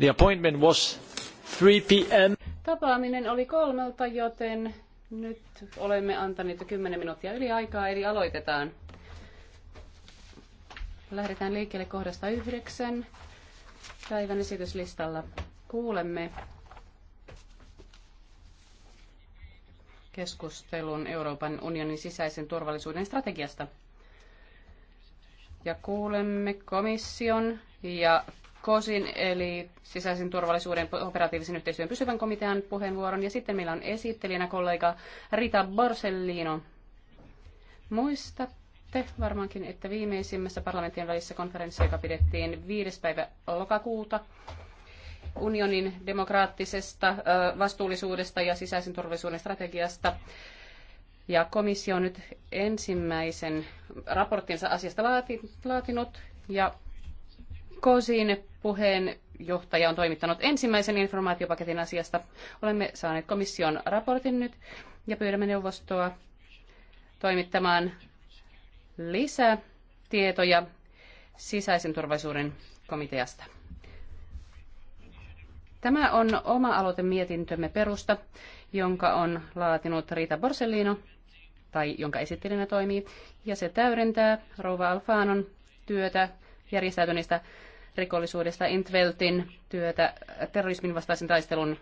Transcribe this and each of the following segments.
The appointment was 3 p.m. Tapaaminen oli kolmelta, joten nyt olemme antaneet jo 10 minuuttia yli aikaa, eli aloitetaan. Lähdetään liikkeelle kohdasta yhdeksän. Päivän esityslistalla kuulemme keskustelun Euroopan unionin sisäisen turvallisuuden strategiasta. Ja kuulemme komission ja COSin eli sisäisen turvallisuuden operatiivisen yhteistyön pysyvän komitean puheenvuoron. Ja sitten meillä on esittelijänä kollega Rita Borsellino. Muistatte varmaankin, että viimeisimmässä parlamentin välissä konferenssi, joka pidettiin 5. päivä lokakuuta, unionin demokraattisesta vastuullisuudesta ja sisäisen turvallisuuden strategiasta. Ja komissio on nyt ensimmäisen raporttinsa asiasta laatinut ja Kosin puheenjohtaja on toimittanut ensimmäisen informaatiopaketin asiasta. Olemme saaneet komission raportin nyt ja pyydämme neuvostoa toimittamaan lisätietoja sisäisen turvallisuuden komiteasta. Tämä on oma aloitemietintömme perusta, jonka on laatinut Rita Borsellino, tai jonka esittelijänä toimii, ja se täydentää Rouva Alfaanon työtä järjestäytyneistä rikollisuudesta, Intveltin työtä terrorismin vastaisen taistelun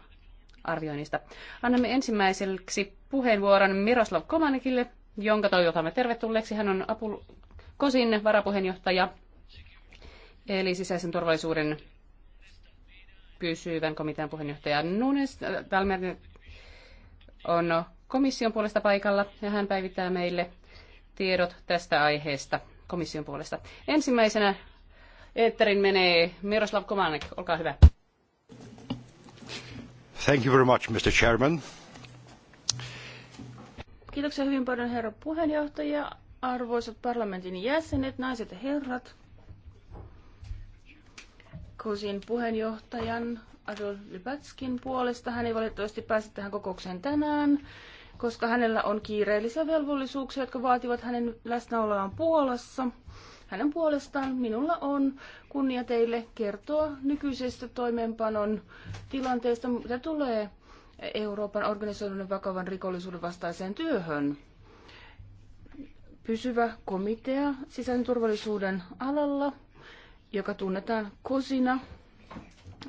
arvioinnista. Annamme ensimmäiseksi puheenvuoron Miroslav Komanikille, jonka toivotamme tervetulleeksi. Hän on Apul Kosin varapuheenjohtaja, eli sisäisen turvallisuuden pysyvän komitean puheenjohtaja Nunes Talmer on komission puolesta paikalla ja hän päivittää meille tiedot tästä aiheesta komission puolesta. Ensimmäisenä Eetterin menee Miroslav Komanek, olkaa hyvä. Thank you very much, Mr. Chairman. Kiitoksia hyvin paljon herra puheenjohtaja, arvoisat parlamentin jäsenet, naiset ja herrat. Kosin puheenjohtajan Adol Lybatskin puolesta. Hän ei valitettavasti pääse tähän kokoukseen tänään, koska hänellä on kiireellisiä velvollisuuksia, jotka vaativat hänen läsnäoloaan Puolassa. Hänen puolestaan minulla on kunnia teille kertoa nykyisestä toimeenpanon tilanteesta, mitä tulee Euroopan organisoidun vakavan rikollisuuden vastaiseen työhön. Pysyvä komitea sisäisen turvallisuuden alalla, joka tunnetaan KOSINA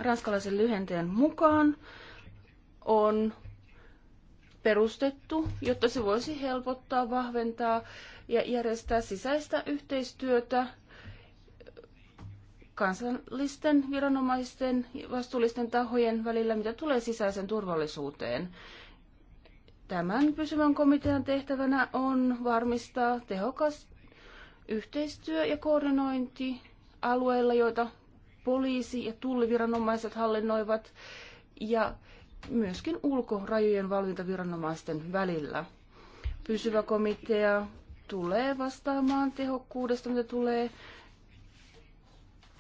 ranskalaisen lyhenteen mukaan, on perustettu, jotta se voisi helpottaa, vahventaa ja järjestää sisäistä yhteistyötä kansallisten viranomaisten ja vastuullisten tahojen välillä, mitä tulee sisäisen turvallisuuteen. Tämän pysyvän komitean tehtävänä on varmistaa tehokas yhteistyö ja koordinointi alueilla, joita poliisi- ja tulliviranomaiset hallinnoivat, ja myöskin ulkorajojen valvontaviranomaisten välillä. Pysyvä komitea tulee vastaamaan tehokkuudesta, mitä tulee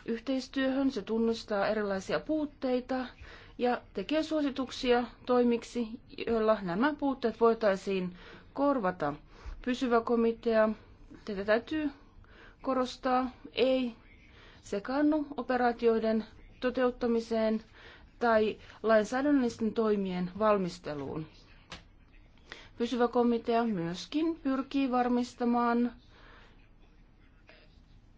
yhteistyöhön. Se tunnustaa erilaisia puutteita ja tekee suosituksia toimiksi, joilla nämä puutteet voitaisiin korvata. Pysyvä komitea, tätä täytyy korostaa, ei sekaannu operaatioiden toteuttamiseen tai lainsäädännöllisten toimien valmisteluun pysyvä komitea myöskin pyrkii varmistamaan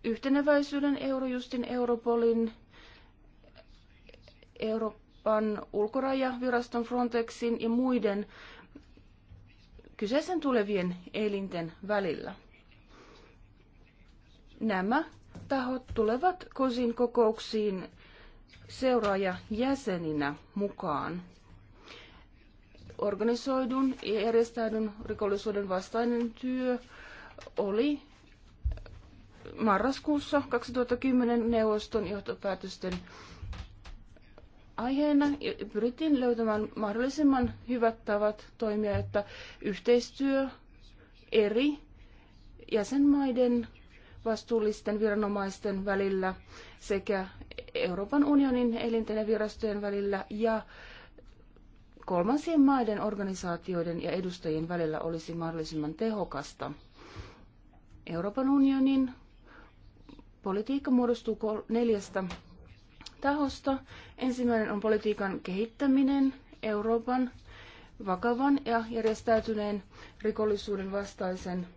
yhteneväisyyden Eurojustin, Europolin, Euroopan ulkorajaviraston Frontexin ja muiden kyseisen tulevien elinten välillä. Nämä tahot tulevat kosin kokouksiin seuraajajäseninä mukaan organisoidun ja järjestäydyn rikollisuuden vastainen työ oli marraskuussa 2010 neuvoston johtopäätösten aiheena pyrittiin löytämään mahdollisimman hyvät tavat toimia, että yhteistyö eri jäsenmaiden vastuullisten viranomaisten välillä sekä Euroopan unionin elintenevirastojen välillä ja kolmansien maiden organisaatioiden ja edustajien välillä olisi mahdollisimman tehokasta. Euroopan unionin politiikka muodostuu neljästä tahosta. Ensimmäinen on politiikan kehittäminen Euroopan vakavan ja järjestäytyneen rikollisuuden vastaisen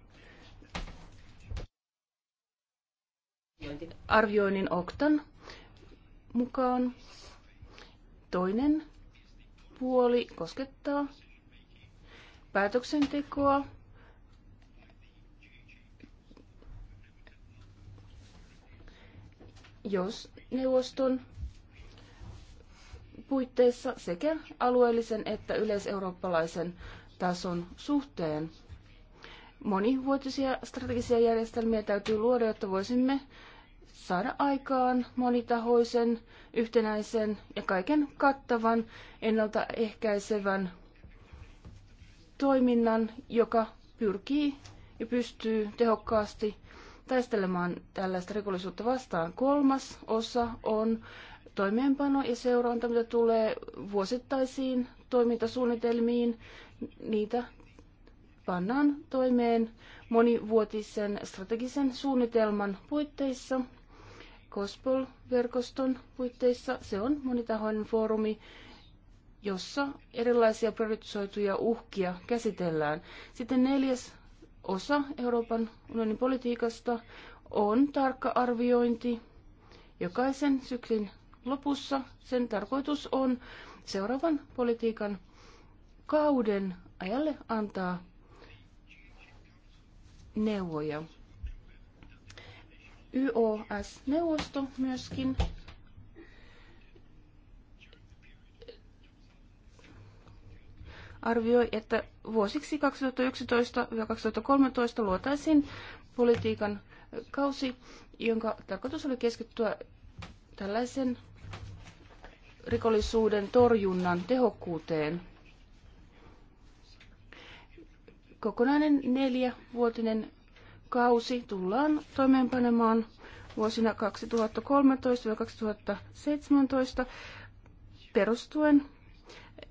arvioinnin oktan mukaan. Toinen puoli koskettaa päätöksentekoa, jos neuvoston puitteissa sekä alueellisen että yleiseurooppalaisen tason suhteen. Monivuotisia strategisia järjestelmiä täytyy luoda, jotta voisimme saada aikaan monitahoisen, yhtenäisen ja kaiken kattavan, ennaltaehkäisevän toiminnan, joka pyrkii ja pystyy tehokkaasti taistelemaan tällaista rikollisuutta vastaan. Kolmas osa on toimeenpano ja seuranta, mitä tulee vuosittaisiin toimintasuunnitelmiin. Niitä pannaan toimeen monivuotisen strategisen suunnitelman puitteissa. COSPOL-verkoston puitteissa. Se on monitahoinen foorumi, jossa erilaisia prioritisoituja uhkia käsitellään. Sitten neljäs osa Euroopan unionin politiikasta on tarkka arviointi jokaisen syklin lopussa. Sen tarkoitus on seuraavan politiikan kauden ajalle antaa neuvoja. YOS-neuvosto myöskin arvioi, että vuosiksi 2011-2013 luotaisiin politiikan kausi, jonka tarkoitus oli keskittyä tällaisen rikollisuuden torjunnan tehokkuuteen. Kokonainen neljävuotinen Kausi tullaan toimeenpanemaan vuosina 2013-2017 perustuen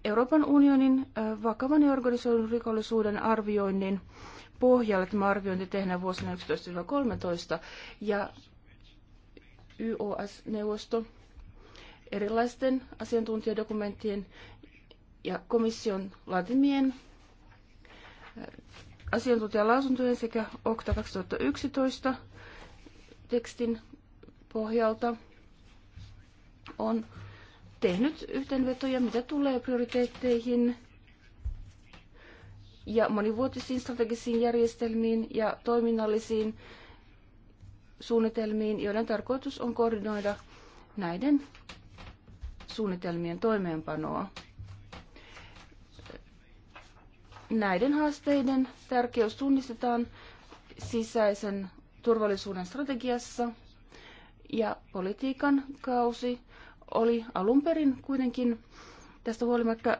Euroopan unionin vakavan ja organisoidun rikollisuuden arvioinnin pohjalle. Tämä arviointi tehdään vuosina 2011-2013 ja YOS-neuvosto erilaisten asiantuntijadokumenttien ja komission laatimien asiantuntijalausuntojen sekä OKTA 2011 tekstin pohjalta on tehnyt yhteenvetoja, mitä tulee prioriteetteihin ja monivuotisiin strategisiin järjestelmiin ja toiminnallisiin suunnitelmiin, joiden tarkoitus on koordinoida näiden suunnitelmien toimeenpanoa näiden haasteiden tärkeys tunnistetaan sisäisen turvallisuuden strategiassa ja politiikan kausi oli alun perin kuitenkin tästä huolimatta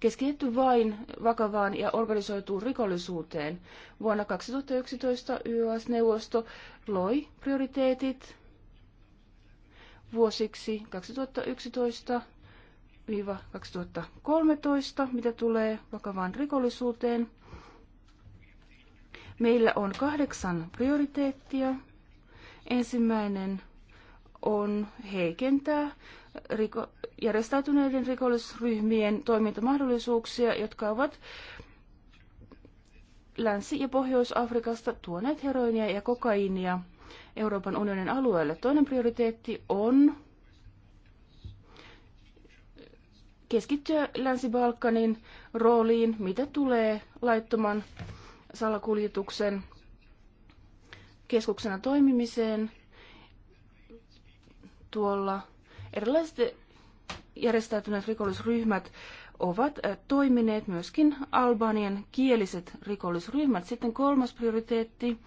keskitetty vain vakavaan ja organisoituun rikollisuuteen. Vuonna 2011 YYS-neuvosto loi prioriteetit vuosiksi 2011 2013, mitä tulee vakavaan rikollisuuteen. Meillä on kahdeksan prioriteettia. Ensimmäinen on heikentää riko- järjestäytyneiden rikollisryhmien toimintamahdollisuuksia, jotka ovat Länsi- ja Pohjois-Afrikasta tuoneet heroinia ja kokainia Euroopan unionin alueelle. Toinen prioriteetti on keskittyä Länsi-Balkanin rooliin, mitä tulee laittoman salakuljetuksen keskuksena toimimiseen tuolla erilaiset järjestäytyneet rikollisryhmät ovat äh, toimineet myöskin albanian kieliset rikollisryhmät. Sitten kolmas prioriteetti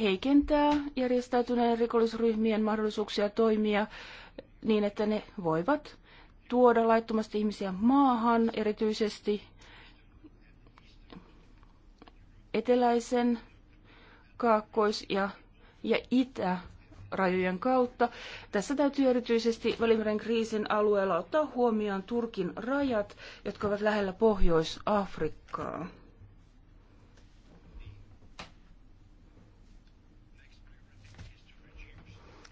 heikentää järjestäytyneen rikollisryhmien mahdollisuuksia toimia niin, että ne voivat tuoda laittomasti ihmisiä maahan, erityisesti eteläisen, kaakkois- ja, ja itärajojen kautta. Tässä täytyy erityisesti Välimeren kriisin alueella ottaa huomioon Turkin rajat, jotka ovat lähellä Pohjois-Afrikkaa.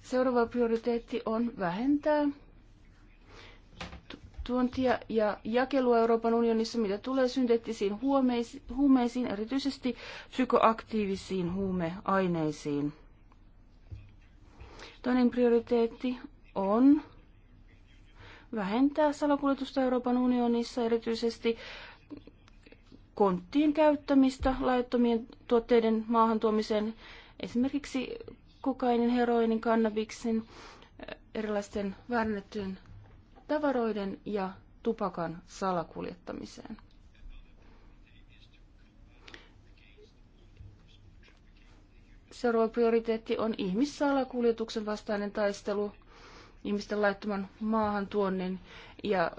Seuraava prioriteetti on vähentää tuontia ja jakelua Euroopan unionissa, mitä tulee synteettisiin huumeisiin, erityisesti psykoaktiivisiin huumeaineisiin. Toinen prioriteetti on vähentää salakuljetusta Euroopan unionissa, erityisesti konttien käyttämistä laittomien tuotteiden maahantuomiseen, esimerkiksi kokainin, heroinin, kannabiksen, erilaisten väärennettyjen tavaroiden ja tupakan salakuljettamiseen. Seuraava prioriteetti on ihmissalakuljetuksen vastainen taistelu, ihmisten laittoman maahantuonnin ja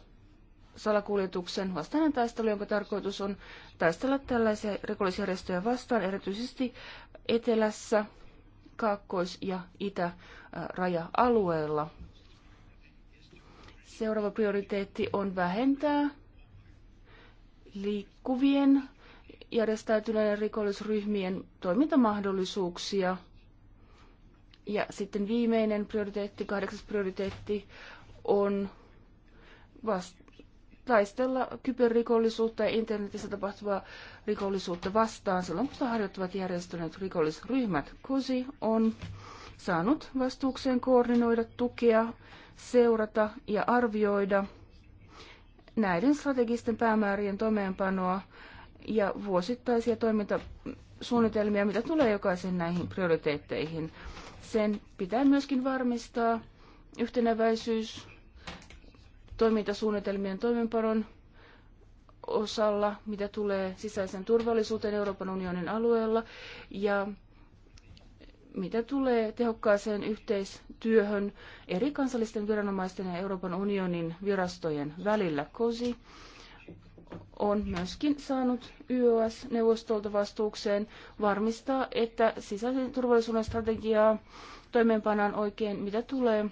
salakuljetuksen vastainen taistelu, jonka tarkoitus on taistella tällaisia rikollisjärjestöjä vastaan, erityisesti etelässä, kaakkois- ja itäraja-alueella. Seuraava prioriteetti on vähentää liikkuvien järjestäytyneiden rikollisryhmien toimintamahdollisuuksia. Ja sitten viimeinen prioriteetti, kahdeksas prioriteetti on vast- taistella kyberrikollisuutta ja internetissä tapahtuvaa rikollisuutta vastaan silloin, kun sitä harjoittavat järjestäneet rikollisryhmät. KUSI on saanut vastuukseen koordinoida tukea seurata ja arvioida näiden strategisten päämäärien toimeenpanoa ja vuosittaisia toimintasuunnitelmia, mitä tulee jokaisen näihin prioriteetteihin. Sen pitää myöskin varmistaa yhtenäväisyys toimintasuunnitelmien toimeenpanon osalla, mitä tulee sisäisen turvallisuuteen Euroopan unionin alueella, ja mitä tulee tehokkaaseen yhteistyöhön eri kansallisten viranomaisten ja Euroopan unionin virastojen välillä. COSI on myöskin saanut YOS-neuvostolta vastuukseen varmistaa, että sisäisen turvallisuuden strategiaa toimeenpanaan oikein, mitä tulee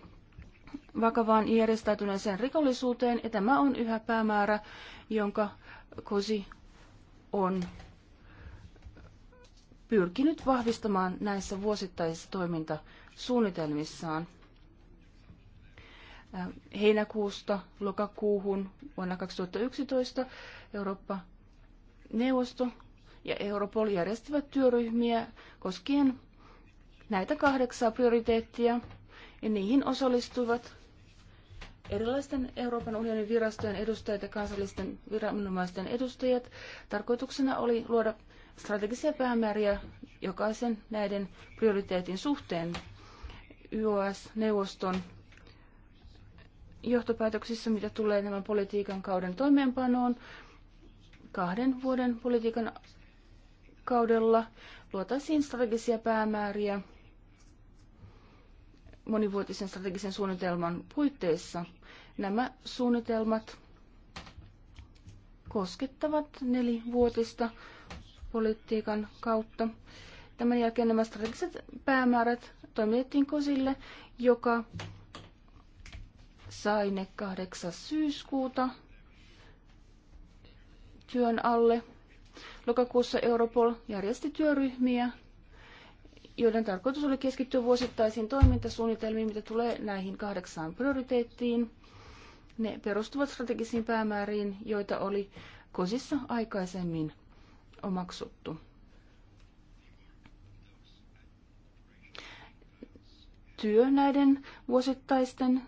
vakavaan järjestäytyneeseen rikollisuuteen, ja tämä on yhä päämäärä, jonka COSI on pyrkinyt vahvistamaan näissä vuosittaisissa toimintasuunnitelmissaan. Äh, heinäkuusta lokakuuhun vuonna 2011 Eurooppa-neuvosto ja Europol järjestivät työryhmiä koskien näitä kahdeksaa prioriteettia, ja niihin osallistuivat erilaisten Euroopan unionin virastojen edustajat ja kansallisten viranomaisten edustajat. Tarkoituksena oli luoda strategisia päämääriä jokaisen näiden prioriteetin suhteen. YOS-neuvoston johtopäätöksissä, mitä tulee tämän politiikan kauden toimeenpanoon, kahden vuoden politiikan kaudella luotaisiin strategisia päämääriä monivuotisen strategisen suunnitelman puitteissa. Nämä suunnitelmat koskettavat nelivuotista politiikan kautta. Tämän jälkeen nämä strategiset päämäärät toimitettiin Kosille, joka sai ne 8. syyskuuta työn alle. Lokakuussa Europol järjesti työryhmiä, joiden tarkoitus oli keskittyä vuosittaisiin toimintasuunnitelmiin, mitä tulee näihin kahdeksaan prioriteettiin. Ne perustuvat strategisiin päämääriin, joita oli Kosissa aikaisemmin omaksuttu. Työ näiden vuosittaisten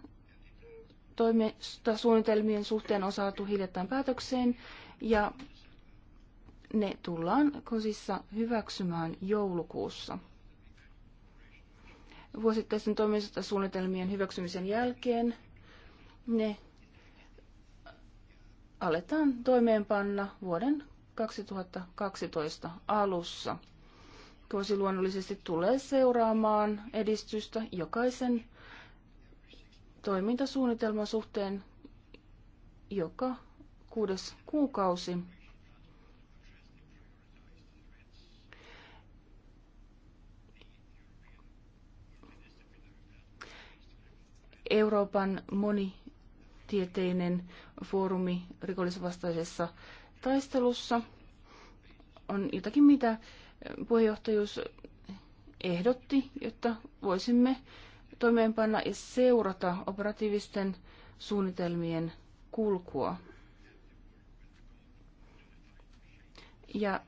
toimintasuunnitelmien suhteen on saatu hiljattain päätökseen ja ne tullaan kosissa hyväksymään joulukuussa. Vuosittaisten toimintasuunnitelmien hyväksymisen jälkeen ne aletaan toimeenpanna vuoden 2012 alussa. Tuosi luonnollisesti tulee seuraamaan edistystä jokaisen toimintasuunnitelman suhteen joka kuudes kuukausi. Euroopan monitieteinen foorumi rikollisvastaisessa taistelussa on jotakin, mitä puheenjohtajuus ehdotti, jotta voisimme toimeenpanna ja seurata operatiivisten suunnitelmien kulkua. Ja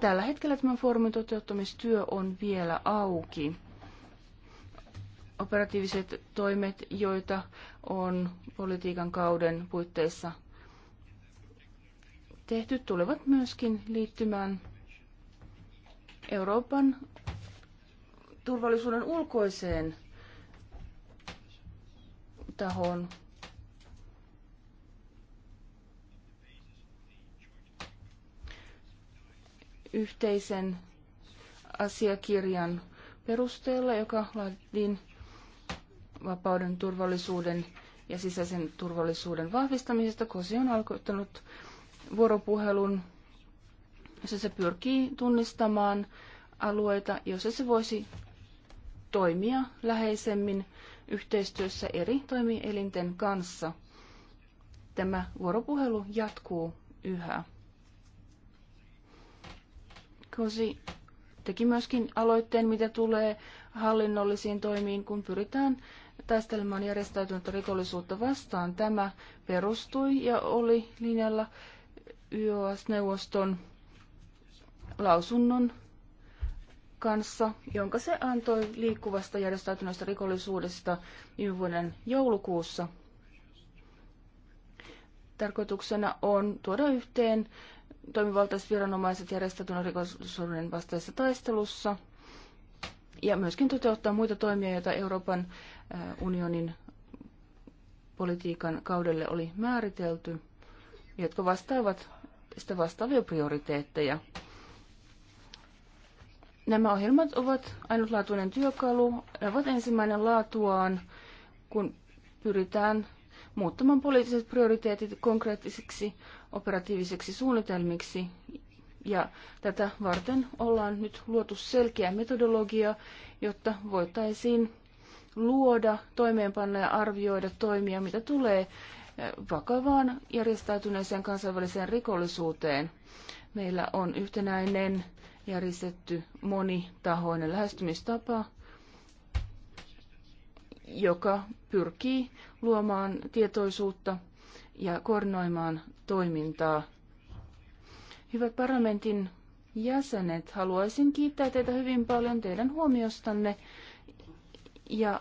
tällä hetkellä tämän foorumin toteuttamistyö on vielä auki. Operatiiviset toimet, joita on politiikan kauden puitteissa tehty tulevat myöskin liittymään Euroopan turvallisuuden ulkoiseen tahoon. Yhteisen asiakirjan perusteella, joka laitettiin vapauden, turvallisuuden ja sisäisen turvallisuuden vahvistamisesta. Kosi on alkoittanut vuoropuhelun, jossa se pyrkii tunnistamaan alueita, joissa se voisi toimia läheisemmin yhteistyössä eri toimielinten kanssa. Tämä vuoropuhelu jatkuu yhä. Kosi teki myöskin aloitteen, mitä tulee hallinnollisiin toimiin, kun pyritään taistelemaan järjestäytynyttä rikollisuutta vastaan. Tämä perustui ja oli linjalla YOS-neuvoston lausunnon kanssa, jonka se antoi liikkuvasta järjestäytyneestä rikollisuudesta viime vuoden joulukuussa. Tarkoituksena on tuoda yhteen toimivaltaiset viranomaiset järjestäytyneen rikollisuuden vastaisessa taistelussa ja myöskin toteuttaa muita toimia, joita Euroopan äh, unionin politiikan kaudelle oli määritelty, jotka vastaavat sitä vastaavia prioriteetteja. Nämä ohjelmat ovat ainutlaatuinen työkalu. Ne ovat ensimmäinen laatuaan, kun pyritään muuttamaan poliittiset prioriteetit konkreettisiksi operatiivisiksi suunnitelmiksi. Ja tätä varten ollaan nyt luotu selkeä metodologia, jotta voitaisiin luoda, toimeenpanna ja arvioida toimia, mitä tulee vakavaan järjestäytyneeseen kansainväliseen rikollisuuteen. Meillä on yhtenäinen järjestetty monitahoinen lähestymistapa, joka pyrkii luomaan tietoisuutta ja koordinoimaan toimintaa. Hyvät parlamentin jäsenet, haluaisin kiittää teitä hyvin paljon teidän huomiostanne ja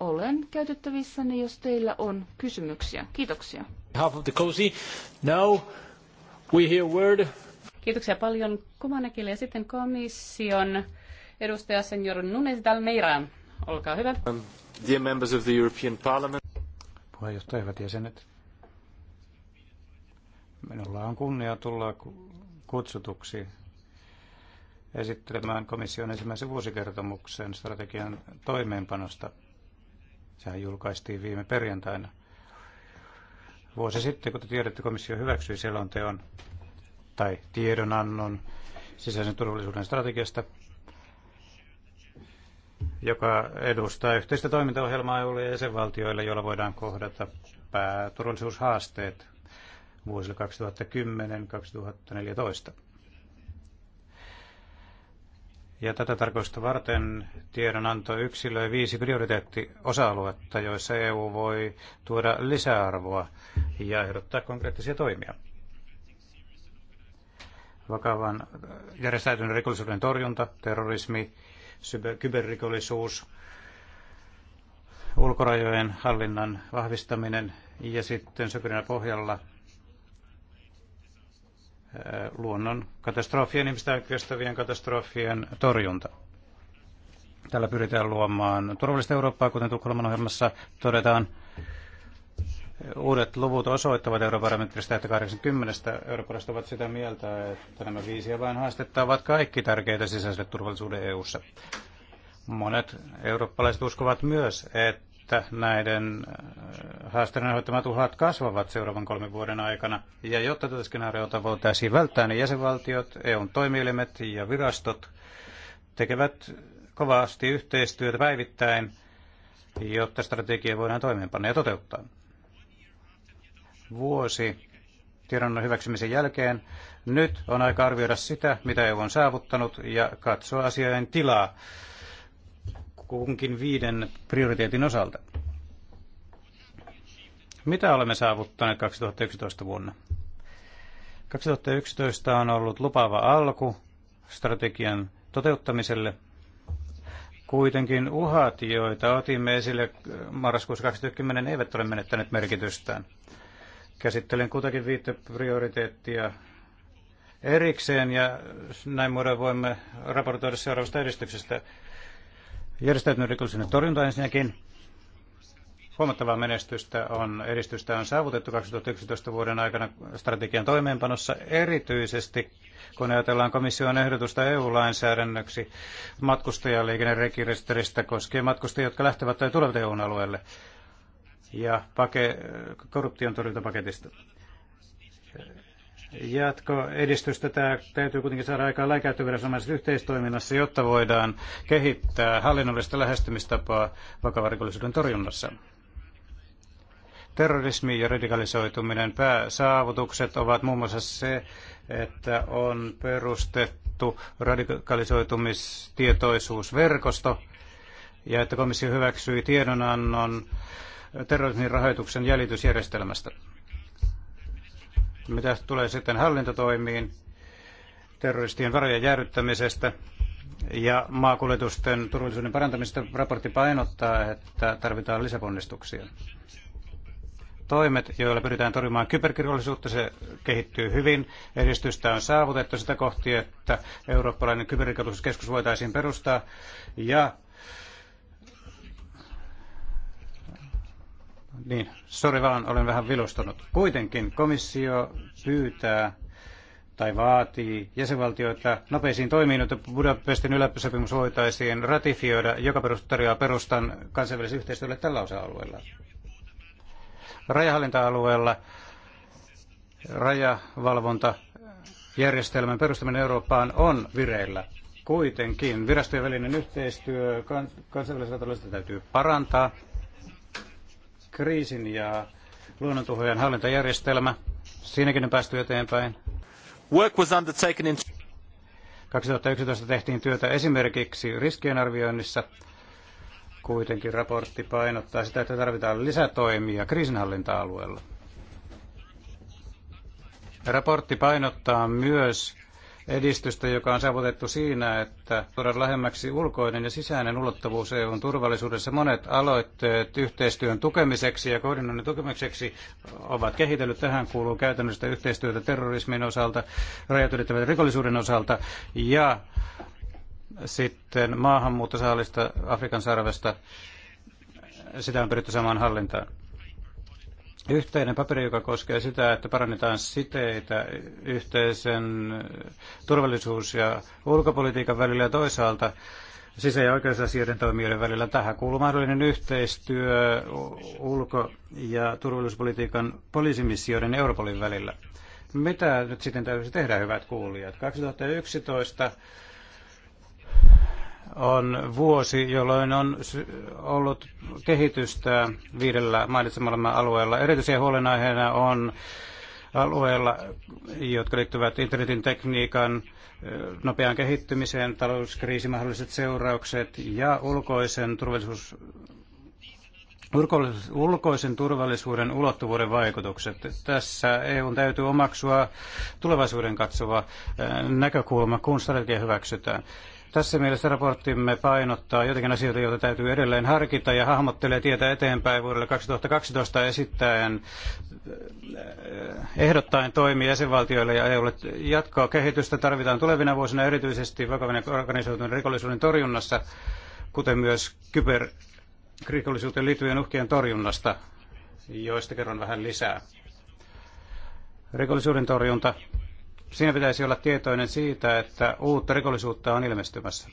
olen käytettävissäni, jos teillä on kysymyksiä. Kiitoksia. Half of the cozy. Now we hear word. Kiitoksia paljon Kumanekille ja sitten komission edustaja senior Nunes Dalmeira. Olkaa hyvä. Um, dear members of the European Parliament. Puheenjohtaja, hyvät jäsenet. Minulla on kunnia tulla kutsutuksi esittelemään komission ensimmäisen vuosikertomuksen strategian toimeenpanosta – Sehän julkaistiin viime perjantaina. Vuosi sitten, kun te tiedätte, komissio hyväksyi selonteon tai tiedonannon sisäisen turvallisuuden strategiasta, joka edustaa yhteistä toimintaohjelmaa EUlle ja jäsenvaltioille, jolla voidaan kohdata pääturvallisuushaasteet vuosille 2010-2014. Ja tätä tarkoista varten tiedonanto yksilöi viisi prioriteettiosa-aluetta, joissa EU voi tuoda lisäarvoa ja ehdottaa konkreettisia toimia. Vakavan järjestäytyneen rikollisuuden torjunta, terrorismi, kyberrikollisuus, ulkorajojen hallinnan vahvistaminen ja sitten sopimuksen pohjalla luonnon katastrofien, ihmistä kestävien katastrofien torjunta. Tällä pyritään luomaan turvallista Eurooppaa, kuten Tukholman ohjelmassa todetaan. Uudet luvut osoittavat eurobarometrista, että 80 eurooppalaiset ovat sitä mieltä, että nämä viisi vain haastetta ovat kaikki tärkeitä sisäiselle turvallisuuden EU-ssa. Monet eurooppalaiset uskovat myös, että että näiden äh, haasteiden aiheuttamat uhat kasvavat seuraavan kolmen vuoden aikana. Ja jotta tätä skenaariota voitaisiin välttää, niin jäsenvaltiot, EUn toimielimet ja virastot tekevät kovasti yhteistyötä päivittäin, jotta strategia voidaan toimeenpanna ja toteuttaa. Vuosi tiedonnon hyväksymisen jälkeen. Nyt on aika arvioida sitä, mitä EU on saavuttanut ja katsoa asioiden tilaa kunkin viiden prioriteetin osalta. Mitä olemme saavuttaneet 2011 vuonna? 2011 on ollut lupaava alku strategian toteuttamiselle. Kuitenkin uhat, joita otimme esille marraskuussa 2010, eivät ole menettäneet merkitystään. Käsittelen kuitenkin viittä prioriteettia erikseen ja näin muodon voimme raportoida seuraavasta edistyksestä. Järjestäytynyt rikollisuuden torjunta ensinnäkin. Huomattavaa menestystä on, edistystä on saavutettu 2011 vuoden aikana strategian toimeenpanossa, erityisesti kun ajatellaan komission ehdotusta EU-lainsäädännöksi matkustajaliikennerekisteristä koskien matkustajia, jotka lähtevät tai tulevat EU-alueelle, ja pake, korruption torjuntapaketista. Jatkoedistystä tämä täytyy kuitenkin saada aikaan lainkäyttöviranomaisessa yhteistoiminnassa, jotta voidaan kehittää hallinnollista lähestymistapaa vakavarikollisuuden torjunnassa. Terrorismi ja radikalisoituminen pääsaavutukset ovat muun muassa se, että on perustettu radikalisoitumistietoisuusverkosto ja että komissio hyväksyi tiedonannon terrorismin rahoituksen jäljitysjärjestelmästä. Mitä tulee sitten hallintotoimiin terroristien varojen jäädyttämisestä ja maakuljetusten turvallisuuden parantamisesta, raportti painottaa, että tarvitaan lisäponnistuksia. Toimet, joilla pyritään torjumaan kyberkirjallisuutta, se kehittyy hyvin. Edistystä on saavutettu sitä kohti, että eurooppalainen kyberrikollisuuskeskus voitaisiin perustaa ja Niin, sori vaan, olen vähän vilostunut. Kuitenkin komissio pyytää tai vaatii jäsenvaltioita nopeisiin toimiin, että Budapestin yläpysopimus voitaisiin ratifioida, joka tarjoaa perustan kansainväliselle yhteistyölle tällä osa-alueella. Rajahallinta-alueella rajavalvontajärjestelmän perustaminen Eurooppaan on vireillä. Kuitenkin virastojen välinen yhteistyö kansainvälisellä täytyy parantaa kriisin ja luonnontuhojen hallintajärjestelmä. Siinäkin on päästy eteenpäin. Work was undertaken in... 2011 tehtiin työtä esimerkiksi riskienarvioinnissa. Kuitenkin raportti painottaa sitä, että tarvitaan lisätoimia kriisinhallinta-alueella. Raportti painottaa myös edistystä, joka on saavutettu siinä, että tuodaan lähemmäksi ulkoinen ja sisäinen ulottuvuus EUn turvallisuudessa. Monet aloitteet yhteistyön tukemiseksi ja koordinoinnin tukemiseksi ovat kehitellyt. Tähän kuuluu käytännöllistä yhteistyötä terrorismin osalta, rajat ylittävän rikollisuuden osalta ja sitten maahanmuuttosaalista Afrikan sarvesta. Sitä on pyritty samaan hallintaan yhteinen paperi, joka koskee sitä, että parannetaan siteitä yhteisen turvallisuus- ja ulkopolitiikan välillä ja toisaalta sisä- ja oikeusasioiden toimijoiden välillä. Tähän kuuluu mahdollinen yhteistyö ulko- ja turvallisuuspolitiikan poliisimissioiden Europolin välillä. Mitä nyt sitten täytyisi tehdä, hyvät kuulijat? 2011 on vuosi, jolloin on ollut kehitystä viidellä mainitsemalla alueella. Erityisiä huolenaiheena on alueella, jotka liittyvät internetin tekniikan nopeaan kehittymiseen, talouskriisin mahdolliset seuraukset ja ulkoisen turvallisuus ulkoisen turvallisuuden ulottuvuuden vaikutukset. Tässä EUn täytyy omaksua tulevaisuuden katsova näkökulma, kun strategia hyväksytään. Tässä mielessä raporttimme painottaa jotakin asioita, joita täytyy edelleen harkita ja hahmottelee tietä eteenpäin vuodelle 2012 esittäen eh, ehdottaen toimia jäsenvaltioille ja EUlle. Jatkoa kehitystä tarvitaan tulevina vuosina erityisesti vakavan ja organisoituneen rikollisuuden torjunnassa, kuten myös kyberrikollisuuteen liittyvien uhkien torjunnasta, joista kerron vähän lisää. Rikollisuuden torjunta Siinä pitäisi olla tietoinen siitä, että uutta rikollisuutta on ilmestymässä.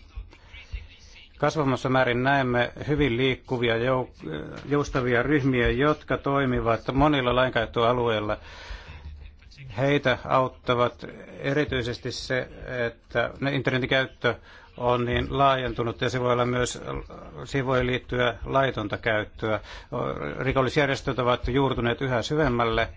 Kasvamassa määrin näemme hyvin liikkuvia joustavia ryhmiä, jotka toimivat monilla lainkäyttöalueilla. Heitä auttavat erityisesti se, että internetin käyttö on niin laajentunut ja se voi olla myös, siihen voi liittyä laitonta käyttöä. Rikollisjärjestöt ovat juurtuneet yhä syvemmälle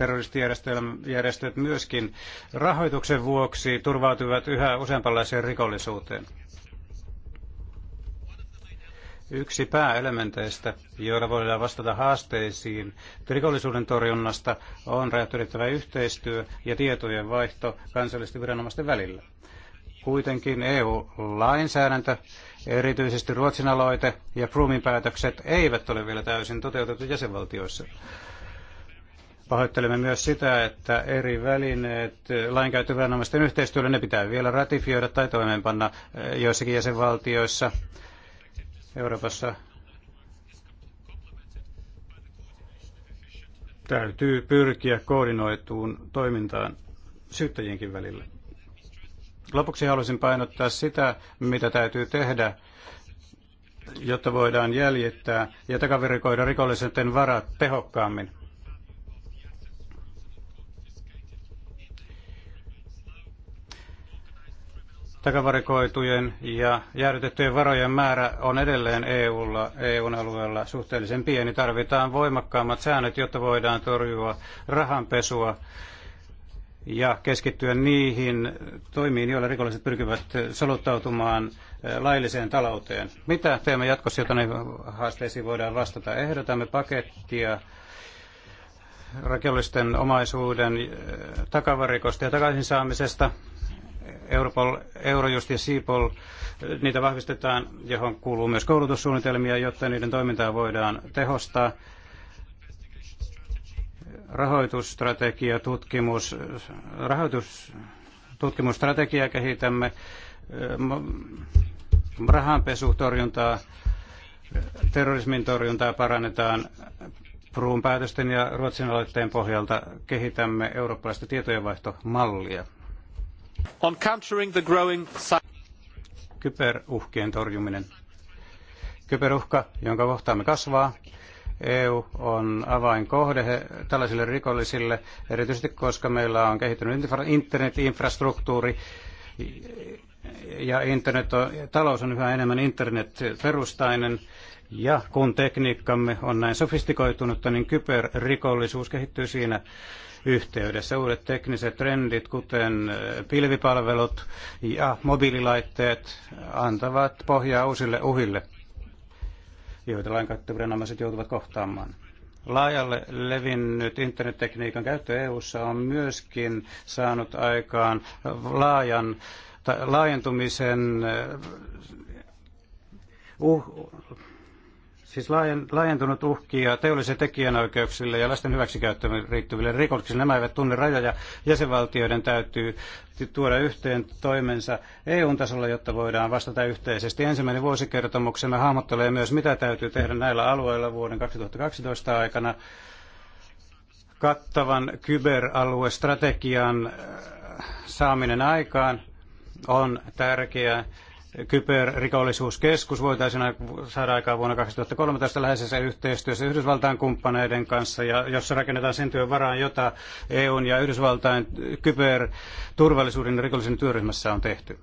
terroristijärjestöt myöskin rahoituksen vuoksi turvautuvat yhä useampanlaiseen rikollisuuteen. Yksi pääelementeistä, joilla voidaan vastata haasteisiin rikollisuuden torjunnasta, on rajat ylittävä yhteistyö ja tietojen vaihto kansallisten viranomaisten välillä. Kuitenkin EU-lainsäädäntö, erityisesti Ruotsin aloite ja Prumin päätökset, eivät ole vielä täysin toteutettu jäsenvaltioissa. Pahoittelemme myös sitä, että eri välineet eh, lainkäyttöviranomaisten yhteistyöllä ne pitää vielä ratifioida tai toimeenpanna eh, joissakin jäsenvaltioissa Euroopassa. Täytyy pyrkiä koordinoituun toimintaan syyttäjienkin välillä. Lopuksi haluaisin painottaa sitä, mitä täytyy tehdä, jotta voidaan jäljittää ja takavirikoida rikollisten varat tehokkaammin takavarikoitujen ja jäädytettyjen varojen määrä on edelleen EUlla, EUn alueella suhteellisen pieni. Tarvitaan voimakkaammat säännöt, jotta voidaan torjua rahanpesua ja keskittyä niihin toimiin, joilla rikolliset pyrkivät soluttautumaan eh, lailliseen talouteen. Mitä teemme jatkossa, jotta näihin haasteisiin voidaan vastata? Ehdotamme pakettia rakennusten omaisuuden eh, takavarikosta ja takaisin saamisesta Europol, Eurojust ja Siipol, niitä vahvistetaan, johon kuuluu myös koulutussuunnitelmia, jotta niiden toimintaa voidaan tehostaa. Rahoitusstrategia, tutkimus, rahoitus, tutkimusstrategiaa kehitämme, äh, rahanpesutorjuntaa, terrorismin torjuntaa parannetaan, Pruun päätösten ja Ruotsin aloitteen pohjalta kehitämme eurooppalaista tietojenvaihtomallia. On countering the growing... Kyberuhkien torjuminen. Kyberuhka, jonka kohtaamme kasvaa. EU on avainkohde tällaisille rikollisille, erityisesti koska meillä on kehittynyt internetinfrastruktuuri ja internet on, talous on yhä enemmän internetperustainen. Ja kun tekniikkamme on näin sofistikoitunutta, niin kyberrikollisuus kehittyy siinä yhteydessä. Uudet tekniset trendit, kuten äh, pilvipalvelut ja mobiililaitteet, antavat pohjaa uusille uhille, joita lainkäyttöviranomaiset joutuvat kohtaamaan. Laajalle levinnyt internettekniikan käyttö EU:ssa on myöskin saanut aikaan laajan, laajentumisen äh, uh, Siis laajentunut uhkia teollisen tekijänoikeuksille ja lasten hyväksikäyttöön riittyville rikoksille. Nämä eivät tunne rajoja. Jäsenvaltioiden täytyy tuoda yhteen toimensa EU-tasolla, jotta voidaan vastata yhteisesti. Ensimmäinen vuosikertomuksemme hahmottelee myös, mitä täytyy tehdä näillä alueilla vuoden 2012 aikana kattavan kyberaluestrategian äh, saaminen aikaan on tärkeää kyberrikollisuuskeskus voitaisiin saada aikaan vuonna 2013 läheisessä yhteistyössä Yhdysvaltain kumppaneiden kanssa, ja jossa rakennetaan sen työn varaan, jota EUn ja Yhdysvaltain kyberturvallisuuden rikollisen työryhmässä on tehty.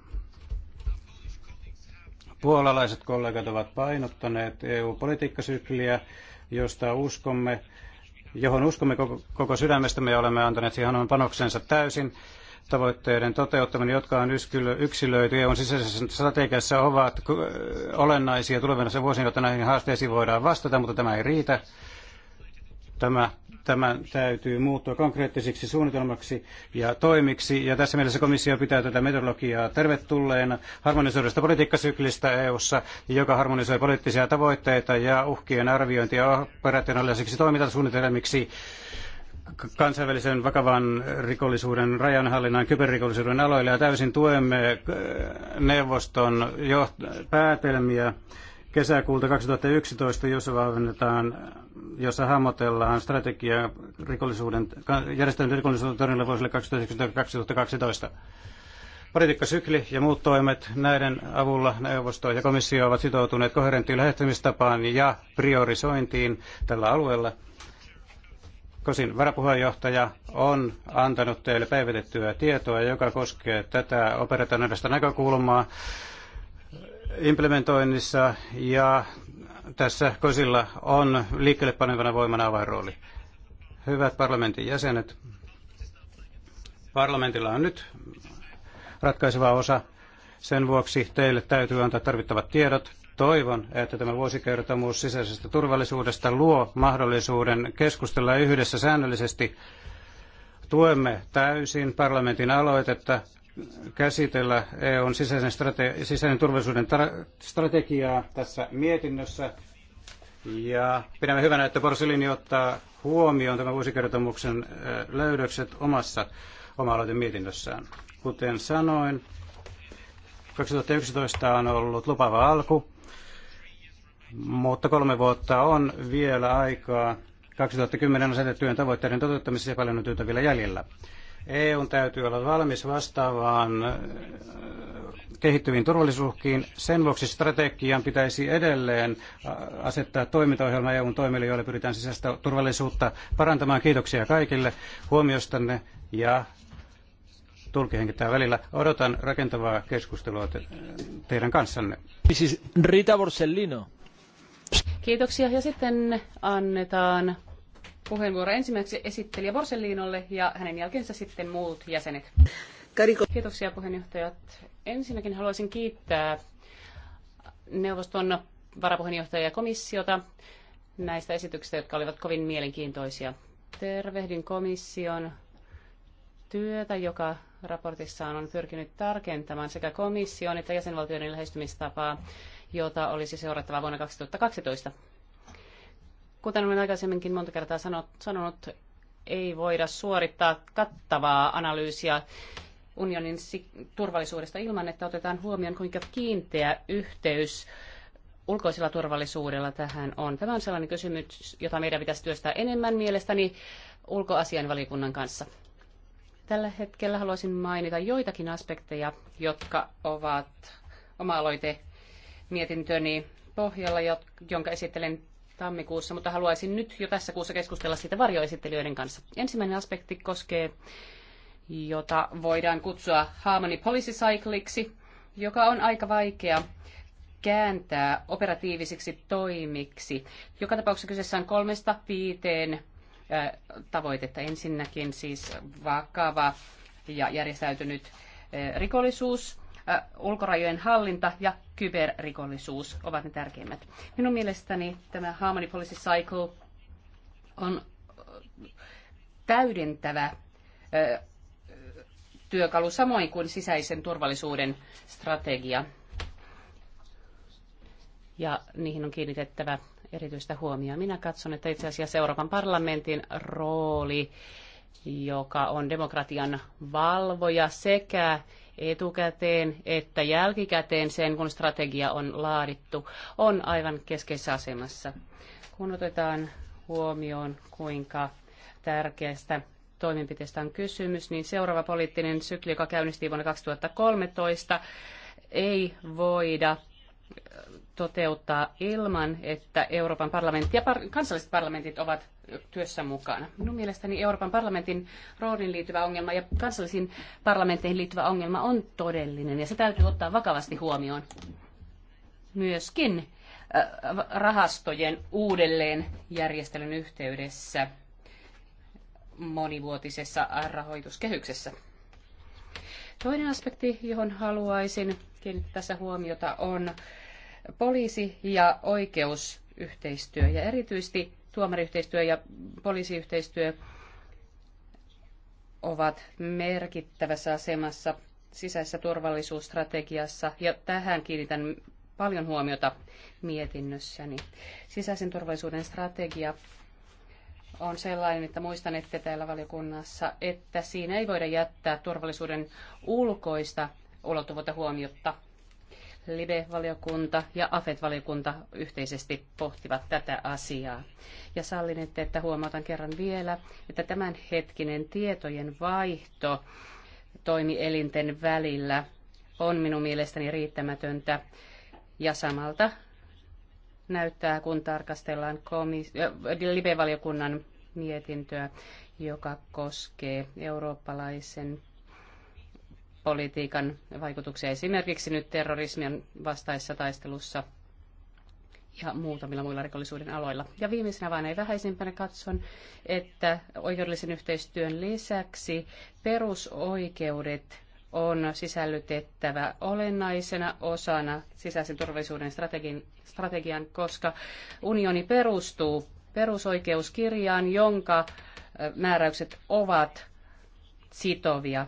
Puolalaiset kollegat ovat painottaneet EU-politiikkasykliä, josta uskomme, johon uskomme koko, koko sydämestämme ja olemme antaneet siihen oman panoksensa täysin tavoitteiden toteuttaminen, jotka on yksilöity EUn sisäisessä strategiassa, ovat olennaisia tulevina vuosina, jotta näihin haasteisiin voidaan vastata, mutta tämä ei riitä. Tämä, tämä täytyy muuttua konkreettisiksi suunnitelmaksi ja toimiksi, ja tässä mielessä komissio pitää tätä metodologiaa tervetulleena harmonisoidusta politiikkasyklistä EUssa, joka harmonisoi poliittisia tavoitteita ja uhkien arviointia operationaalisiksi toimintasuunnitelmiksi kansainvälisen vakavan rikollisuuden, rajanhallinnan, kyberrikollisuuden aloille ja täysin tuemme äh, neuvoston joht- päätelmiä kesäkuulta 2011, jossa vahvennetaan, jossa hahmotellaan strategiaa rikollisuuden, järjestäytyneen rikollisuuden torjunnalle vuosille 2011-2012. Politiikkasykli ja muut toimet näiden avulla neuvosto ja komissio ovat sitoutuneet koherenttiin lähestymistapaan ja priorisointiin tällä alueella – Kosin varapuheenjohtaja on antanut teille päivitettyä tietoa, joka koskee tätä operationaalista näkökulmaa implementoinnissa ja tässä Kosilla on liikkeelle panevana voimana avainrooli. Hyvät parlamentin jäsenet, parlamentilla on nyt ratkaiseva osa. Sen vuoksi teille täytyy antaa tarvittavat tiedot Toivon, että tämä vuosikertomus sisäisestä turvallisuudesta luo mahdollisuuden keskustella yhdessä säännöllisesti. Tuemme täysin parlamentin aloitetta käsitellä EUn sisäisen, strate- sisäisen turvallisuuden strategiaa tässä mietinnössä. Ja pidämme hyvänä, että Porcelini ottaa huomioon tämän vuosikertomuksen äh, löydökset omassa oma mietinnössään. Kuten sanoin, 2011 on ollut lupava alku mutta kolme vuotta on vielä aikaa 2010 asetettujen tavoitteiden toteuttamisessa ja paljon on työtä vielä jäljellä. EUn täytyy olla valmis vastaavaan äh, kehittyviin turvallisuuhkiin. Sen vuoksi strategian pitäisi edelleen äh, asettaa toimintaohjelma EUn toimille, joille pyritään sisäistä turvallisuutta parantamaan. Kiitoksia kaikille huomiostanne ja tulkihenkittää välillä. Odotan rakentavaa keskustelua teidän kanssanne. Rita Borsellino. Kiitoksia ja sitten annetaan puheenvuoro ensimmäiseksi esittelijä Borsellinolle ja hänen jälkeensä sitten muut jäsenet. Kiitoksia puheenjohtajat. Ensinnäkin haluaisin kiittää neuvoston varapuheenjohtajaa ja komissiota näistä esityksistä, jotka olivat kovin mielenkiintoisia. Tervehdin komission työtä, joka raportissaan on pyrkinyt tarkentamaan sekä komission että jäsenvaltioiden lähestymistapaa jota olisi seurattava vuonna 2012. Kuten olen aikaisemminkin monta kertaa sanonut, ei voida suorittaa kattavaa analyysiä unionin turvallisuudesta ilman, että otetaan huomioon, kuinka kiinteä yhteys ulkoisella turvallisuudella tähän on. Tämä on sellainen kysymys, jota meidän pitäisi työstää enemmän mielestäni ulkoasianvaliokunnan kanssa. Tällä hetkellä haluaisin mainita joitakin aspekteja, jotka ovat oma-aloite mietintöni pohjalla, jonka esittelen tammikuussa, mutta haluaisin nyt jo tässä kuussa keskustella siitä varjoesittelijöiden kanssa. Ensimmäinen aspekti koskee, jota voidaan kutsua Harmony Policy Cycliksi, joka on aika vaikea kääntää operatiivisiksi toimiksi. Joka tapauksessa kyseessä on kolmesta viiteen tavoitetta. Ensinnäkin siis vakava ja järjestäytynyt rikollisuus, ulkorajojen hallinta ja kyberrikollisuus ovat ne tärkeimmät. Minun mielestäni tämä Harmony Policy Cycle on täydentävä työkalu samoin kuin sisäisen turvallisuuden strategia. Ja niihin on kiinnitettävä erityistä huomioon. Minä katson, että itse asiassa Euroopan parlamentin rooli, joka on demokratian valvoja sekä etukäteen että jälkikäteen sen, kun strategia on laadittu, on aivan keskeisessä asemassa. Kun otetaan huomioon, kuinka tärkeästä toimenpiteestä on kysymys, niin seuraava poliittinen sykli, joka käynnistiin vuonna 2013, ei voida toteuttaa ilman, että Euroopan parlamentti ja kansalliset parlamentit ovat työssä mukana. Minun mielestäni Euroopan parlamentin rooliin liittyvä ongelma ja kansallisiin parlamentteihin liittyvä ongelma on todellinen ja se täytyy ottaa vakavasti huomioon. Myöskin äh, rahastojen järjestelyn yhteydessä monivuotisessa rahoituskehyksessä. Toinen aspekti, johon haluaisin kiinnittää tässä huomiota, on poliisi- ja oikeusyhteistyö ja erityisesti tuomariyhteistyö ja poliisiyhteistyö ovat merkittävässä asemassa sisäisessä turvallisuusstrategiassa, ja tähän kiinnitän paljon huomiota mietinnössäni. Sisäisen turvallisuuden strategia on sellainen, että muistan, että täällä valiokunnassa, että siinä ei voida jättää turvallisuuden ulkoista ulottuvuutta huomiotta libe valiokunta ja AFET-valiokunta yhteisesti pohtivat tätä asiaa. Ja sallinette, että huomautan kerran vielä, että tämänhetkinen tietojen vaihto toimielinten välillä on minun mielestäni riittämätöntä ja samalta näyttää, kun tarkastellaan komis- äh, live-valiokunnan mietintöä, joka koskee eurooppalaisen politiikan vaikutuksia esimerkiksi nyt terrorismin vastaisessa taistelussa ja muutamilla muilla rikollisuuden aloilla. Ja viimeisenä vaan ei vähäisimpänä katson, että oikeudellisen yhteistyön lisäksi perusoikeudet on sisällytettävä olennaisena osana sisäisen turvallisuuden strategian, strategian koska unioni perustuu perusoikeuskirjaan, jonka määräykset ovat sitovia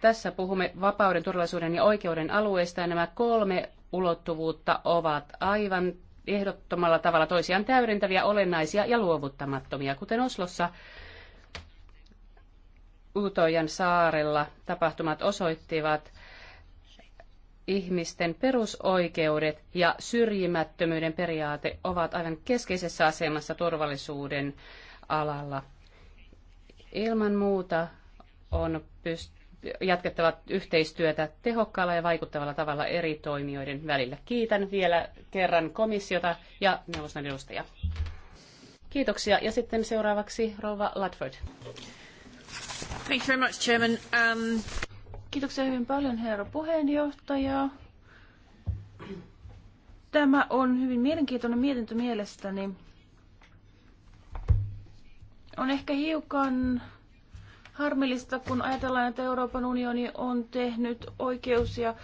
tässä puhumme vapauden, turvallisuuden ja oikeuden alueista ja nämä kolme ulottuvuutta ovat aivan ehdottomalla tavalla toisiaan täydentäviä, olennaisia ja luovuttamattomia, kuten Oslossa Utojan saarella tapahtumat osoittivat ihmisten perusoikeudet ja syrjimättömyyden periaate ovat aivan keskeisessä asemassa turvallisuuden alalla. Ilman muuta on pyst- jatkettava yhteistyötä tehokkaalla ja vaikuttavalla tavalla eri toimijoiden välillä. Kiitän vielä kerran komissiota ja neuvoston edustajia. Kiitoksia. Ja sitten seuraavaksi Rova Ludford. Thank you very much, Chairman. Um... Kiitoksia hyvin paljon, herra puheenjohtaja. Tämä on hyvin mielenkiintoinen mietintö mielestäni. On ehkä hiukan harmillista, kun ajatellaan, että Euroopan unioni on tehnyt oikeus- ja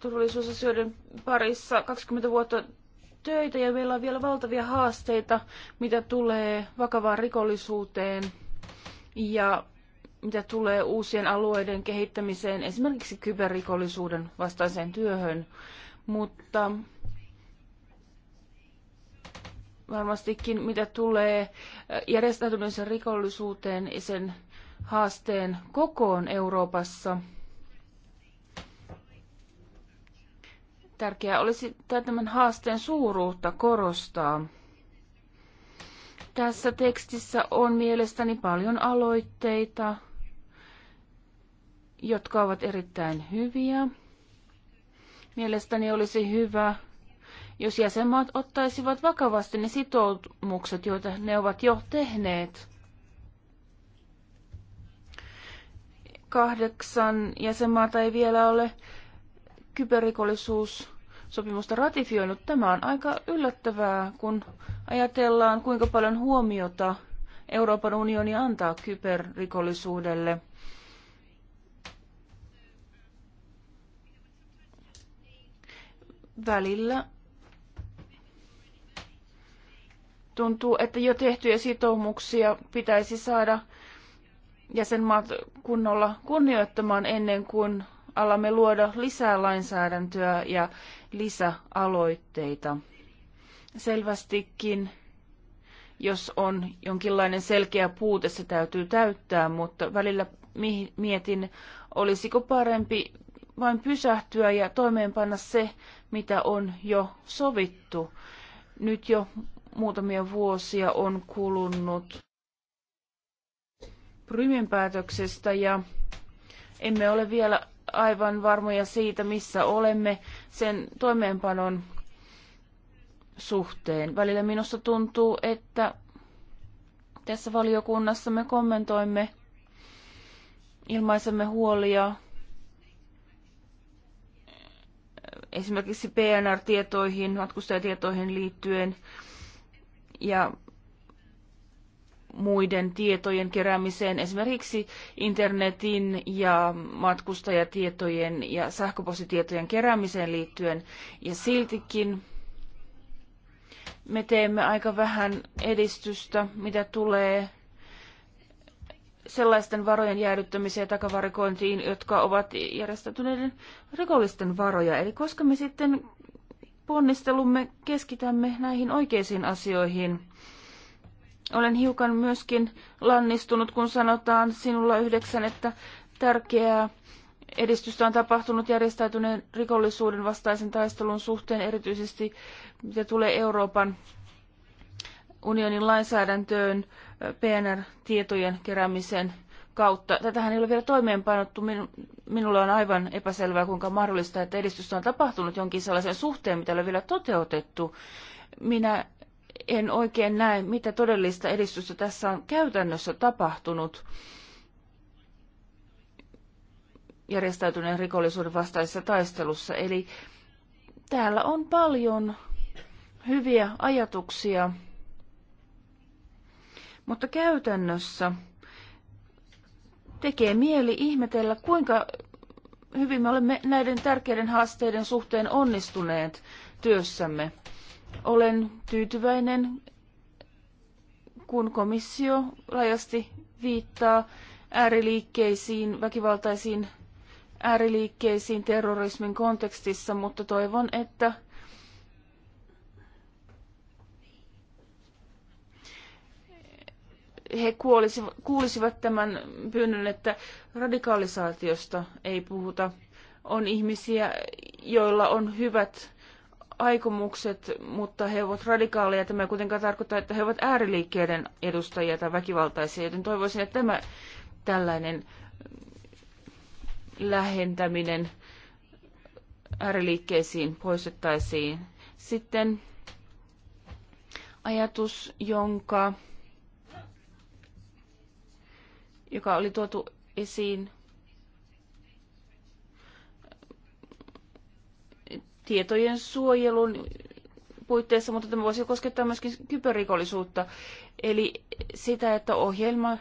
turvallisuusasioiden parissa 20 vuotta töitä ja meillä on vielä valtavia haasteita, mitä tulee vakavaan rikollisuuteen ja mitä tulee uusien alueiden kehittämiseen, esimerkiksi kyberrikollisuuden vastaiseen työhön. Mutta varmastikin mitä tulee järjestäytyneeseen rikollisuuteen ja sen haasteen kokoon Euroopassa. Tärkeää olisi tämän haasteen suuruutta korostaa. Tässä tekstissä on mielestäni paljon aloitteita, jotka ovat erittäin hyviä. Mielestäni olisi hyvä, jos jäsenmaat ottaisivat vakavasti ne sitoumukset, joita ne ovat jo tehneet kahdeksan jäsenmaata ei vielä ole kyberrikollisuussopimusta ratifioinut. Tämä on aika yllättävää, kun ajatellaan, kuinka paljon huomiota Euroopan unioni antaa kyberrikollisuudelle. Välillä tuntuu, että jo tehtyjä sitoumuksia pitäisi saada jäsenmaat kunnolla kunnioittamaan ennen kuin alamme luoda lisää lainsäädäntöä ja lisäaloitteita. Selvästikin, jos on jonkinlainen selkeä puute, se täytyy täyttää, mutta välillä mietin, olisiko parempi vain pysähtyä ja toimeenpanna se, mitä on jo sovittu. Nyt jo muutamia vuosia on kulunut Prymin päätöksestä ja emme ole vielä aivan varmoja siitä, missä olemme sen toimeenpanon suhteen. Välillä minusta tuntuu, että tässä valiokunnassa me kommentoimme, ilmaisemme huolia esimerkiksi PNR-tietoihin, matkustajatietoihin liittyen. Ja muiden tietojen keräämiseen, esimerkiksi internetin ja matkustajatietojen ja sähköpostitietojen keräämiseen liittyen. Ja siltikin me teemme aika vähän edistystä, mitä tulee sellaisten varojen jäädyttämiseen ja takavarikointiin, jotka ovat järjestäytyneiden rikollisten varoja. Eli koska me sitten ponnistelumme keskitämme näihin oikeisiin asioihin, olen hiukan myöskin lannistunut, kun sanotaan sinulla yhdeksän, että tärkeää edistystä on tapahtunut järjestäytyneen rikollisuuden vastaisen taistelun suhteen, erityisesti mitä tulee Euroopan unionin lainsäädäntöön eh, PNR-tietojen keräämisen kautta. Tätähän ei ole vielä toimeenpanottu. Minulle on aivan epäselvää, kuinka mahdollista, että edistystä on tapahtunut jonkin sellaisen suhteen, mitä ei ole vielä toteutettu. Minä en oikein näe, mitä todellista edistystä tässä on käytännössä tapahtunut järjestäytyneen rikollisuuden vastaisessa taistelussa. Eli täällä on paljon hyviä ajatuksia, mutta käytännössä tekee mieli ihmetellä, kuinka hyvin me olemme näiden tärkeiden haasteiden suhteen onnistuneet työssämme. Olen tyytyväinen, kun komissio laajasti viittaa ääriliikkeisiin, väkivaltaisiin ääriliikkeisiin terrorismin kontekstissa, mutta toivon, että he kuolisivat, kuulisivat tämän pyynnön, että radikalisaatiosta ei puhuta. On ihmisiä, joilla on hyvät aikomukset, mutta he ovat radikaaleja. Tämä kuitenkaan tarkoittaa, että he ovat ääriliikkeiden edustajia tai väkivaltaisia, joten toivoisin, että tämä tällainen lähentäminen ääriliikkeisiin poistettaisiin. Sitten ajatus, jonka, joka oli tuotu esiin tietojen suojelun puitteissa, mutta tämä voisi koskettaa myöskin kyberrikollisuutta. Eli sitä, että ohjelma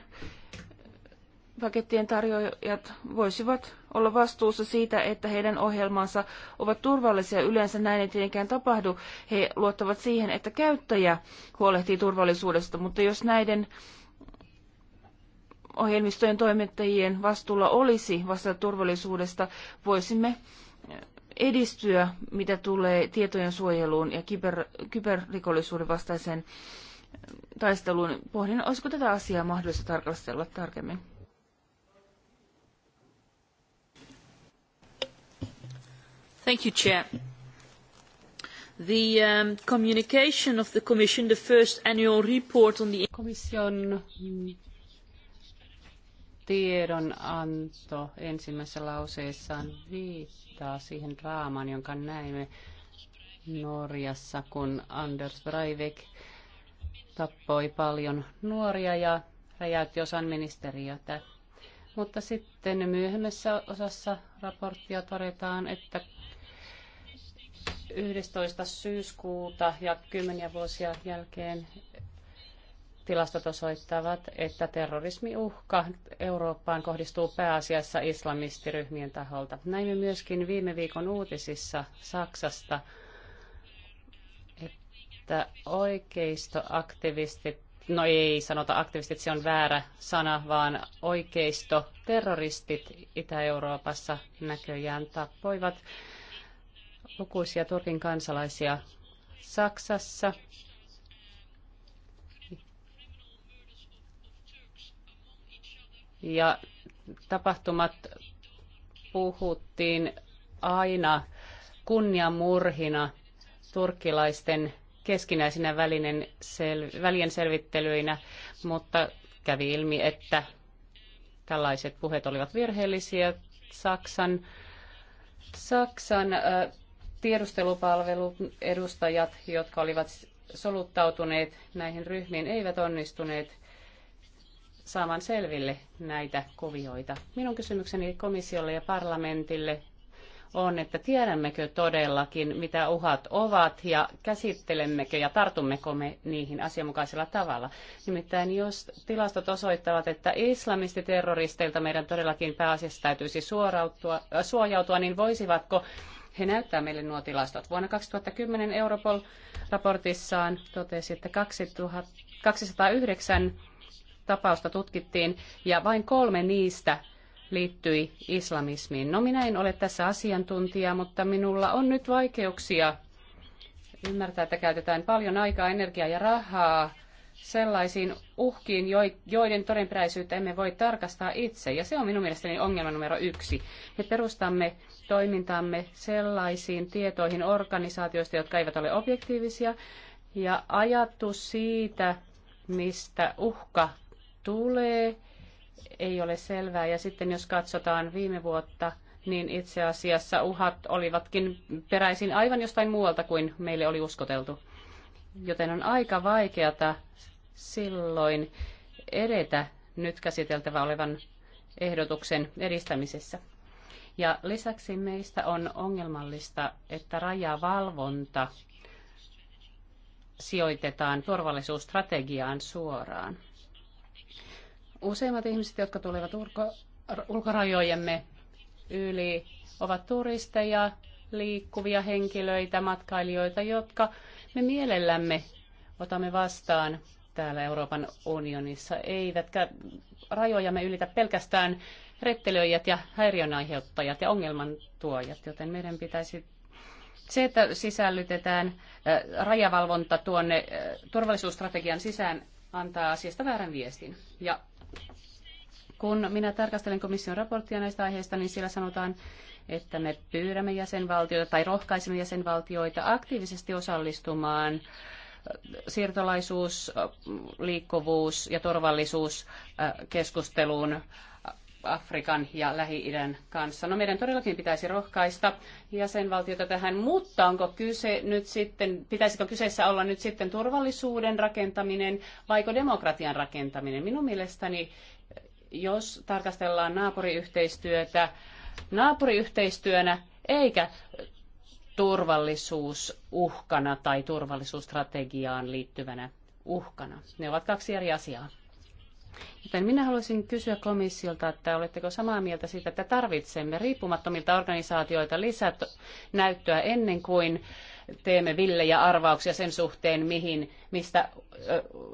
pakettien tarjoajat voisivat olla vastuussa siitä, että heidän ohjelmansa ovat turvallisia. Yleensä näin ei tietenkään tapahdu. He luottavat siihen, että käyttäjä huolehtii turvallisuudesta, mutta jos näiden ohjelmistojen toimittajien vastuulla olisi vastata turvallisuudesta, voisimme edistyä, mitä tulee tietojen suojeluun ja kyber, kyberrikollisuuden vastaiseen äh, taisteluun. Pohdin, olisiko tätä asiaa mahdollista tarkastella tarkemmin. Thank you, Chair. The um, communication of the Commission, the first annual report on the... Commission tiedonanto ensimmäisessä lauseessaan viittaa siihen draamaan, jonka näimme Norjassa, kun Anders Breivik tappoi paljon nuoria ja räjäytti osan ministeriötä. Mutta sitten myöhemmässä osassa raporttia todetaan, että 11. syyskuuta ja kymmeniä vuosia jälkeen Tilastot osoittavat, että terrorismiuhka Eurooppaan kohdistuu pääasiassa islamistiryhmien taholta. Näimme myöskin viime viikon uutisissa Saksasta, että oikeistoaktivistit, no ei sanota aktivistit, se on väärä sana, vaan oikeistoterroristit Itä-Euroopassa näköjään tappoivat lukuisia Turkin kansalaisia Saksassa ja tapahtumat puhuttiin aina kunniamurhina turkkilaisten keskinäisinä välinen sel- välien selvittelyinä, mutta kävi ilmi, että tällaiset puheet olivat virheellisiä. Saksan, Saksan äh, tiedustelupalvelun edustajat, jotka olivat soluttautuneet näihin ryhmiin, eivät onnistuneet saamaan selville näitä kuvioita. Minun kysymykseni komissiolle ja parlamentille on, että tiedämmekö todellakin, mitä uhat ovat ja käsittelemmekö ja tartummeko me niihin asianmukaisella tavalla. Nimittäin jos tilastot osoittavat, että islamistiterroristeilta meidän todellakin pääasiassa täytyisi suorautua, äh, suojautua, niin voisivatko he näyttää meille nuo tilastot. Vuonna 2010 Europol raportissaan totesi, että 2000, 209 tapausta tutkittiin ja vain kolme niistä liittyi islamismiin. No minä en ole tässä asiantuntija, mutta minulla on nyt vaikeuksia ymmärtää, että käytetään paljon aikaa, energiaa ja rahaa sellaisiin uhkiin, joiden todenperäisyyttä emme voi tarkastaa itse. Ja se on minun mielestäni ongelma numero yksi. Me perustamme toimintamme sellaisiin tietoihin organisaatioista, jotka eivät ole objektiivisia. Ja ajatus siitä, mistä uhka tulee, ei ole selvää. Ja sitten jos katsotaan viime vuotta, niin itse asiassa uhat olivatkin peräisin aivan jostain muualta kuin meille oli uskoteltu. Joten on aika vaikeata silloin edetä nyt käsiteltävä olevan ehdotuksen edistämisessä. Ja lisäksi meistä on ongelmallista, että rajavalvonta sijoitetaan turvallisuusstrategiaan suoraan. Useimmat ihmiset, jotka tulevat ulko, ulkorajojemme yli, ovat turisteja, liikkuvia henkilöitä, matkailijoita, jotka me mielellämme otamme vastaan täällä Euroopan unionissa, eivätkä rajojamme ylitä pelkästään rettelöijät ja häiriönaiheuttajat ja ongelmantuojat, joten meidän pitäisi se, että sisällytetään rajavalvonta tuonne turvallisuusstrategian sisään, antaa asiasta väärän viestin. Ja kun minä tarkastelen komission raporttia näistä aiheista, niin siellä sanotaan, että me pyydämme jäsenvaltioita tai rohkaisemme jäsenvaltioita aktiivisesti osallistumaan äh, siirtolaisuus, äh, liikkuvuus ja turvallisuuskeskusteluun äh, Afrikan ja Lähi-idän kanssa. No meidän todellakin pitäisi rohkaista jäsenvaltiota tähän, mutta onko kyse nyt sitten, pitäisikö kyseessä olla nyt sitten turvallisuuden rakentaminen vaiko demokratian rakentaminen? Minun mielestäni jos tarkastellaan naapuriyhteistyötä naapuriyhteistyönä eikä turvallisuusuhkana tai turvallisuusstrategiaan liittyvänä uhkana. Ne ovat kaksi eri asiaa. Joten minä haluaisin kysyä komissiolta, että oletteko samaa mieltä siitä, että tarvitsemme riippumattomilta organisaatioilta lisää näyttöä ennen kuin teemme villejä arvauksia sen suhteen, mihin, mistä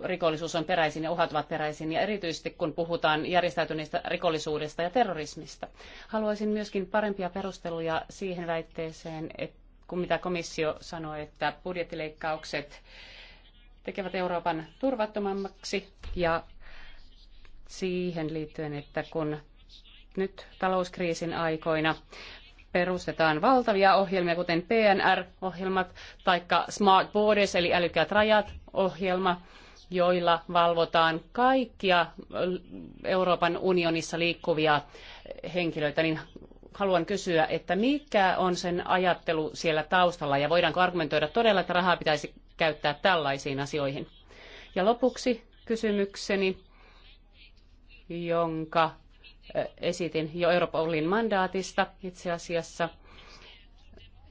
rikollisuus on peräisin ja uhat ovat peräisin, ja erityisesti kun puhutaan järjestäytyneestä rikollisuudesta ja terrorismista. Haluaisin myöskin parempia perusteluja siihen väitteeseen, että kun mitä komissio sanoi, että budjettileikkaukset tekevät Euroopan turvattomammaksi ja siihen liittyen, että kun nyt talouskriisin aikoina perustetaan valtavia ohjelmia, kuten PNR-ohjelmat tai Smart Borders, eli älykkäät rajat ohjelma, joilla valvotaan kaikkia Euroopan unionissa liikkuvia henkilöitä, niin haluan kysyä, että mikä on sen ajattelu siellä taustalla ja voidaanko argumentoida todella, että rahaa pitäisi käyttää tällaisiin asioihin. Ja lopuksi kysymykseni, jonka esitin jo Euroopan unionin mandaatista itse asiassa.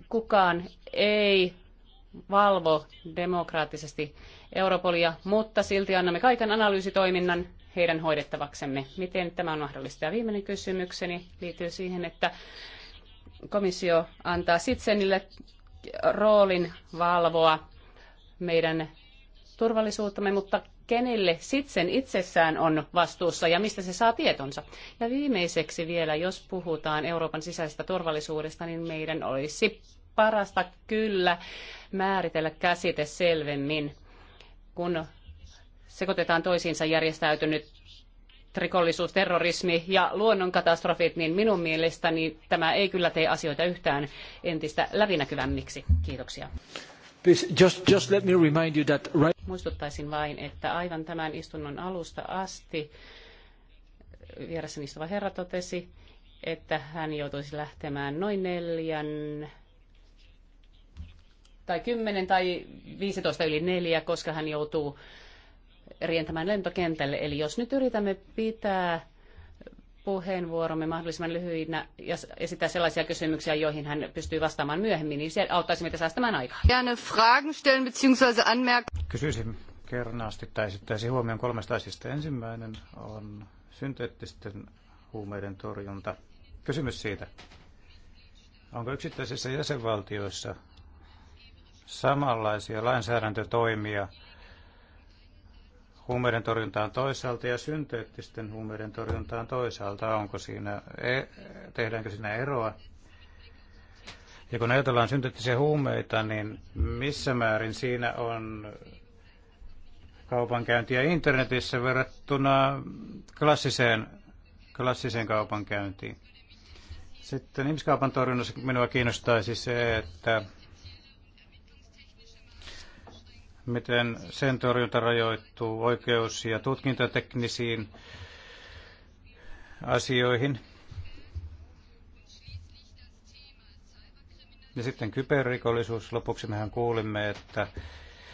Kukaan ei valvo demokraattisesti Europolia, mutta silti annamme kaiken analyysitoiminnan heidän hoidettavaksemme. Miten tämä on mahdollista? Ja viimeinen kysymykseni liittyy siihen, että komissio antaa Sitsenille roolin valvoa meidän turvallisuuttamme, mutta kenelle sitten itsessään on vastuussa ja mistä se saa tietonsa. Ja viimeiseksi vielä, jos puhutaan Euroopan sisäisestä turvallisuudesta, niin meidän olisi parasta kyllä määritellä käsite selvemmin, kun sekoitetaan toisiinsa järjestäytynyt rikollisuus, terrorismi ja luonnonkatastrofit, niin minun mielestäni tämä ei kyllä tee asioita yhtään entistä läpinäkyvämmiksi. Kiitoksia. Just, just let me remind you that right... Muistuttaisin vain, että aivan tämän istunnon alusta asti vieressäni istuva herra totesi, että hän joutuisi lähtemään noin neljän tai kymmenen tai 15 yli neljä, koska hän joutuu rientämään lentokentälle. Eli jos nyt yritämme pitää puheenvuoromme mahdollisimman lyhyinä ja esittää sellaisia kysymyksiä, joihin hän pystyy vastaamaan myöhemmin, niin se auttaisi meitä säästämään aikaa. Gerne Fragen stellen bzw. Kysyisin kernaasti tai esittäisin huomioon kolmesta asiasta. Ensimmäinen on synteettisten huumeiden torjunta. Kysymys siitä, onko yksittäisissä jäsenvaltioissa samanlaisia lainsäädäntötoimia, huumeiden torjuntaan toisaalta ja synteettisten huumeiden torjuntaan toisaalta. Onko siinä, e-, tehdäänkö siinä eroa? Ja kun ajatellaan synteettisiä huumeita, niin missä määrin siinä on kaupankäyntiä internetissä verrattuna klassiseen, klassiseen kaupankäyntiin? Sitten ihmiskaupan torjunnassa minua kiinnostaisi se, että miten sen torjunta rajoittuu oikeus- ja tutkintoteknisiin asioihin. Ja sitten kyberrikollisuus. Lopuksi mehän kuulimme, että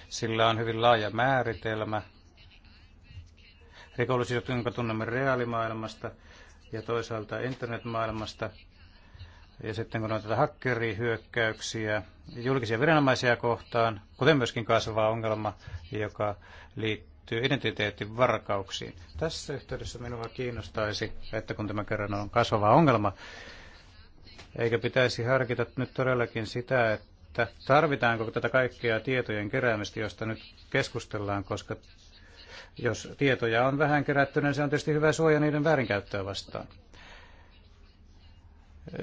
sillä on hyvin laaja määritelmä. Rikollisuus, jonka tunnemme reaalimaailmasta ja toisaalta internetmaailmasta – ja sitten kun on tätä hakkerihyökkäyksiä julkisia viranomaisia kohtaan, kuten myöskin kasvava ongelma, joka liittyy identiteetin varkauksiin. Tässä yhteydessä minua kiinnostaisi, että kun tämä kerran on kasvava ongelma, eikä pitäisi harkita nyt todellakin sitä, että tarvitaanko tätä kaikkea tietojen keräämistä, josta nyt keskustellaan, koska jos tietoja on vähän kerätty, niin se on tietysti hyvä suoja niiden väärinkäyttöä vastaan.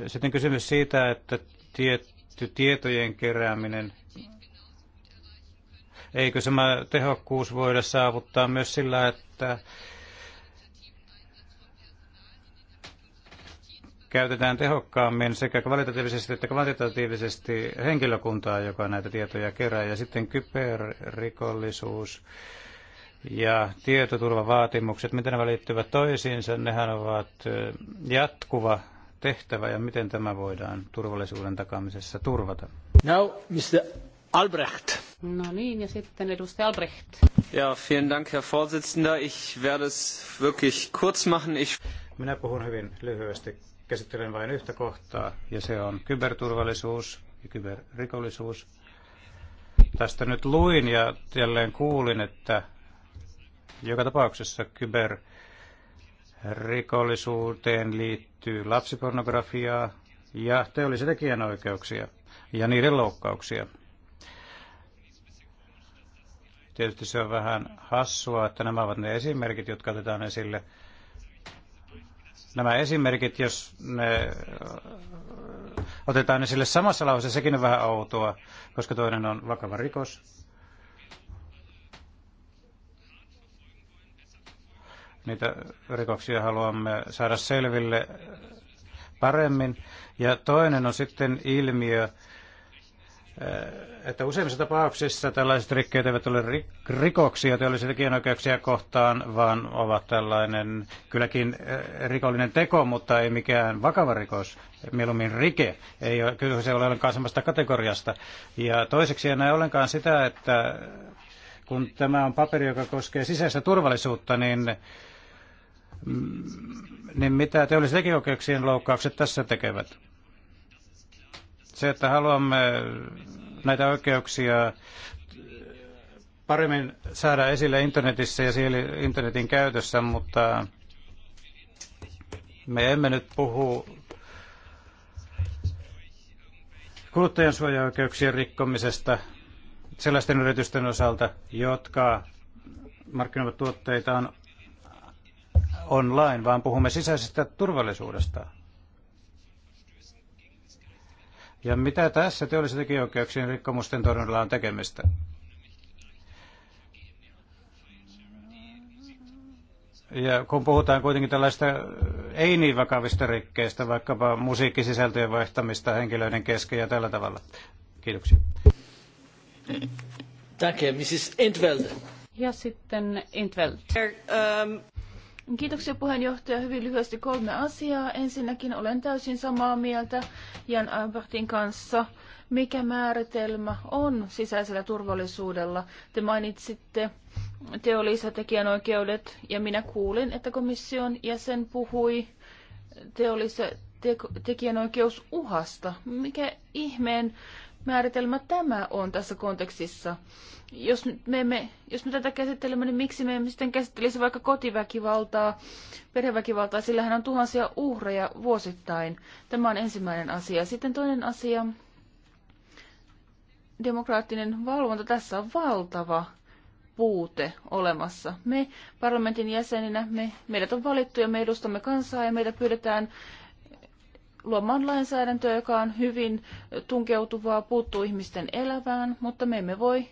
Sitten kysymys siitä, että tietty tietojen kerääminen, eikö sama tehokkuus voida saavuttaa myös sillä, että käytetään tehokkaammin sekä kvalitatiivisesti että kvantitatiivisesti henkilökuntaa, joka näitä tietoja kerää. Ja sitten kyberrikollisuus ja tietoturvavaatimukset, miten ne välittyvät toisiinsa, nehän ovat jatkuva tehtävä ja miten tämä voidaan turvallisuuden takaamisessa turvata? Now, Mr. Albrecht. No niin, ja sitten edustaja Albrecht. Ja, vielen Dank, Herr Vorsitzender. Ich werde es wirklich kurz machen. Ich... Minä puhun hyvin lyhyesti. Käsittelen vain yhtä kohtaa, ja se on kyberturvallisuus ja kyberrikollisuus. Tästä nyt luin ja jälleen kuulin, että joka tapauksessa kyber rikollisuuteen liittyy lapsipornografiaa ja teollisia tekijänoikeuksia ja niiden loukkauksia. Tietysti se on vähän hassua, että nämä ovat ne esimerkit, jotka otetaan esille. Nämä esimerkit, jos ne otetaan esille samassa lauseessa, sekin on vähän outoa, koska toinen on vakava rikos Niitä rikoksia haluamme saada selville paremmin. Ja toinen on sitten ilmiö, eh, että useimmissa tapauksissa tällaiset rikkeet eivät ole rikoksia teollisia tekijänoikeuksia kohtaan, vaan ovat tällainen kylläkin eh, rikollinen teko, mutta ei mikään vakava rikos, mieluummin rike. Ei ole, kyllä se ei ole ollenkaan samasta kategoriasta. Ja toiseksi ei näe ollenkaan sitä, että kun tämä on paperi, joka koskee sisäistä turvallisuutta, niin Mm, niin mitä teollisen tekijäoikeuksien loukkaukset tässä tekevät? Se, että haluamme näitä oikeuksia paremmin saada esille internetissä ja siellä internetin käytössä, mutta me emme nyt puhu kuluttajansuojaoikeuksien rikkomisesta sellaisten yritysten osalta, jotka markkinoivat tuotteitaan online, vaan puhumme sisäisestä turvallisuudesta. Ja mitä tässä teollisen tekijäoikeuksien rikkomusten torjunnalla on tekemistä? Ja kun puhutaan kuitenkin tällaista ei niin vakavista rikkeistä, vaikkapa musiikkisisältöjen vaihtamista henkilöiden kesken ja tällä tavalla. Kiitoksia. Danke, Mrs. Entveld. Ja sitten Entveld. Um... Kiitoksia puheenjohtaja. Hyvin lyhyesti kolme asiaa. Ensinnäkin olen täysin samaa mieltä Jan Albertin kanssa. Mikä määritelmä on sisäisellä turvallisuudella? Te mainitsitte teollisia tekijänoikeudet ja minä kuulin, että komission jäsen puhui teollisia tekijänoikeusuhasta. Mikä ihmeen määritelmä tämä on tässä kontekstissa? Jos, nyt me emme, jos me tätä käsittelemme, niin miksi me emme sitten käsittelisi vaikka kotiväkivaltaa, perheväkivaltaa? Sillähän on tuhansia uhreja vuosittain. Tämä on ensimmäinen asia. Sitten toinen asia, demokraattinen valvonta. Tässä on valtava puute olemassa. Me parlamentin jäseninä, me, meidät on valittu ja me edustamme kansaa ja meitä pyydetään luomaan lainsäädäntöä, joka on hyvin tunkeutuvaa, puuttuu ihmisten elämään, mutta me emme voi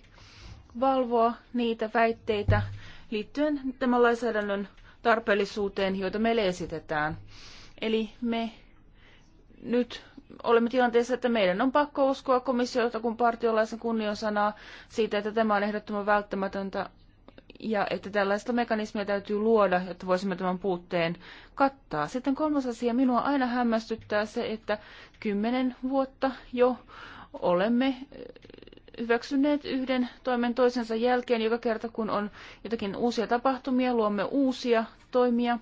valvoa niitä väitteitä liittyen tämän lainsäädännön tarpeellisuuteen, joita meille esitetään. Eli me nyt olemme tilanteessa, että meidän on pakko uskoa komissiota, kun partiolaisen kunnion sanaa siitä, että tämä on ehdottoman välttämätöntä ja että tällaista mekanismia täytyy luoda, jotta voisimme tämän puutteen kattaa. Sitten kolmas asia, minua aina hämmästyttää se, että kymmenen vuotta jo olemme eh, hyväksyneet yhden toimen toisensa jälkeen joka kerta, kun on jotakin uusia tapahtumia, luomme uusia toimia.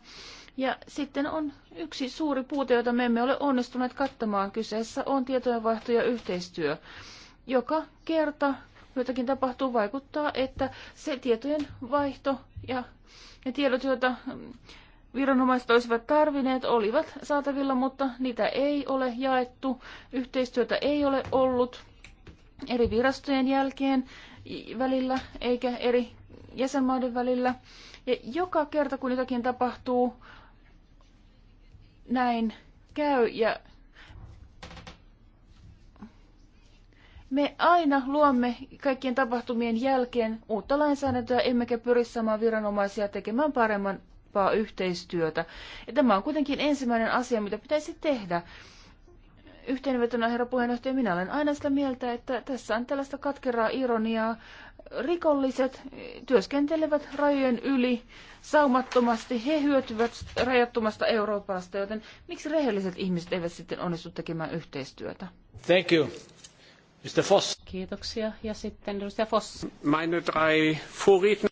Ja sitten on yksi suuri puute, jota me emme ole onnistuneet kattamaan. Kyseessä on tietojenvaihto ja yhteistyö. Joka kerta joitakin tapahtuu, vaikuttaa, että se tietojen vaihto ja ne tiedot, joita viranomaiset olisivat tarvineet, olivat saatavilla, mutta niitä ei ole jaettu, yhteistyötä ei ole ollut eri virastojen jälkeen välillä eikä eri jäsenmaiden välillä. Ja joka kerta, kun jotakin tapahtuu, näin käy ja Me aina luomme kaikkien tapahtumien jälkeen uutta lainsäädäntöä, emmekä pyri saamaan viranomaisia tekemään parempaa yhteistyötä. Ja tämä on kuitenkin ensimmäinen asia, mitä pitäisi tehdä. Yhteenvetona, herra puheenjohtaja, minä olen aina sitä mieltä, että tässä on tällaista katkeraa ironiaa. Rikolliset työskentelevät rajojen yli saumattomasti. He hyötyvät rajattomasta Euroopasta, joten miksi rehelliset ihmiset eivät sitten onnistu tekemään yhteistyötä? Thank you. Mr. Voss. Kiitoksia. Ja sitten edustaja Voss. Meine drei Vorredner.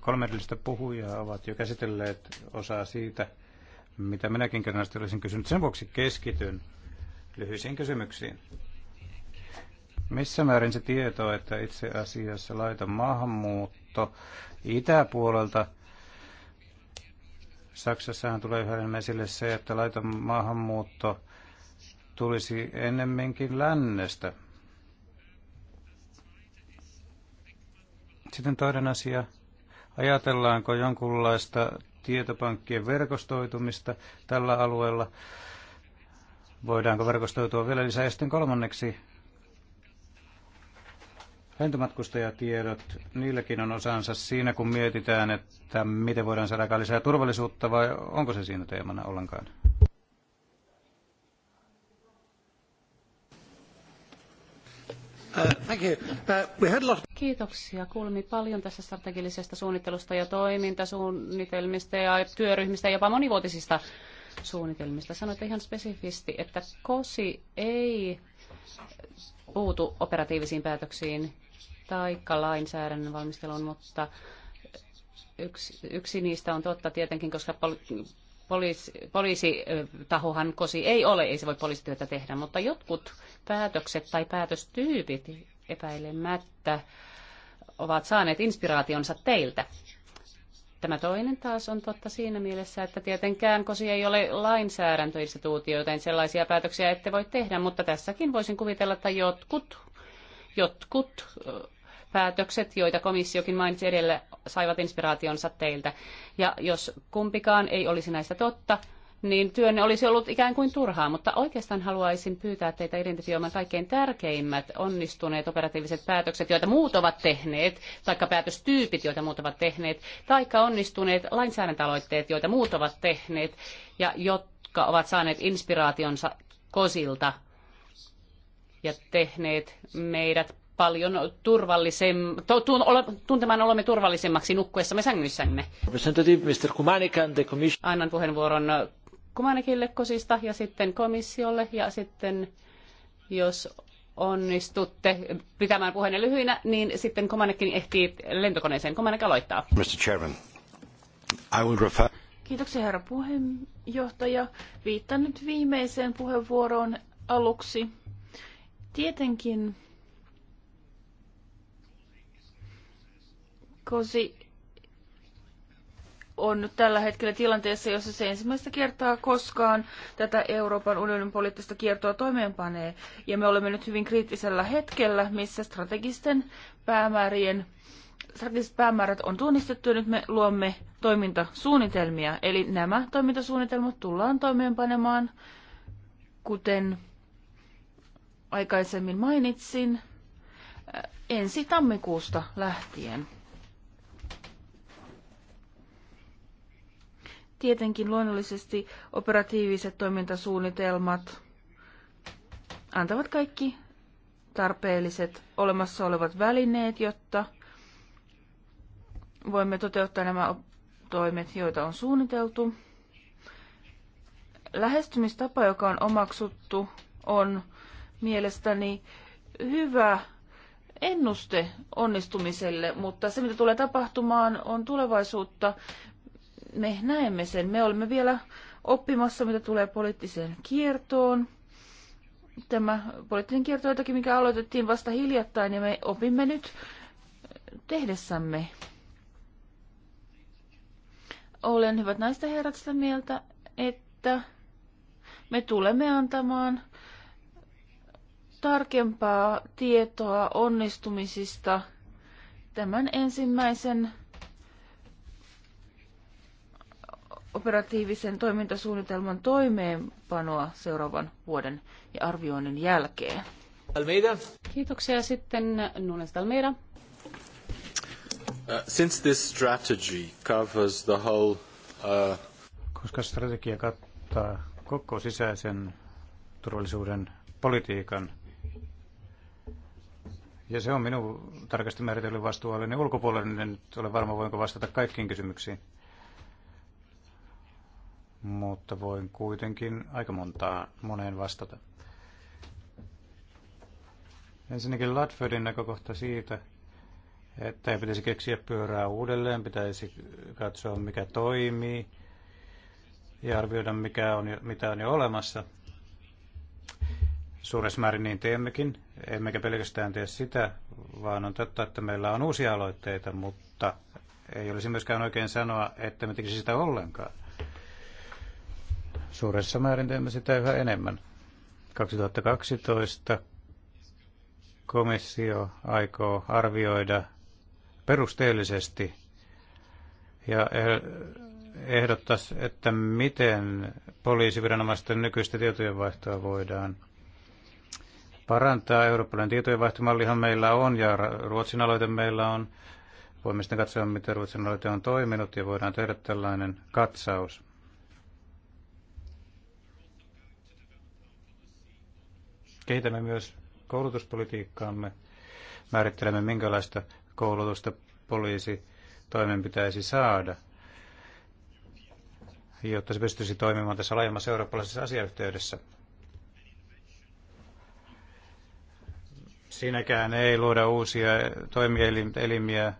Kolme edellistä puhujaa ovat jo käsitelleet osaa siitä, mitä minäkin kerrallisesti olisin kysynyt. Sen vuoksi keskityn lyhyisiin kysymyksiin. Missä määrin se tieto, että itse asiassa laiton maahanmuutto itäpuolelta Saksassahan tulee yhä enemmän esille se, että laiton maahanmuutto tulisi ennemminkin lännestä, Sitten toinen asia. Ajatellaanko jonkunlaista tietopankkien verkostoitumista tällä alueella? Voidaanko verkostoitua vielä lisää? Ja sitten kolmanneksi lentomatkustajatiedot, niilläkin on osansa siinä, kun mietitään, että miten voidaan saada lisää turvallisuutta, vai onko se siinä teemana ollenkaan? Uh, uh, Kiitoksia. Kuulimme paljon tässä strategisesta suunnittelusta ja toimintasuunnitelmista ja työryhmistä ja jopa monivuotisista suunnitelmista. Sanoitte ihan spesifisti, että KOSI ei puutu operatiivisiin päätöksiin tai lainsäädännön valmisteluun, mutta yksi, yksi niistä on totta tietenkin, koska poliisi, poliisitahohan kosi ei ole, ei se voi poliisityötä tehdä, mutta jotkut päätökset tai päätöstyypit epäilemättä ovat saaneet inspiraationsa teiltä. Tämä toinen taas on totta siinä mielessä, että tietenkään kosi ei ole lainsäädäntöinstituutio, joten sellaisia päätöksiä ette voi tehdä, mutta tässäkin voisin kuvitella, että jotkut, jotkut päätökset, joita komissiokin mainitsi edellä, saivat inspiraationsa teiltä. Ja jos kumpikaan ei olisi näistä totta, niin työnne olisi ollut ikään kuin turhaa, mutta oikeastaan haluaisin pyytää teitä identifioimaan kaikkein tärkeimmät onnistuneet operatiiviset päätökset, joita muut ovat tehneet, taikka päätöstyypit, joita muut ovat tehneet, taikka onnistuneet lainsäädäntöaloitteet, joita muut ovat tehneet, ja jotka ovat saaneet inspiraationsa kosilta ja tehneet meidät paljon turvallisem, tuntemaan olemme turvallisemmaksi nukkuessamme sängyssämme. Kumanikan, Annan puheenvuoron Kumanikille kosista ja sitten komissiolle ja sitten jos onnistutte pitämään puheen lyhyinä, niin sitten Komanekin ehtii lentokoneeseen. Komanek aloittaa. Mr. Chairman, I will refer... Kiitoksia herra puheenjohtaja. Viittaan nyt viimeiseen puheenvuoroon aluksi. Tietenkin Kosi on nyt tällä hetkellä tilanteessa, jossa se ensimmäistä kertaa koskaan tätä Euroopan unionin poliittista kiertoa toimeenpanee. Ja me olemme nyt hyvin kriittisellä hetkellä, missä strategisten päämäärien strategiset päämäärät on tunnistettu ja nyt me luomme toimintasuunnitelmia. Eli nämä toimintasuunnitelmat tullaan toimeenpanemaan, kuten aikaisemmin mainitsin, ensi tammikuusta lähtien. Tietenkin luonnollisesti operatiiviset toimintasuunnitelmat antavat kaikki tarpeelliset olemassa olevat välineet, jotta voimme toteuttaa nämä toimet, joita on suunniteltu. Lähestymistapa, joka on omaksuttu, on mielestäni hyvä ennuste onnistumiselle, mutta se, mitä tulee tapahtumaan, on tulevaisuutta me näemme sen. Me olemme vielä oppimassa, mitä tulee poliittiseen kiertoon. Tämä poliittinen kierto jotakin, mikä aloitettiin vasta hiljattain, ja me opimme nyt tehdessämme. Olen, hyvät näistä herrat, sitä mieltä, että me tulemme antamaan tarkempaa tietoa onnistumisista tämän ensimmäisen operatiivisen toimintasuunnitelman toimeenpanoa seuraavan vuoden ja arvioinnin jälkeen. Almeida. Kiitoksia sitten Nunes Almeida. Uh, since this strategy covers the whole, uh... Koska strategia kattaa koko sisäisen turvallisuuden politiikan, ja se on minun tarkasti määritellyt vastuualueeni ulkopuolelle, niin en olen varma, voinko vastata kaikkiin kysymyksiin mutta voin kuitenkin aika montaa moneen vastata. Ensinnäkin Ladfordin näkökohta siitä, että ei pitäisi keksiä pyörää uudelleen, pitäisi katsoa mikä toimii ja arvioida mikä on, mitä on jo olemassa. Suuressa määrin niin teemmekin, emmekä pelkästään tee sitä, vaan on totta, että meillä on uusia aloitteita, mutta ei olisi myöskään oikein sanoa, että me tekisi sitä ollenkaan. Suuressa määrin teemme sitä yhä enemmän. 2012 komissio aikoo arvioida perusteellisesti ja eh- ehdottaa, että miten poliisiviranomaisten nykyistä tietojenvaihtoa voidaan parantaa. Eurooppalainen tietojenvaihtomallihan meillä on ja Ruotsin aloite meillä on. Voimme sitten katsoa, miten Ruotsin aloite on toiminut ja voidaan tehdä tällainen katsaus. Kehitämme myös koulutuspolitiikkaamme. Määrittelemme, minkälaista koulutusta poliisi toimen pitäisi saada, jotta se pystyisi toimimaan tässä laajemmassa eurooppalaisessa asiayhteydessä. Siinäkään ei luoda uusia toimielimiä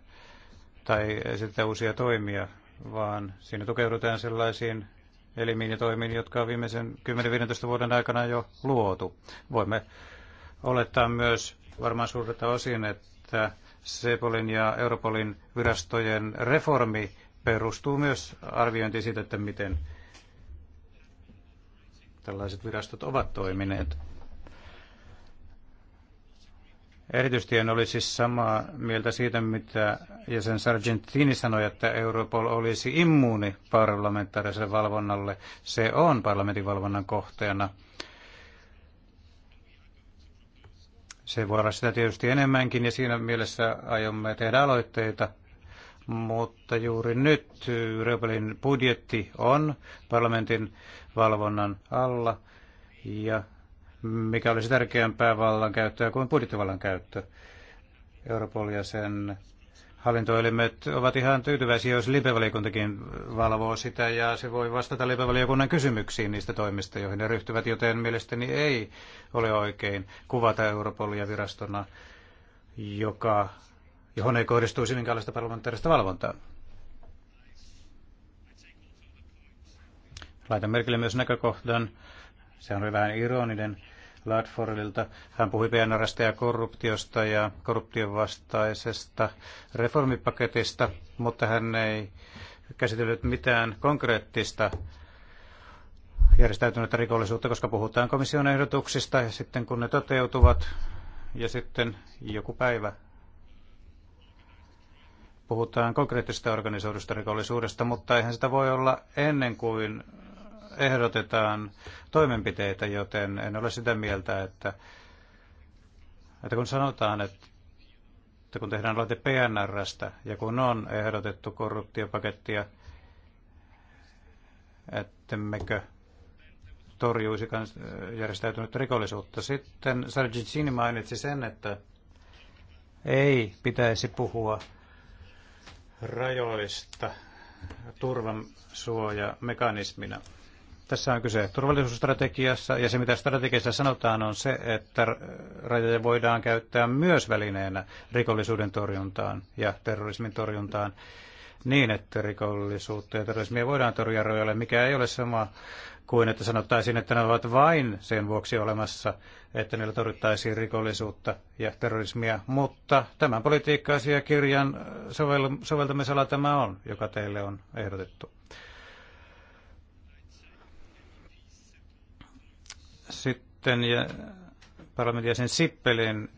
tai esitetään uusia toimia, vaan siinä tukeudutaan sellaisiin elimiin ja toimiin, jotka on viimeisen 10-15 vuoden aikana jo luotu. Voimme olettaa myös varmaan suurelta osin, että Sepolin ja Europolin virastojen reformi perustuu myös arviointiin siitä, että miten tällaiset virastot ovat toimineet. Erityisesti en olisi siis samaa mieltä siitä, mitä jäsen Sargentini sanoi, että Europol olisi immuuni parlamentaariselle valvonnalle. Se on parlamentin valvonnan kohteena. Se voi olla sitä tietysti enemmänkin ja siinä mielessä aiomme tehdä aloitteita, mutta juuri nyt Europolin budjetti on parlamentin valvonnan alla ja mikä olisi tärkeämpää vallankäyttöä kuin budjettivallan käyttö. Europol ja sen hallintoelimet ovat ihan tyytyväisiä, jos lipevaliokuntakin valvoo sitä ja se voi vastata lipevaliokunnan kysymyksiin niistä toimista, joihin ne ryhtyvät, joten mielestäni ei ole oikein kuvata Europolia virastona, joka, johon ei kohdistuisi minkäänlaista parlamentaarista valvontaa. Laitan merkille myös näkökohdan, se on vähän ironinen Ladfordilta. Hän puhui PNRstä ja korruptiosta ja korruption vastaisesta reformipaketista, mutta hän ei käsitellyt mitään konkreettista järjestäytynyttä rikollisuutta, koska puhutaan komission ehdotuksista ja sitten kun ne toteutuvat ja sitten joku päivä puhutaan konkreettisesta organisoidusta rikollisuudesta, mutta eihän sitä voi olla ennen kuin ehdotetaan toimenpiteitä, joten en ole sitä mieltä, että, että kun sanotaan, että että kun tehdään aloite PNRstä ja kun on ehdotettu korruptiopakettia, ettemmekö torjuisi järjestäytynyt rikollisuutta. Sitten Sargentini mainitsi sen, että ei pitäisi puhua rajoista turvansuojamekanismina. Tässä on kyse turvallisuusstrategiassa, ja se mitä strategiassa sanotaan on se, että rajoja voidaan käyttää myös välineenä rikollisuuden torjuntaan ja terrorismin torjuntaan niin, että rikollisuutta ja terrorismia voidaan torjua rajoille, mikä ei ole sama kuin että sanottaisiin, että ne ovat vain sen vuoksi olemassa, että niillä torjuttaisiin rikollisuutta ja terrorismia. Mutta tämän politiikka-asiakirjan sovel- soveltamisala tämä on, joka teille on ehdotettu. Sitten ja parlamentin jäsen Sippelin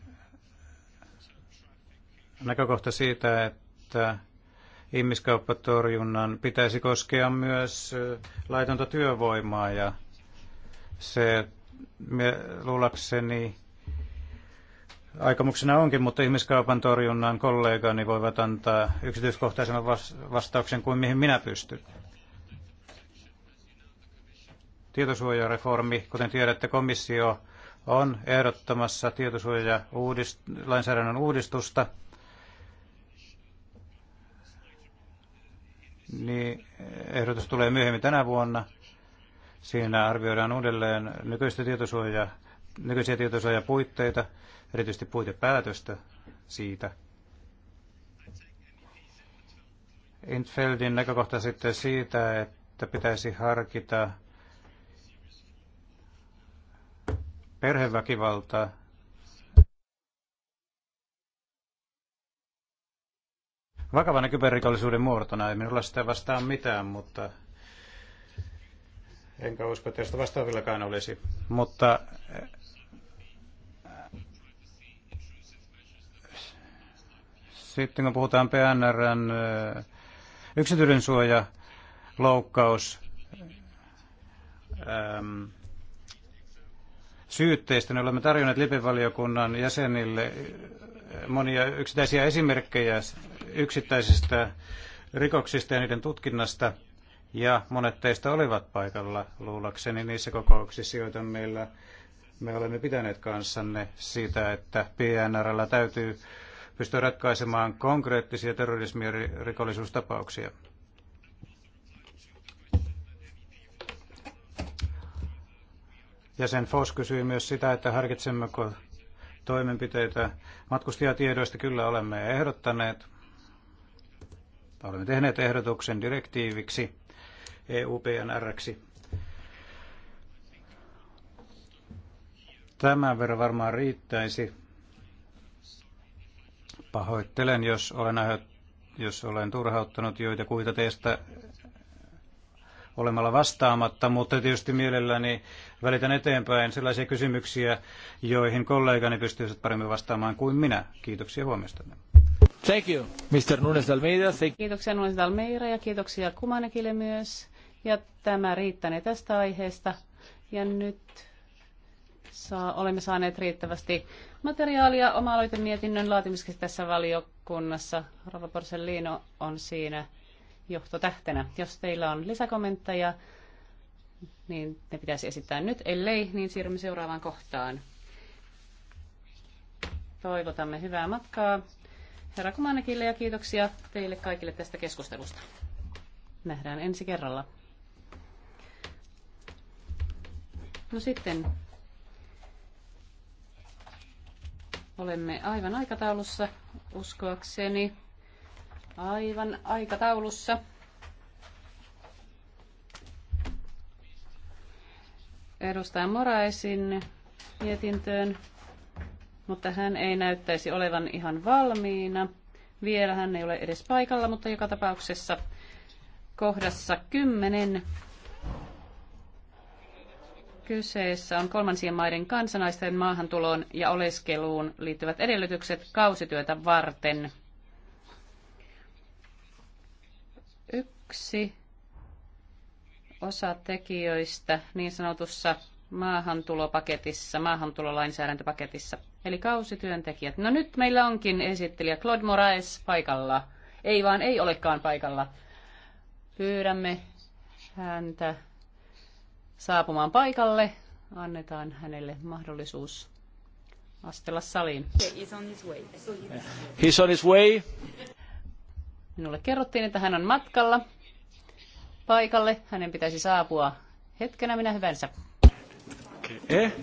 näkökohta siitä, että ihmiskauppatorjunnan pitäisi koskea myös äh, laitonta työvoimaa ja se luulakseni aikomuksena onkin, mutta ihmiskaupan torjunnan kollegani voivat antaa yksityiskohtaisemman vastauksen kuin mihin minä pystyn tietosuojareformi. Kuten tiedätte, komissio on ehdottamassa tietosuojalainsäädännön uudistusta, niin ehdotus tulee myöhemmin tänä vuonna. Siinä arvioidaan uudelleen nykyistä tietosuoja, nykyisiä tietosuojapuitteita, erityisesti puitepäätöstä siitä. Intfeldin näkökohta sitten siitä, että pitäisi harkita perheväkivalta, vakavana kyberrikollisuuden muotona. Ei minulla sitä vastaan mitään, mutta enkä usko, että josta vastaavillakaan olisi. Mutta äh, sitten kun puhutaan PNRn äh, yksityinen suoja, loukkaus, ähm, syytteistä, Me niin olemme tarjonneet lipivaliokunnan jäsenille monia yksittäisiä esimerkkejä yksittäisistä rikoksista ja niiden tutkinnasta. Ja monet teistä olivat paikalla luulakseni niissä kokouksissa, joita meillä me olemme pitäneet kanssanne siitä, että PNRllä täytyy pystyä ratkaisemaan konkreettisia terrorismirikolisuustapauksia. Jäsen Fos kysyi myös sitä, että harkitsemmeko toimenpiteitä. Matkustajatiedoista kyllä olemme ehdottaneet, olemme tehneet ehdotuksen direktiiviksi, EUPNRksi. Tämän verran varmaan riittäisi. Pahoittelen, jos olen, jos olen turhauttanut joita kuita teistä olemalla vastaamatta, mutta tietysti mielelläni välitän eteenpäin sellaisia kysymyksiä, joihin kollegani pystyisivät paremmin vastaamaan kuin minä. Kiitoksia huomiostanne. Thank you, Mr. Nunes Almeida. Thank... Kiitoksia Nunes Almeida ja kiitoksia Kumanekille myös. Ja tämä riittänee tästä aiheesta. Ja nyt saa, olemme saaneet riittävästi materiaalia oma-aloitemietinnön laatimiseksi tässä valiokunnassa. Rova Porcellino on siinä johtotähtenä. Jos teillä on lisäkommentteja, niin ne pitäisi esittää nyt. Ellei, niin siirrymme seuraavaan kohtaan. Toivotamme hyvää matkaa herra Kumanekille ja kiitoksia teille kaikille tästä keskustelusta. Nähdään ensi kerralla. No sitten olemme aivan aikataulussa uskoakseni aivan aikataulussa. Edustaja Moraisin mietintöön, mutta hän ei näyttäisi olevan ihan valmiina. Vielä hän ei ole edes paikalla, mutta joka tapauksessa kohdassa 10 kyseessä on kolmansien maiden kansanaisten maahantuloon ja oleskeluun liittyvät edellytykset kausityötä varten. Yksi osa tekijöistä niin sanotussa maahantulopaketissa, maahantulolainsäädäntöpaketissa, eli kausityöntekijät. No nyt meillä onkin esittelijä Claude Moraes paikalla. Ei vaan, ei olekaan paikalla. Pyydämme häntä saapumaan paikalle. Annetaan hänelle mahdollisuus astella saliin. He's on his way. He's on his way. Minulle kerrottiin, että hän on matkalla paikalle. Hänen pitäisi saapua hetkenä minä hyvänsä. Okay. Eh?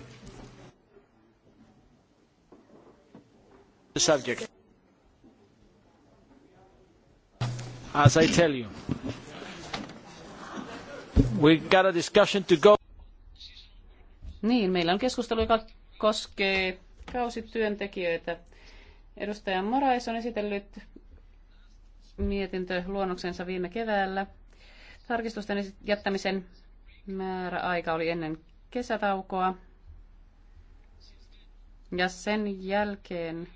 Subject. As I tell you, we got a discussion to go. Niin, meillä on keskustelu, joka koskee kausityöntekijöitä. Edustaja Morais on esitellyt luonnoksensa viime keväällä. Tarkistusten jättämisen määräaika oli ennen kesätaukoa. Ja sen jälkeen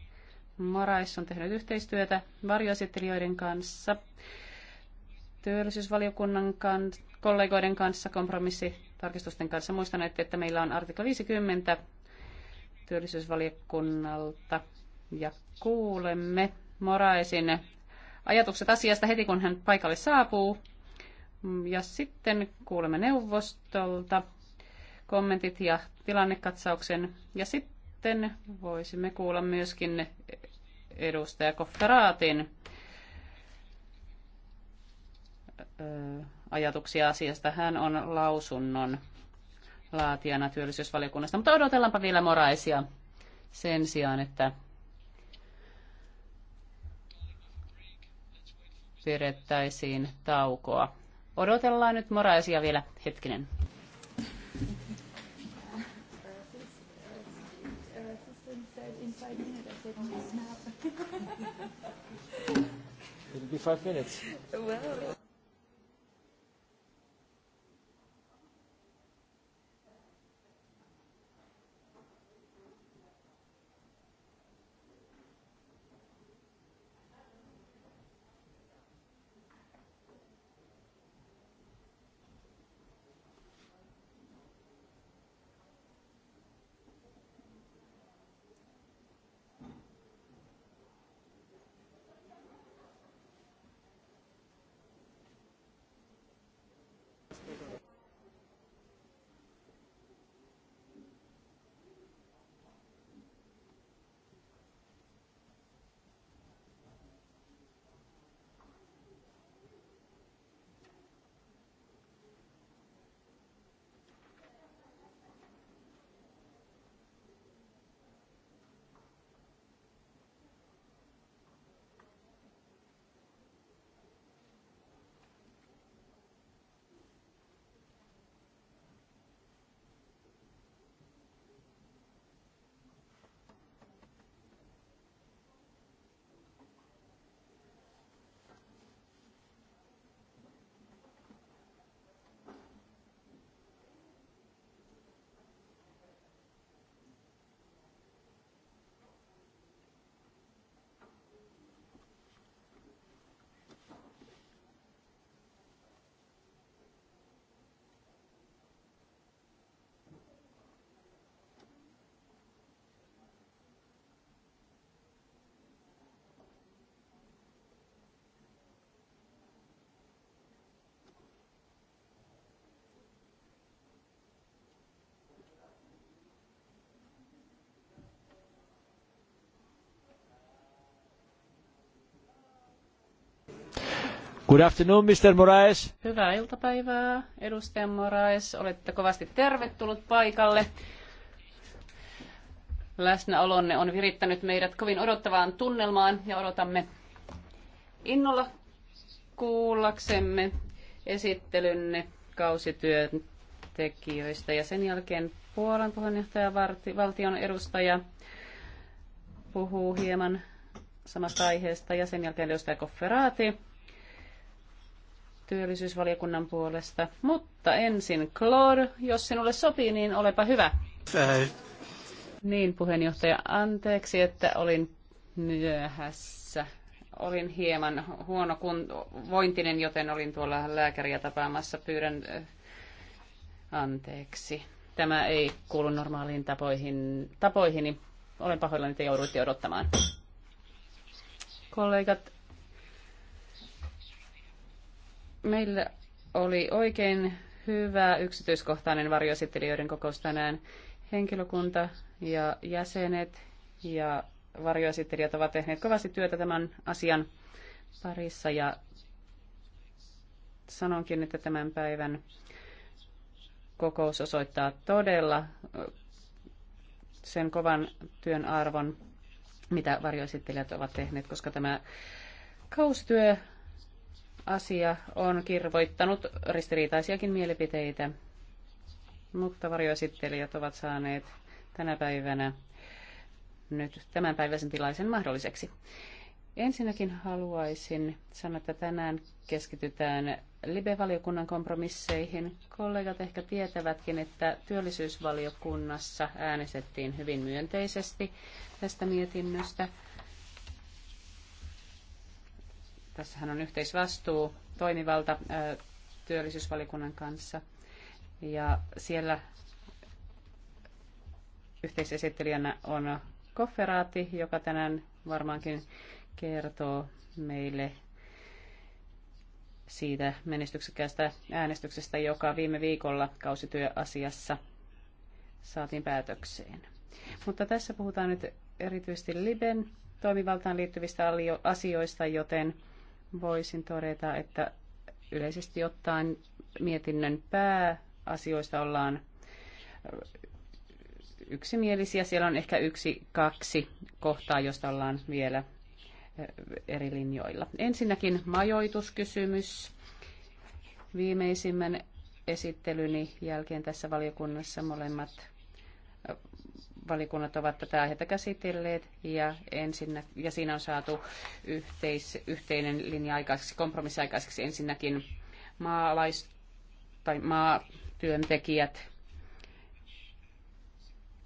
Marais on tehnyt yhteistyötä varjoesittelijöiden kanssa, työllisyysvaliokunnan kan, kollegoiden kanssa, kompromissitarkistusten kanssa. Muistan, että meillä on artikla 50 työllisyysvaliokunnalta ja kuulemme Moraisin ajatukset asiasta heti, kun hän paikalle saapuu. Ja sitten kuulemme neuvostolta kommentit ja tilannekatsauksen. Ja sitten voisimme kuulla myöskin edustaja Kofferaatin ajatuksia asiasta. Hän on lausunnon laatijana työllisyysvaliokunnasta, mutta odotellaanpa vielä moraisia sen sijaan, että pidettäisiin taukoa. Odotellaan nyt Moraisia vielä hetkinen. It'll be five minutes. Well. Good afternoon, Mr. Moraes. Hyvää iltapäivää, edustaja Moraes. Olette kovasti tervetullut paikalle. Läsnäolonne on virittänyt meidät kovin odottavaan tunnelmaan ja odotamme innolla kuullaksemme esittelynne kausityöntekijöistä ja sen jälkeen Puolan puheenjohtaja valtion edustaja puhuu hieman samasta aiheesta ja sen jälkeen edustaja Kofferaati työllisyysvaliokunnan puolesta. Mutta ensin Claude, jos sinulle sopii, niin olepa hyvä. Ei. Niin, puheenjohtaja, anteeksi, että olin myöhässä. Olin hieman huono kun vointinen, joten olin tuolla lääkäriä tapaamassa. Pyydän eh, anteeksi. Tämä ei kuulu normaaliin tapoihin, tapoihini. Olen pahoillani, että jouduitte odottamaan. Kollegat, Meillä oli oikein hyvä yksityiskohtainen varjoesittelijöiden kokous tänään. Henkilökunta ja jäsenet ja varjoesittelijät ovat tehneet kovasti työtä tämän asian parissa ja sanonkin, että tämän päivän kokous osoittaa todella sen kovan työn arvon, mitä varjoesittelijät ovat tehneet, koska tämä kaustyö asia on kirvoittanut ristiriitaisiakin mielipiteitä, mutta varjoesittelijät ovat saaneet tänä päivänä nyt tämän päiväisen tilaisen mahdolliseksi. Ensinnäkin haluaisin sanoa, että tänään keskitytään Libe-valiokunnan kompromisseihin. Kollegat ehkä tietävätkin, että työllisyysvaliokunnassa äänestettiin hyvin myönteisesti tästä mietinnöstä. Tässähän on yhteisvastuu, toimivalta työllisyysvalikunnan kanssa. Ja siellä yhteisesittelijänä on Kofferaati, joka tänään varmaankin kertoo meille siitä menestyksekkäästä äänestyksestä, joka viime viikolla kausityöasiassa saatiin päätökseen. Mutta tässä puhutaan nyt erityisesti Liben toimivaltaan liittyvistä asioista, joten voisin todeta, että yleisesti ottaen mietinnön pääasioista ollaan yksimielisiä. Siellä on ehkä yksi, kaksi kohtaa, josta ollaan vielä eri linjoilla. Ensinnäkin majoituskysymys. Viimeisimmän esittelyni jälkeen tässä valiokunnassa molemmat valiokunnat ovat tätä aihetta käsitelleet ja, ensin, ja siinä on saatu yhteis, yhteinen linja aikaiseksi, kompromissi aikaiseksi ensinnäkin maalais, tai maatyöntekijät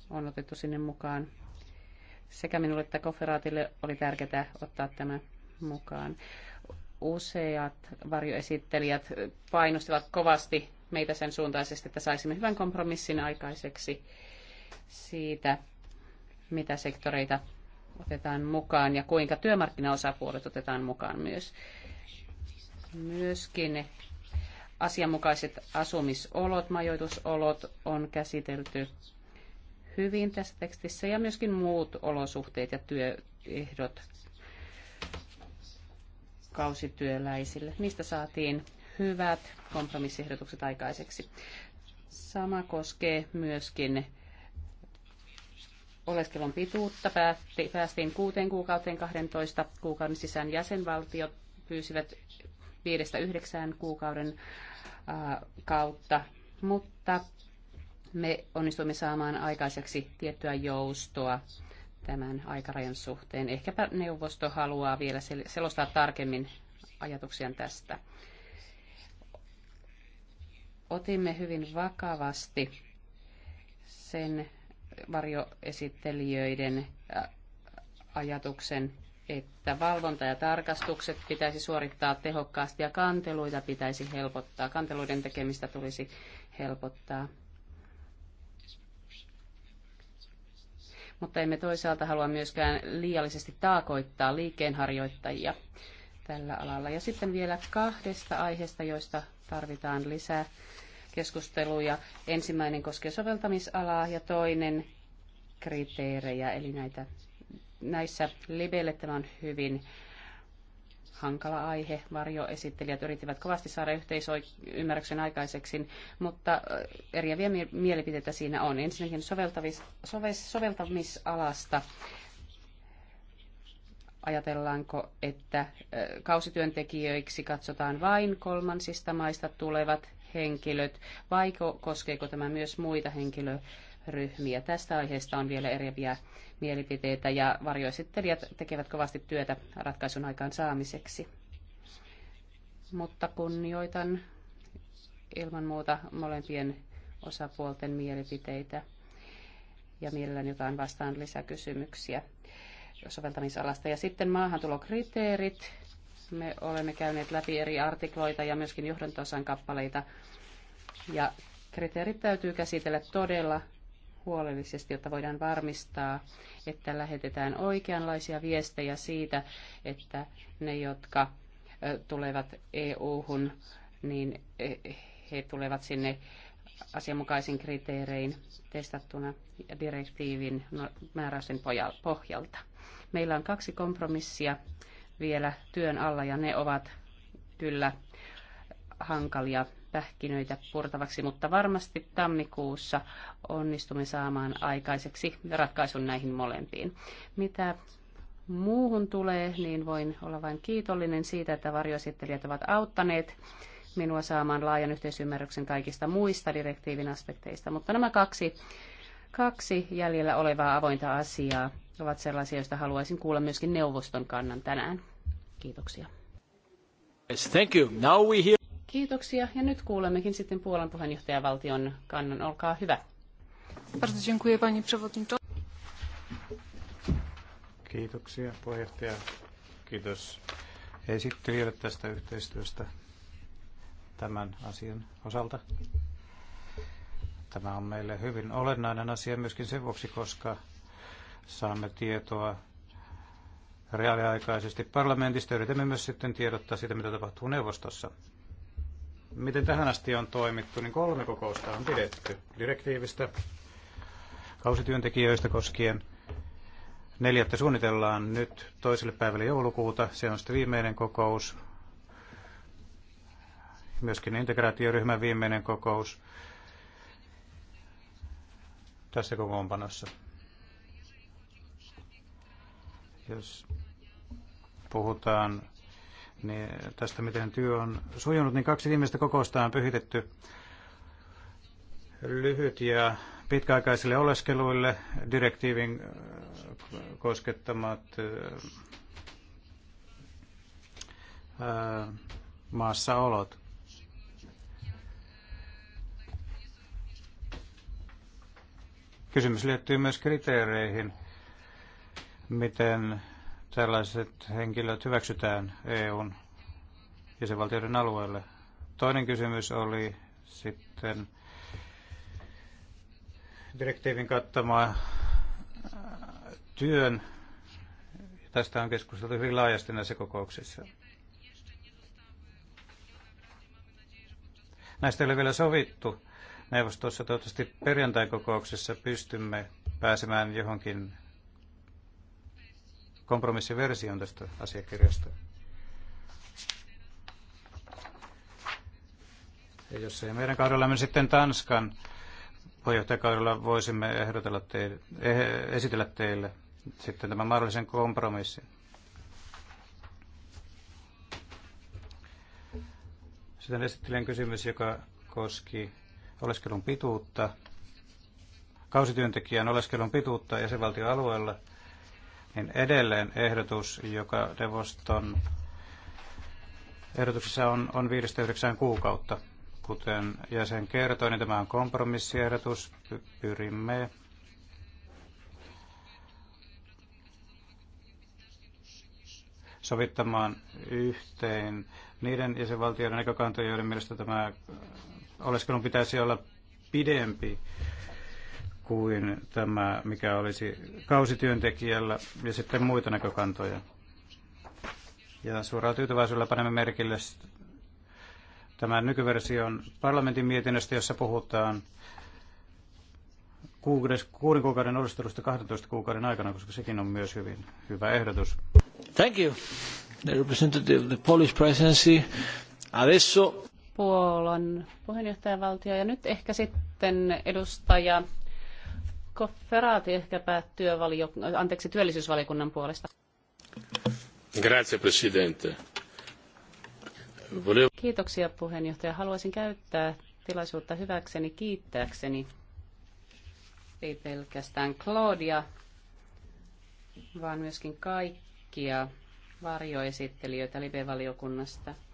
on otettu sinne mukaan. Sekä minulle että koferaatille oli tärkeää ottaa tämä mukaan. Useat varjoesittelijät painostivat kovasti meitä sen suuntaisesti, että saisimme hyvän kompromissin aikaiseksi siitä, mitä sektoreita otetaan mukaan ja kuinka työmarkkinaosapuolet otetaan mukaan myös. Myöskin asianmukaiset asumisolot, majoitusolot on käsitelty hyvin tässä tekstissä ja myöskin muut olosuhteet ja työehdot kausityöläisille. Niistä saatiin hyvät kompromissiehdotukset aikaiseksi. Sama koskee myöskin oleskelun pituutta päätti, päästiin kuuteen kuukauteen 12 kuukauden sisään. Jäsenvaltiot pyysivät viidestä yhdeksään kuukauden kautta, mutta me onnistuimme saamaan aikaiseksi tiettyä joustoa tämän aikarajan suhteen. Ehkäpä neuvosto haluaa vielä selostaa tarkemmin ajatuksia tästä. Otimme hyvin vakavasti sen varjoesittelijöiden ajatuksen, että valvonta ja tarkastukset pitäisi suorittaa tehokkaasti ja kanteluita pitäisi helpottaa. Kanteluiden tekemistä tulisi helpottaa. Mutta emme toisaalta halua myöskään liiallisesti taakoittaa liikkeenharjoittajia tällä alalla. Ja sitten vielä kahdesta aiheesta, joista tarvitaan lisää keskusteluja. Ensimmäinen koskee soveltamisalaa ja toinen kriteerejä, eli näitä, näissä libeille tämä on hyvin hankala aihe. Varjoesittelijät yrittivät kovasti saada yhteisymmärryksen aikaiseksi, mutta äh, eriäviä mielipiteitä siinä on. Ensinnäkin soveltavis, sove, soveltamisalasta ajatellaanko, että äh, kausityöntekijöiksi katsotaan vain kolmansista maista tulevat henkilöt, vai koskeeko tämä myös muita henkilöryhmiä? Tästä aiheesta on vielä eriäviä mielipiteitä ja varjoesittelijät tekevät kovasti työtä ratkaisun aikaan saamiseksi. Mutta kunnioitan ilman muuta molempien osapuolten mielipiteitä ja mielelläni jotain vastaan lisäkysymyksiä soveltamisalasta. Ja sitten maahantulokriteerit me olemme käyneet läpi eri artikloita ja myöskin johdantosan kappaleita. Ja kriteerit täytyy käsitellä todella huolellisesti, jotta voidaan varmistaa, että lähetetään oikeanlaisia viestejä siitä, että ne, jotka tulevat EU-hun, niin e, he tulevat sinne asianmukaisin kriteerein testattuna direktiivin no, määräysten pohjalta. Meillä on kaksi kompromissia vielä työn alla ja ne ovat kyllä hankalia pähkinöitä purtavaksi, mutta varmasti tammikuussa onnistumme saamaan aikaiseksi ratkaisun näihin molempiin. Mitä muuhun tulee, niin voin olla vain kiitollinen siitä, että varjoesittelijät ovat auttaneet minua saamaan laajan yhteisymmärryksen kaikista muista direktiivin aspekteista. Mutta nämä kaksi Kaksi jäljellä olevaa avointa asiaa ovat sellaisia, joista haluaisin kuulla myöskin neuvoston kannan tänään. Kiitoksia. Yes, thank you. Now we hear... Kiitoksia. Ja nyt kuulemmekin sitten Puolan puheenjohtajavaltion kannan. Olkaa hyvä. Bardzo dziękuję, Kiitoksia puheenjohtaja. Kiitos esittelijälle tästä yhteistyöstä tämän asian osalta. Tämä on meille hyvin olennainen asia myöskin sen vuoksi, koska saamme tietoa reaaliaikaisesti parlamentista. Yritämme myös sitten tiedottaa siitä, mitä tapahtuu neuvostossa. Miten tähän asti on toimittu, niin kolme kokousta on pidetty direktiivistä kausityöntekijöistä koskien. Neljättä suunnitellaan nyt toiselle päivälle joulukuuta. Se on sitten viimeinen kokous. Myöskin integraatioryhmän viimeinen kokous tässä kokoonpanossa. Jos puhutaan niin tästä, miten työ on sujunut, niin kaksi viimeistä kokousta on pyhitetty lyhyt ja pitkäaikaisille oleskeluille direktiivin äh, koskettamat äh, äh, maassaolot. Kysymys liittyy myös kriteereihin, miten tällaiset henkilöt hyväksytään EUn jäsenvaltioiden alueelle. Toinen kysymys oli sitten direktiivin kattama äh, työn. Tästä on keskusteltu hyvin laajasti näissä kokouksissa. Näistä ei ole vielä sovittu neuvostossa toivottavasti perjantain kokouksessa pystymme pääsemään johonkin kompromissiversioon tästä asiakirjasta. Ja jos ei meidän kaudellamme sitten Tanskan puheenjohtajakaudella voisimme ehdotella teille, eh, esitellä teille sitten tämän mahdollisen kompromissin. Sitten esittelen kysymys, joka koski oleskelun pituutta, kausityöntekijän oleskelun pituutta jäsenvaltion alueella, niin edelleen ehdotus, joka neuvoston ehdotuksessa on, on 5-9 kuukautta. Kuten jäsen kertoi, niin tämä on kompromissiehdotus. Pyrimme sovittamaan yhteen niiden jäsenvaltioiden näkökantoja, joiden mielestä tämä oleskelun pitäisi olla pidempi kuin tämä, mikä olisi kausityöntekijällä ja sitten muita näkökantoja. Ja suoraan tyytyväisyydellä panemme merkille tämän nykyversion parlamentin mietinnöstä, jossa puhutaan kuuden kuukauden odostelusta 12 kuukauden aikana, koska sekin on myös hyvin hyvä ehdotus. Thank you. The representative of the Polish presidency. Adesso... Puolan puheenjohtajavaltio. Ja nyt ehkä sitten edustaja Kofferaati ehkä päättyy anteeksi, työllisyysvaliokunnan puolesta. Grazie, Presidente. Volevo... Kiitoksia puheenjohtaja. Haluaisin käyttää tilaisuutta hyväkseni kiittääkseni ei pelkästään Claudia, vaan myöskin kaikkia varjoesittelijöitä libe –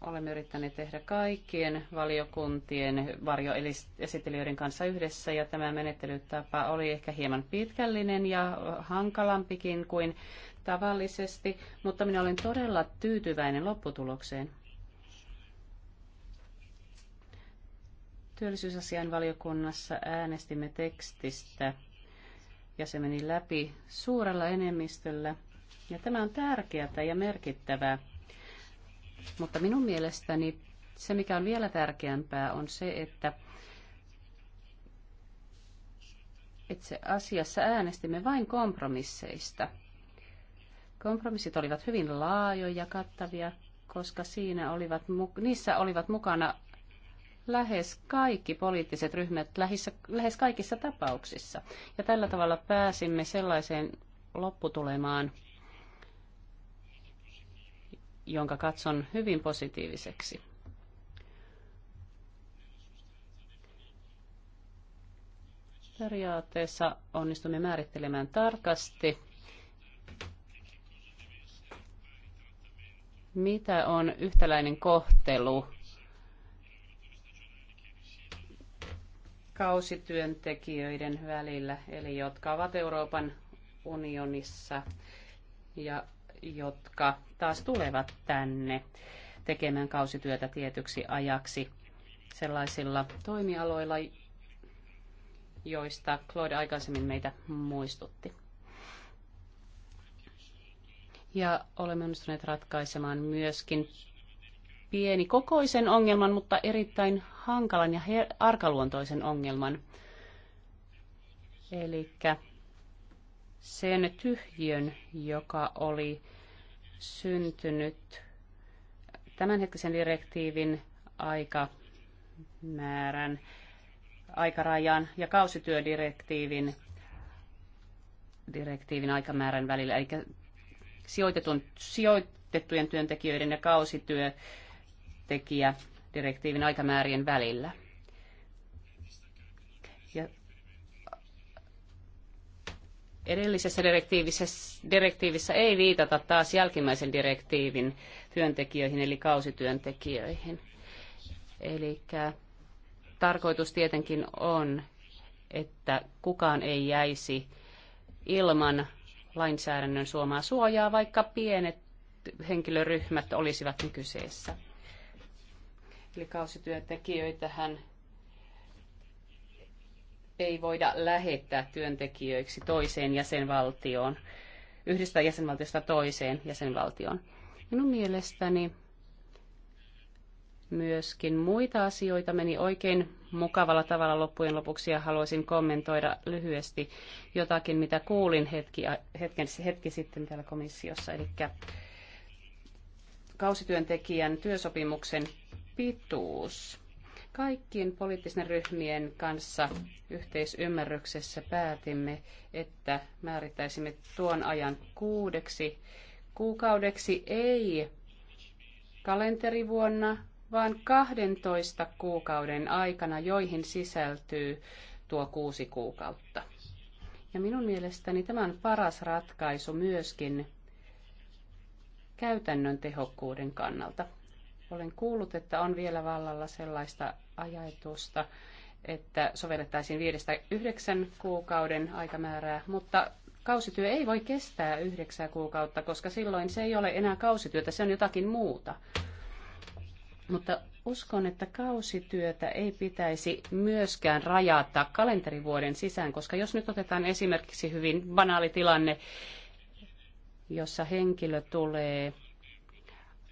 Olemme yrittäneet tehdä kaikkien valiokuntien varjoesittelijöiden kanssa yhdessä ja tämä menettelytapa oli ehkä hieman pitkällinen ja hankalampikin kuin tavallisesti, mutta minä olen todella tyytyväinen lopputulokseen. Työllisyysasian valiokunnassa äänestimme tekstistä ja se meni läpi suurella enemmistöllä. Ja tämä on tärkeää ja merkittävää mutta minun mielestäni se, mikä on vielä tärkeämpää, on se, että se asiassa äänestimme vain kompromisseista. Kompromissit olivat hyvin laajoja, kattavia, koska siinä olivat, niissä olivat mukana lähes kaikki poliittiset ryhmät lähissä, lähes kaikissa tapauksissa. Ja tällä tavalla pääsimme sellaiseen lopputulemaan, jonka katson hyvin positiiviseksi. Periaatteessa onnistumme määrittelemään tarkasti, mitä on yhtäläinen kohtelu kausityöntekijöiden välillä, eli jotka ovat Euroopan unionissa ja jotka taas tulevat tänne tekemään kausityötä tietyksi ajaksi sellaisilla toimialoilla, joista Claude aikaisemmin meitä muistutti. Ja olemme onnistuneet ratkaisemaan myöskin pienikokoisen ongelman, mutta erittäin hankalan ja arkaluontoisen ongelman. Eli sen tyhjön, joka oli syntynyt tämänhetkisen direktiivin aikamäärän, aikarajan ja kausityödirektiivin direktiivin aikamäärän välillä, eli sijoitetun, sijoitettujen työntekijöiden ja kausityötekijä direktiivin aikamäärien välillä. Edellisessä direktiivissä, ei viitata taas jälkimmäisen direktiivin työntekijöihin eli kausityöntekijöihin. Eli tarkoitus tietenkin on, että kukaan ei jäisi ilman lainsäädännön suomaa suojaa, vaikka pienet henkilöryhmät olisivat kyseessä. Eli kausityöntekijöitähän ei voida lähettää työntekijöiksi toiseen jäsenvaltioon, yhdestä jäsenvaltiosta toiseen jäsenvaltioon. Minun mielestäni myöskin muita asioita meni oikein mukavalla tavalla loppujen lopuksi ja haluaisin kommentoida lyhyesti jotakin, mitä kuulin hetki, hetken, hetki sitten täällä komissiossa. Eli kausityöntekijän työsopimuksen pituus kaikkien poliittisten ryhmien kanssa yhteisymmärryksessä päätimme, että määrittäisimme tuon ajan kuudeksi kuukaudeksi ei kalenterivuonna, vaan 12 kuukauden aikana, joihin sisältyy tuo kuusi kuukautta. Ja minun mielestäni tämä on paras ratkaisu myöskin käytännön tehokkuuden kannalta. Olen kuullut, että on vielä vallalla sellaista ajatusta, että sovellettaisiin viidestä yhdeksän kuukauden aikamäärää, mutta kausityö ei voi kestää yhdeksää kuukautta, koska silloin se ei ole enää kausityötä, se on jotakin muuta. Mutta uskon, että kausityötä ei pitäisi myöskään rajata kalenterivuoden sisään, koska jos nyt otetaan esimerkiksi hyvin banaali tilanne, jossa henkilö tulee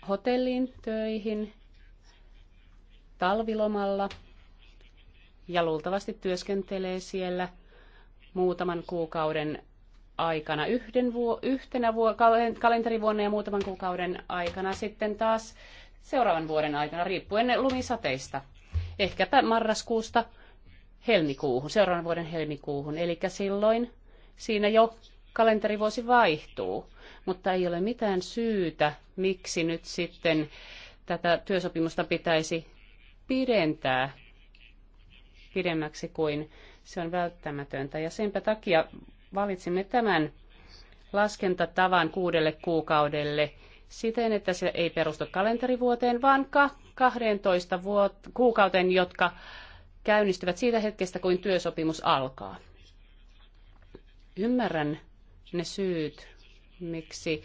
hotelliin töihin talvilomalla ja luultavasti työskentelee siellä muutaman kuukauden aikana yhden vuo, yhtenä vuo, kalenterivuonna ja muutaman kuukauden aikana sitten taas seuraavan vuoden aikana, riippuen lumisateista. Ehkäpä marraskuusta helmikuuhun, seuraavan vuoden helmikuuhun. Eli silloin siinä jo kalenterivuosi vaihtuu mutta ei ole mitään syytä, miksi nyt sitten tätä työsopimusta pitäisi pidentää pidemmäksi kuin se on välttämätöntä. Ja senpä takia valitsimme tämän laskentatavan kuudelle kuukaudelle siten, että se ei perustu kalenterivuoteen, vaan 12 vuot- kuukauteen, jotka käynnistyvät siitä hetkestä, kuin työsopimus alkaa. Ymmärrän ne syyt, miksi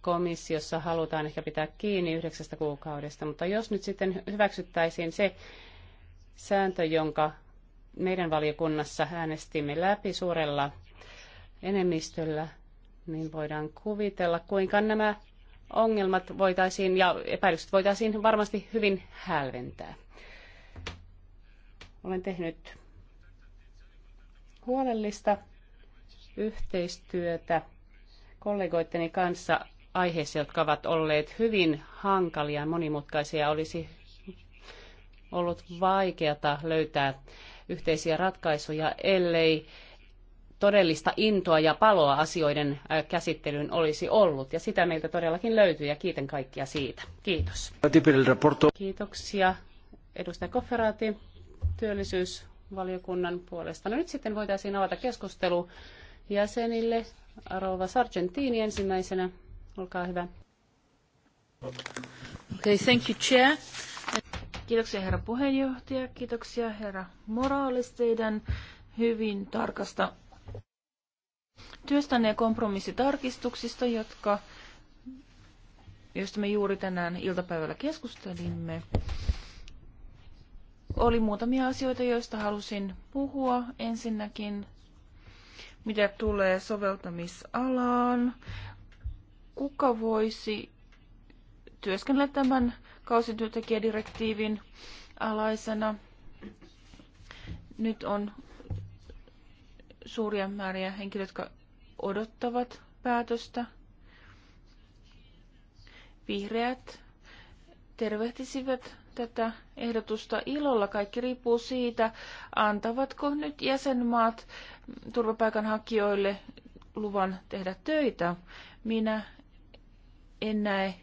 komissiossa halutaan ehkä pitää kiinni yhdeksästä kuukaudesta, mutta jos nyt sitten hyväksyttäisiin se sääntö, jonka meidän valiokunnassa äänestimme läpi suurella enemmistöllä, niin voidaan kuvitella, kuinka nämä ongelmat voitaisiin ja epäilykset voitaisiin varmasti hyvin hälventää. Olen tehnyt huolellista yhteistyötä kollegoitteni kanssa aiheessa, jotka ovat olleet hyvin hankalia ja monimutkaisia. Olisi ollut vaikeata löytää yhteisiä ratkaisuja, ellei todellista intoa ja paloa asioiden käsittelyyn olisi ollut. Ja sitä meiltä todellakin löytyy ja kiitän kaikkia siitä. Kiitos. Kiitoksia edustaja Kofferaati työllisyysvaliokunnan puolesta. No nyt sitten voitaisiin avata keskustelu jäsenille. Rouva Sargentini ensimmäisenä. Olkaa hyvä. Okay, thank you, Chair. Kiitoksia herra puheenjohtaja, kiitoksia herra Morales teidän hyvin tarkasta työstänne ja kompromissitarkistuksista, jotka, joista me juuri tänään iltapäivällä keskustelimme. Oli muutamia asioita, joista halusin puhua. Ensinnäkin mitä tulee soveltamisalaan. Kuka voisi työskennellä tämän kausityöntekijädirektiivin alaisena? Nyt on suuria määriä henkilöitä, jotka odottavat päätöstä. Vihreät tervehtisivät tätä ehdotusta ilolla. Kaikki riippuu siitä, antavatko nyt jäsenmaat turvapaikanhakijoille luvan tehdä töitä. Minä en näe,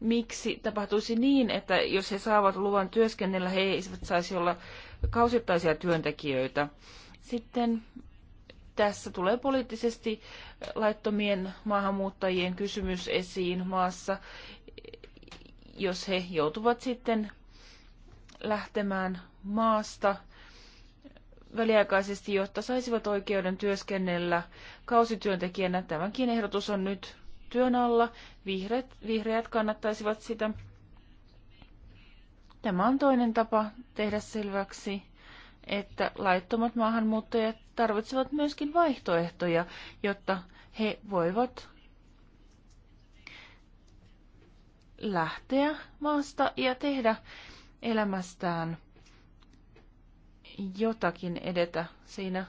miksi tapahtuisi niin, että jos he saavat luvan työskennellä, he eivät saisi olla kausittaisia työntekijöitä. Sitten tässä tulee poliittisesti laittomien maahanmuuttajien kysymys esiin maassa, jos he joutuvat sitten lähtemään maasta väliaikaisesti, jotta saisivat oikeuden työskennellä kausityöntekijänä. Tämäkin ehdotus on nyt työn alla. Vihreät, vihreät kannattaisivat sitä. Tämä on toinen tapa tehdä selväksi, että laittomat maahanmuuttajat tarvitsevat myöskin vaihtoehtoja, jotta he voivat lähteä maasta ja tehdä elämästään jotakin edetä siinä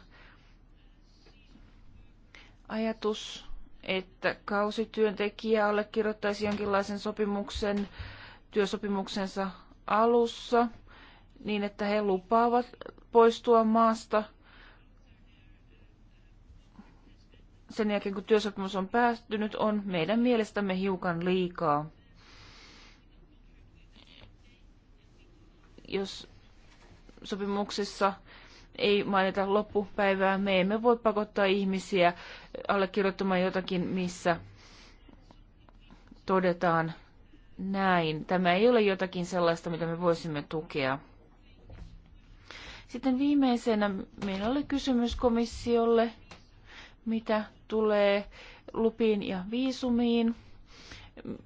ajatus, että kausityöntekijä allekirjoittaisi jonkinlaisen sopimuksen työsopimuksensa alussa niin, että he lupaavat poistua maasta sen jälkeen, kun työsopimus on päästynyt, on meidän mielestämme hiukan liikaa. Jos sopimuksessa ei mainita loppupäivää. Me emme voi pakottaa ihmisiä allekirjoittamaan jotakin, missä todetaan näin. Tämä ei ole jotakin sellaista, mitä me voisimme tukea. Sitten viimeisenä meillä oli kysymys komissiolle, mitä tulee lupiin ja viisumiin.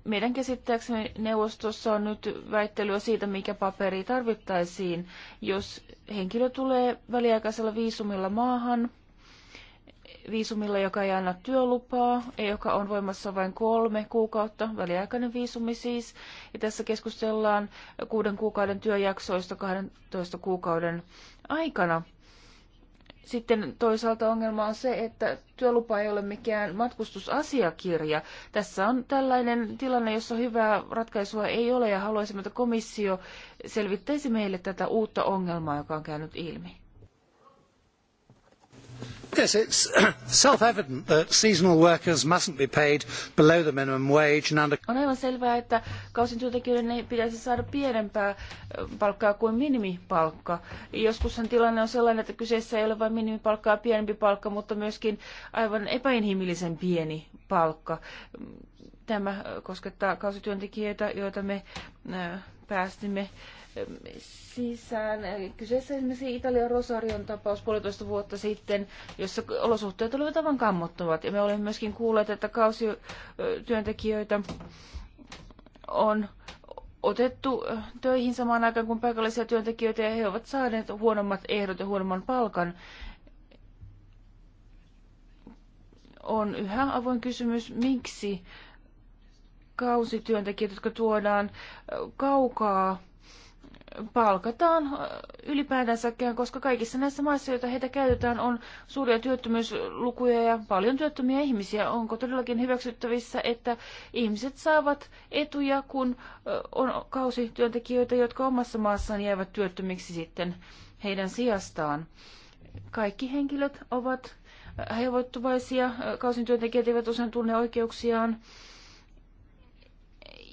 Meidän käsittääkseni neuvostossa on nyt väittelyä siitä, mikä paperi tarvittaisiin. Jos henkilö tulee väliaikaisella viisumilla maahan, viisumilla, joka ei anna työlupaa joka on voimassa vain kolme kuukautta, väliaikainen viisumi siis. Ja tässä keskustellaan kuuden kuukauden työjaksoista 12 kuukauden aikana sitten toisaalta ongelma on se, että työlupa ei ole mikään matkustusasiakirja. Tässä on tällainen tilanne, jossa hyvää ratkaisua ei ole ja haluaisimme, että komissio selvittäisi meille tätä uutta ongelmaa, joka on käynyt ilmi. Yes, it's self-evident that seasonal workers mustn't be paid below the minimum wage and under... On aivan selvää, että kausityöntekijöiden ei pitäisi saada pienempää palkkaa kuin minimipalkka. Joskushan tilanne on sellainen, että kyseessä ei ole vain minimipalkkaa pienempi palkka, mutta myöskin aivan epäinhimillisen pieni palkka. Tämä koskettaa kausityöntekijöitä, joita me päästimme ähm, sisään. Kyseessä esimerkiksi Italian Rosarion tapaus puolitoista vuotta sitten, jossa olosuhteet olivat aivan kammottavat. Ja me olemme myöskin kuulleet, että kausityöntekijöitä on otettu töihin samaan aikaan kuin paikallisia työntekijöitä ja he ovat saaneet huonommat ehdot ja huonomman palkan. On yhä avoin kysymys, miksi kausityöntekijät, jotka tuodaan kaukaa, palkataan ylipäätänsäkään, koska kaikissa näissä maissa, joita heitä käytetään, on suuria työttömyyslukuja ja paljon työttömiä ihmisiä. Onko todellakin hyväksyttävissä, että ihmiset saavat etuja, kun on kausityöntekijöitä, jotka omassa maassaan jäävät työttömiksi sitten heidän sijastaan? Kaikki henkilöt ovat haavoittuvaisia, kausityöntekijät eivät usein tunne oikeuksiaan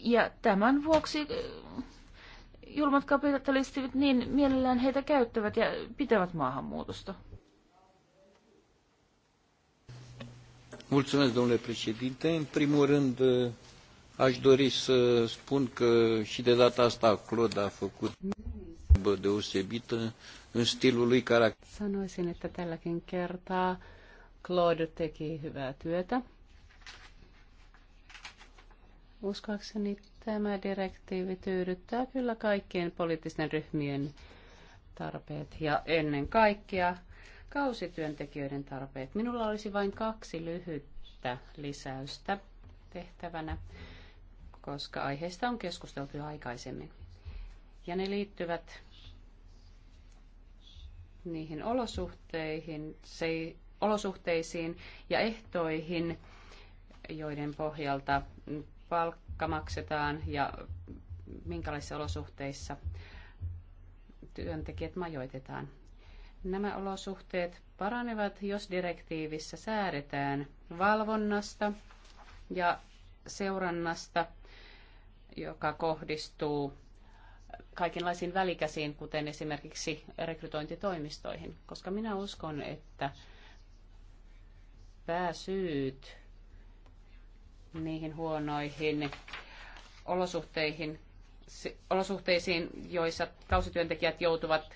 ja tämän vuoksi äh, julmat kapitalistit niin mielellään heitä käyttävät ja pitävät maahanmuutosta. Mulțumesc, domnule președinte. În primul rând, uh, aș dori să spun că și de data asta Claude a făcut o deosebită în stilul lui caracter. Sanoisin, että tälläkin kertaa Claude teki hyvää työtä Uskoakseni tämä direktiivi tyydyttää kyllä kaikkien poliittisten ryhmien tarpeet ja ennen kaikkea kausityöntekijöiden tarpeet. Minulla olisi vain kaksi lyhyttä lisäystä tehtävänä, koska aiheesta on keskusteltu jo aikaisemmin. Ja ne liittyvät niihin olosuhteihin, se, olosuhteisiin ja ehtoihin, joiden pohjalta palkka maksetaan ja minkälaisissa olosuhteissa työntekijät majoitetaan. Nämä olosuhteet paranevat, jos direktiivissä säädetään valvonnasta ja seurannasta, joka kohdistuu kaikenlaisiin välikäsiin, kuten esimerkiksi rekrytointitoimistoihin, koska minä uskon, että pääsyyt niihin huonoihin olosuhteihin, olosuhteisiin, joissa kausityöntekijät joutuvat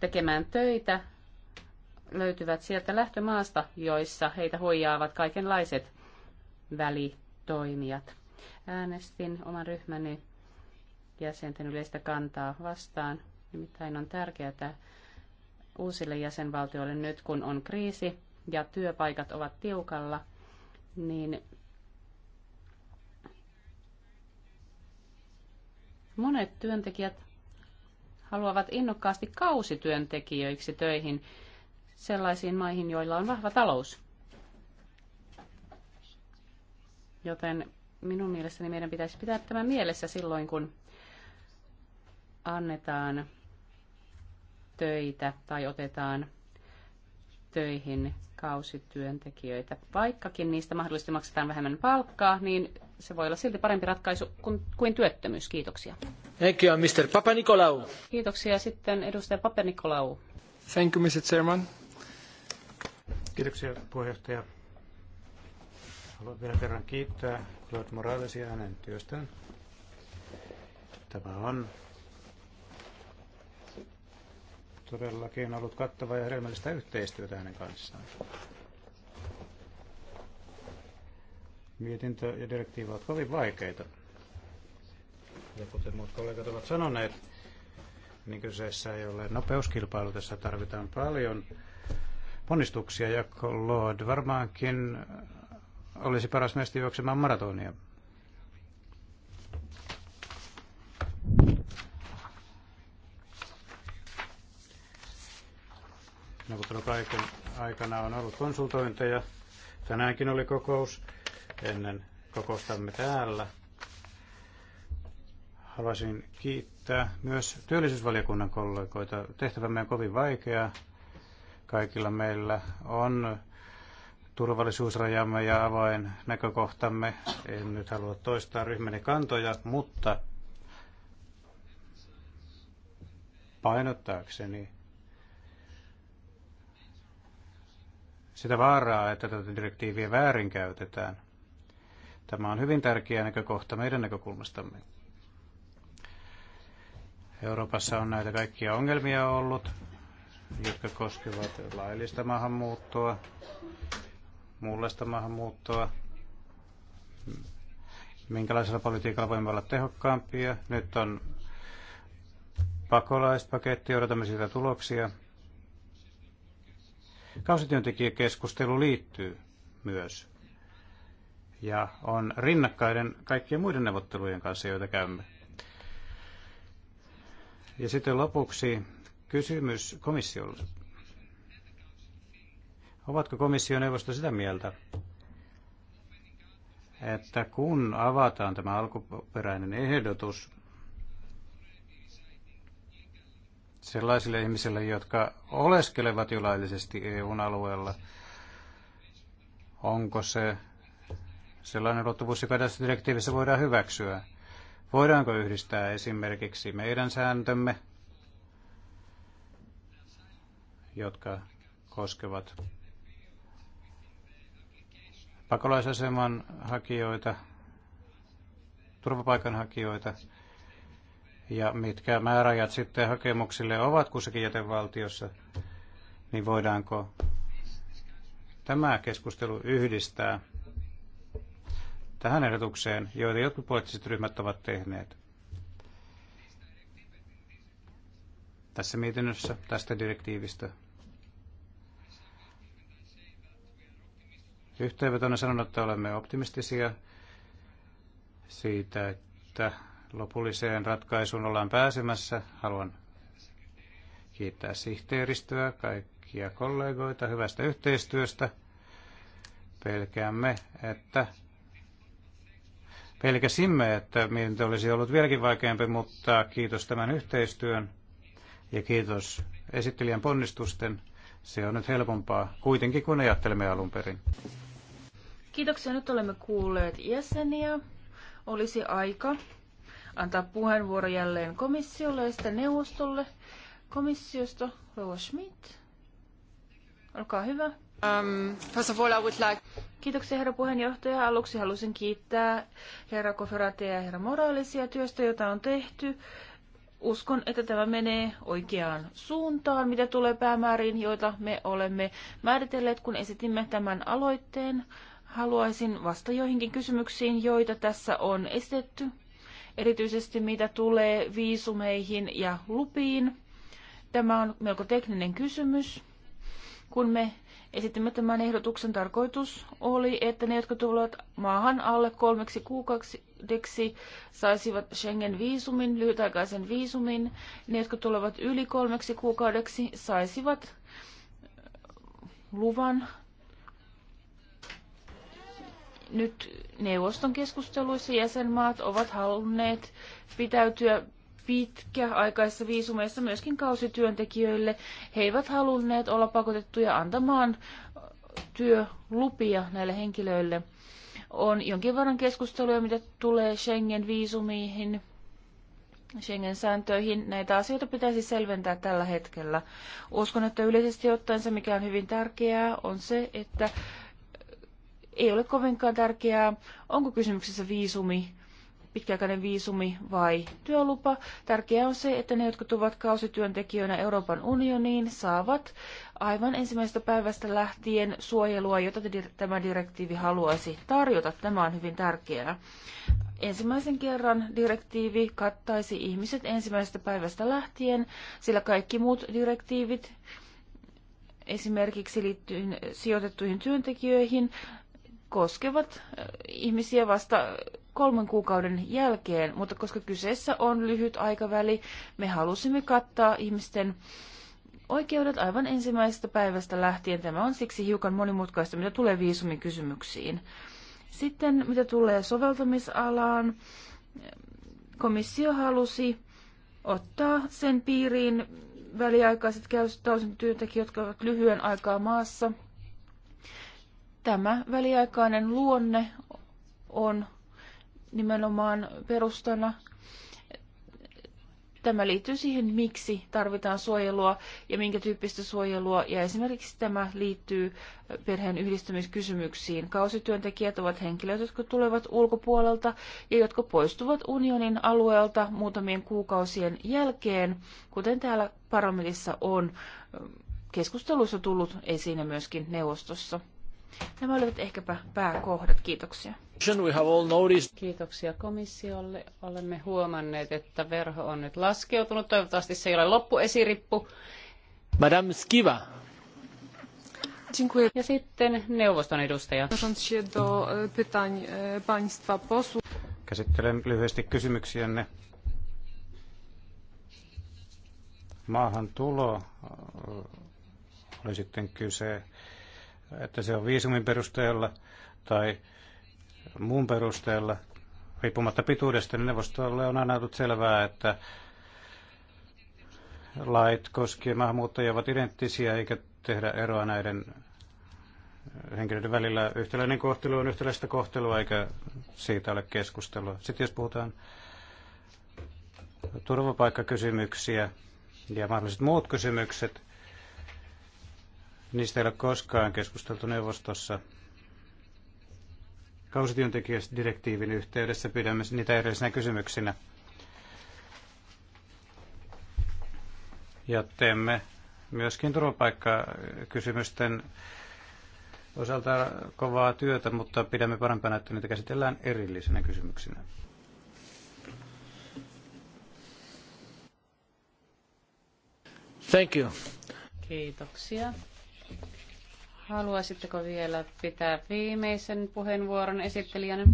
tekemään töitä, löytyvät sieltä lähtömaasta, joissa heitä huijaavat kaikenlaiset välitoimijat. Äänestin oman ryhmäni jäsenten yleistä kantaa vastaan. Nimittäin on tärkeää uusille jäsenvaltioille nyt, kun on kriisi ja työpaikat ovat tiukalla, niin monet työntekijät haluavat innokkaasti kausityöntekijöiksi töihin sellaisiin maihin, joilla on vahva talous. Joten minun mielestäni meidän pitäisi pitää tämä mielessä silloin, kun annetaan töitä tai otetaan töihin kausityöntekijöitä. Vaikkakin niistä mahdollisesti maksetaan vähemmän palkkaa, niin se voi olla silti parempi ratkaisu kuin, kuin työttömyys. Kiitoksia. Thank you, Mr. Papa Nikolaou. Kiitoksia sitten edustaja Papa Nikolaou. Thank you, Mr. Chairman. Kiitoksia puheenjohtaja. Haluan vielä kerran kiittää Claude Moralesia hänen työstään. Tämä on todellakin ollut kattavaa ja hedelmällistä yhteistyötä hänen kanssaan. Mietintö ja direktiivi ovat kovin vaikeita. Ja kuten muut kollegat ovat sanoneet, niin kyseessä ei ole nopeuskilpailu. Tässä tarvitaan paljon ponnistuksia ja Lord varmaankin olisi paras meistä juoksemaan maratonia. neuvottelupaikan aikana on ollut konsultointeja. Tänäänkin oli kokous ennen kokoustamme täällä. Haluaisin kiittää myös työllisyysvaliokunnan kollegoita. Tehtävämme on kovin vaikea. Kaikilla meillä on turvallisuusrajamme ja avoin näkökohtamme. En nyt halua toistaa ryhmäni kantoja, mutta painottaakseni sitä vaaraa, että tätä direktiiviä väärinkäytetään. Tämä on hyvin tärkeä näkökohta meidän näkökulmastamme. Euroopassa on näitä kaikkia ongelmia ollut, jotka koskevat laillista maahanmuuttoa, muunlaista maahanmuuttoa, minkälaisella politiikalla voimme olla tehokkaampia. Nyt on pakolaispaketti, odotamme siitä tuloksia kausityöntekijäkeskustelu liittyy myös. Ja on rinnakkaiden kaikkien muiden neuvottelujen kanssa, joita käymme. Ja sitten lopuksi kysymys komissiolle. Ovatko komissioneuvosto sitä mieltä, että kun avataan tämä alkuperäinen ehdotus, sellaisille ihmisille, jotka oleskelevat jo laillisesti e alueella. Onko se sellainen ulottuvuus, joka tässä direktiivissä voidaan hyväksyä? Voidaanko yhdistää esimerkiksi meidän sääntömme, jotka koskevat pakolaisaseman hakijoita, turvapaikanhakijoita, ja mitkä määräajat sitten hakemuksille ovat kussakin jätevaltiossa, niin voidaanko tämä keskustelu yhdistää tähän ehdotukseen, joita jotkut poliittiset ryhmät ovat tehneet tässä mietinnössä tästä direktiivistä. Yhteenvetona sanon, että olemme optimistisia siitä, että lopulliseen ratkaisuun ollaan pääsemässä. Haluan kiittää sihteeristöä, kaikkia kollegoita hyvästä yhteistyöstä. Pelkäämme, että pelkäsimme, että mietintö olisi ollut vieläkin vaikeampi, mutta kiitos tämän yhteistyön ja kiitos esittelijän ponnistusten. Se on nyt helpompaa kuitenkin kuin ajattelemme alun perin. Kiitoksia. Nyt olemme kuulleet jäseniä. Olisi aika antaa puheenvuoro jälleen komissiolle ja sitten neuvostolle. Komissiosta Rova Schmidt. Olkaa hyvä. Um, first of all, I would like... Kiitoksia herra puheenjohtaja. Aluksi halusin kiittää herra Koferatia ja herra Moraalisia työstä, jota on tehty. Uskon, että tämä menee oikeaan suuntaan, mitä tulee päämääriin, joita me olemme määritelleet, kun esitimme tämän aloitteen. Haluaisin vasta joihinkin kysymyksiin, joita tässä on esitetty erityisesti mitä tulee viisumeihin ja lupiin. Tämä on melko tekninen kysymys. Kun me esitimme tämän ehdotuksen, tarkoitus oli, että ne, jotka tulevat maahan alle kolmeksi kuukaudeksi, saisivat Schengen-viisumin, lyhytaikaisen viisumin. Ne, jotka tulevat yli kolmeksi kuukaudeksi, saisivat luvan nyt neuvoston keskusteluissa jäsenmaat ovat halunneet pitäytyä pitkäaikaisissa viisumeissa myöskin kausityöntekijöille. He eivät halunneet olla pakotettuja antamaan työlupia näille henkilöille. On jonkin verran keskusteluja, mitä tulee Schengen-viisumiin, Schengen-sääntöihin. Näitä asioita pitäisi selventää tällä hetkellä. Uskon, että yleisesti ottaen se, mikä on hyvin tärkeää, on se, että ei ole kovinkaan tärkeää, onko kysymyksessä viisumi, pitkäaikainen viisumi vai työlupa. Tärkeää on se, että ne, jotka tulevat kausityöntekijöinä Euroopan unioniin, saavat aivan ensimmäisestä päivästä lähtien suojelua, jota tämä direktiivi haluaisi tarjota. Tämä on hyvin tärkeää. Ensimmäisen kerran direktiivi kattaisi ihmiset ensimmäisestä päivästä lähtien, sillä kaikki muut direktiivit esimerkiksi liittyen sijoitettuihin työntekijöihin koskevat äh, ihmisiä vasta kolmen kuukauden jälkeen, mutta koska kyseessä on lyhyt aikaväli, me halusimme kattaa ihmisten oikeudet aivan ensimmäisestä päivästä lähtien. Tämä on siksi hiukan monimutkaista, mitä tulee kysymyksiin. Sitten mitä tulee soveltamisalaan, komissio halusi ottaa sen piiriin väliaikaiset täysin työntekijät, jotka ovat lyhyen aikaa maassa – Tämä väliaikainen luonne on nimenomaan perustana. Tämä liittyy siihen, miksi tarvitaan suojelua ja minkä tyyppistä suojelua. Ja esimerkiksi tämä liittyy perheen yhdistämiskysymyksiin. Kausityöntekijät ovat henkilöt, jotka tulevat ulkopuolelta ja jotka poistuvat unionin alueelta muutamien kuukausien jälkeen, kuten täällä parlamentissa on keskusteluissa tullut esiin ja myöskin neuvostossa. Nämä olivat ehkäpä pääkohdat. Kiitoksia. Kiitoksia komissiolle. Olemme huomanneet, että verho on nyt laskeutunut. Toivottavasti se ei ole loppuesirippu. Madame Skiva. Ja sitten neuvoston edustaja. E, e, Käsittelen lyhyesti kysymyksiänne. Maahan tulo oli sitten kyse että se on viisumin perusteella tai muun perusteella, riippumatta pituudesta, niin neuvostolle on aina ollut selvää, että lait koskien maahanmuuttajia ovat identtisiä, eikä tehdä eroa näiden henkilöiden välillä. Yhtäläinen kohtelu on yhtäläistä kohtelua, eikä siitä ole keskustelua. Sitten jos puhutaan turvapaikkakysymyksiä ja mahdolliset muut kysymykset, Niistä ei ole koskaan keskusteltu neuvostossa. direktiivin yhteydessä pidämme niitä erillisinä kysymyksinä. Ja teemme myöskin turvapaikkakysymysten osalta kovaa työtä, mutta pidämme parempana, että niitä käsitellään erillisenä kysymyksinä. Thank you. Kiitoksia. Haluaisitteko vielä pitää viimeisen puheenvuoron esittelijänä?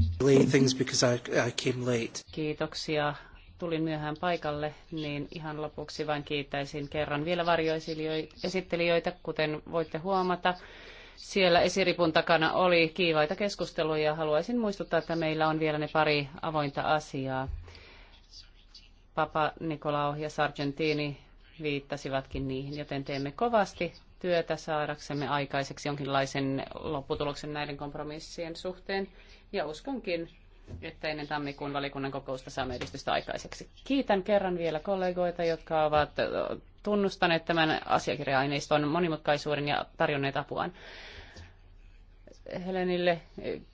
Kiitoksia. Tulin myöhään paikalle, niin ihan lopuksi vain kiittäisin kerran vielä varjoesittelijöitä, kuten voitte huomata. Siellä esiripun takana oli kiivaita keskusteluja ja haluaisin muistuttaa, että meillä on vielä ne pari avointa asiaa. Papa Nikolao ja Sargentini viittasivatkin niihin, joten teemme kovasti työtä saadaksemme aikaiseksi jonkinlaisen lopputuloksen näiden kompromissien suhteen. Ja uskonkin, että ennen tammikuun valikunnan kokousta saamme edistystä aikaiseksi. Kiitän kerran vielä kollegoita, jotka ovat tunnustaneet tämän asiakirja-aineiston monimutkaisuuden ja tarjonneet apuaan. Helenille,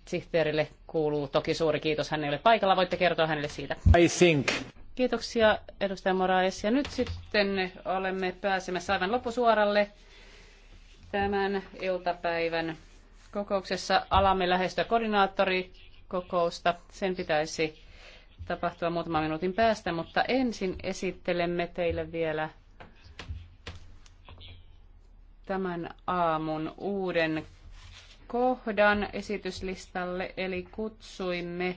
sihteerille kuuluu toki suuri kiitos. Hän ei ole paikalla, voitte kertoa hänelle siitä. I think. Kiitoksia edustaja Moraes. Ja nyt sitten olemme pääsemässä aivan loppusuoralle. Tämän iltapäivän kokouksessa alamme lähestyä koordinaattorikokousta. Sen pitäisi tapahtua muutaman minuutin päästä, mutta ensin esittelemme teille vielä tämän aamun uuden kohdan esityslistalle, eli kutsuimme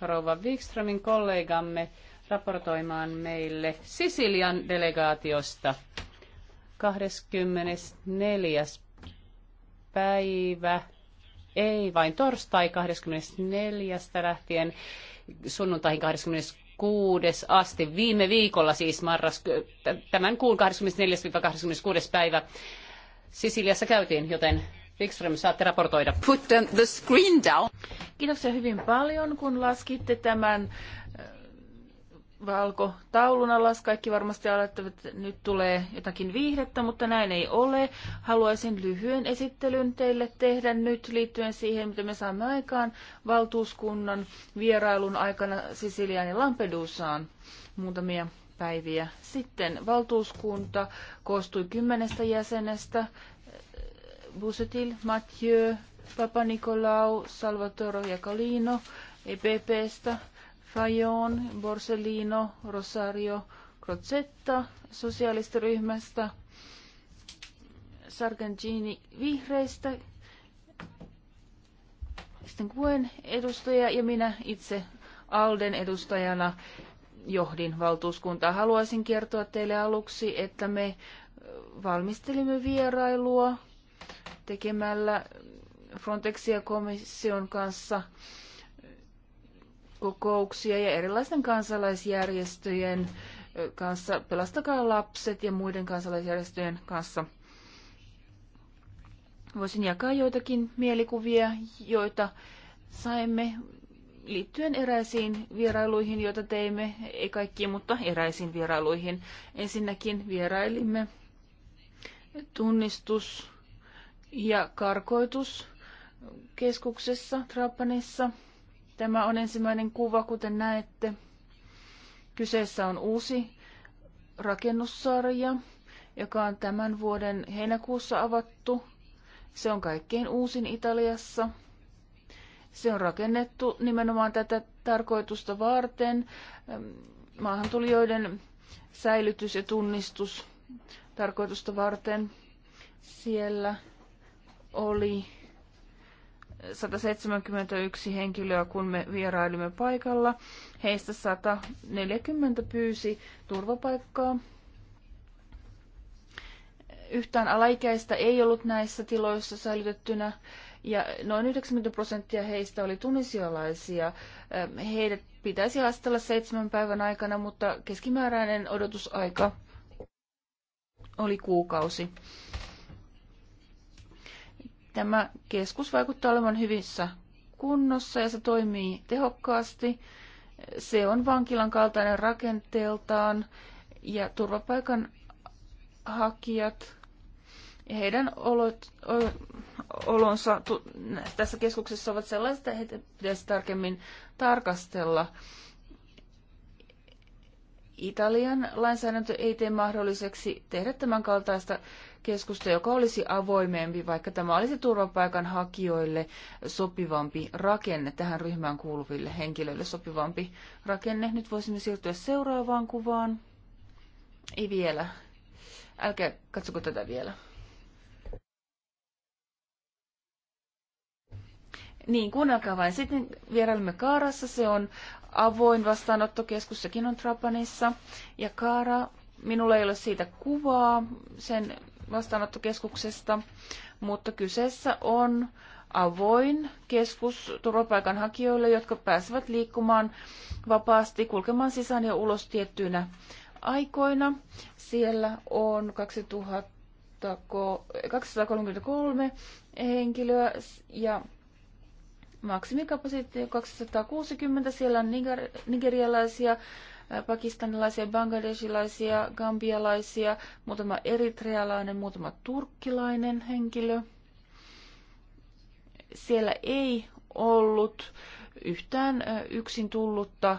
rouva Wikströmin kollegamme raportoimaan meille Sisilian delegaatiosta – 24. päivä, ei vain torstai 24. lähtien sunnuntaihin 26. asti. Viime viikolla siis marras, tämän kuun 24-26. päivä Sisiliassa käytiin, joten Wikström, saatte raportoida. Put the screen down. Kiitoksia hyvin paljon, kun laskitte tämän Valko taulun alas. Kaikki varmasti aloittavat, että nyt tulee jotakin viihdettä, mutta näin ei ole. Haluaisin lyhyen esittelyn teille tehdä nyt liittyen siihen, mitä me saamme aikaan valtuuskunnan vierailun aikana Sisiliaan ja Lampedusaan muutamia päiviä sitten. Valtuuskunta koostui kymmenestä jäsenestä. Busetil, Mathieu, Papa Nicolau, Salvatore ja Calino, EPPstä, Fajon, Borsellino, Rosario, Crozetta sosialistiryhmästä, Sargentini vihreistä, sitten Kuen edustaja ja minä itse Alden edustajana johdin valtuuskuntaa. Haluaisin kertoa teille aluksi, että me valmistelimme vierailua tekemällä Frontexia komission kanssa kokouksia ja erilaisten kansalaisjärjestöjen kanssa, Pelastakaa lapset ja muiden kansalaisjärjestöjen kanssa. Voisin jakaa joitakin mielikuvia, joita saimme liittyen eräisiin vierailuihin, joita teimme, ei kaikkiin, mutta eräisiin vierailuihin. Ensinnäkin vierailimme tunnistus- ja karkoituskeskuksessa Trapanissa – Tämä on ensimmäinen kuva, kuten näette. Kyseessä on uusi rakennussarja, joka on tämän vuoden heinäkuussa avattu. Se on kaikkein uusin Italiassa. Se on rakennettu nimenomaan tätä tarkoitusta varten. Maahantulijoiden säilytys ja tunnistus tarkoitusta varten siellä oli 171 henkilöä, kun me vierailimme paikalla. Heistä 140 pyysi turvapaikkaa. Yhtään alaikäistä ei ollut näissä tiloissa säilytettynä ja noin 90 prosenttia heistä oli tunisialaisia. Heidät pitäisi haastella seitsemän päivän aikana, mutta keskimääräinen odotusaika oli kuukausi. Tämä keskus vaikuttaa olevan hyvissä kunnossa ja se toimii tehokkaasti. Se on vankilan kaltainen rakenteeltaan ja turvapaikan hakijat ja heidän olot, olonsa tässä keskuksessa ovat sellaiset, että heitä pitäisi tarkemmin tarkastella. Italian lainsäädäntö ei tee mahdolliseksi tehdä tämän kaltaista keskusta, joka olisi avoimempi, vaikka tämä olisi turvapaikanhakijoille sopivampi rakenne, tähän ryhmään kuuluville henkilöille sopivampi rakenne. Nyt voisimme siirtyä seuraavaan kuvaan. Ei vielä. Älkää katsoko tätä vielä. Niin, kuunnelkaa vain. Sitten vierailemme Kaarassa. Se on avoin vastaanottokeskus, sekin on Trapanissa. Ja Kaara, minulla ei ole siitä kuvaa sen vastaanottokeskuksesta, mutta kyseessä on avoin keskus turvapaikanhakijoille, jotka pääsevät liikkumaan vapaasti, kulkemaan sisään ja ulos tiettyinä aikoina. Siellä on 2000 233 henkilöä ja maksimikapasiteetti on 260. Siellä on nigerialaisia, pakistanilaisia, bangladesilaisia, gambialaisia, muutama eritrealainen, muutama turkkilainen henkilö. Siellä ei ollut yhtään yksin tullutta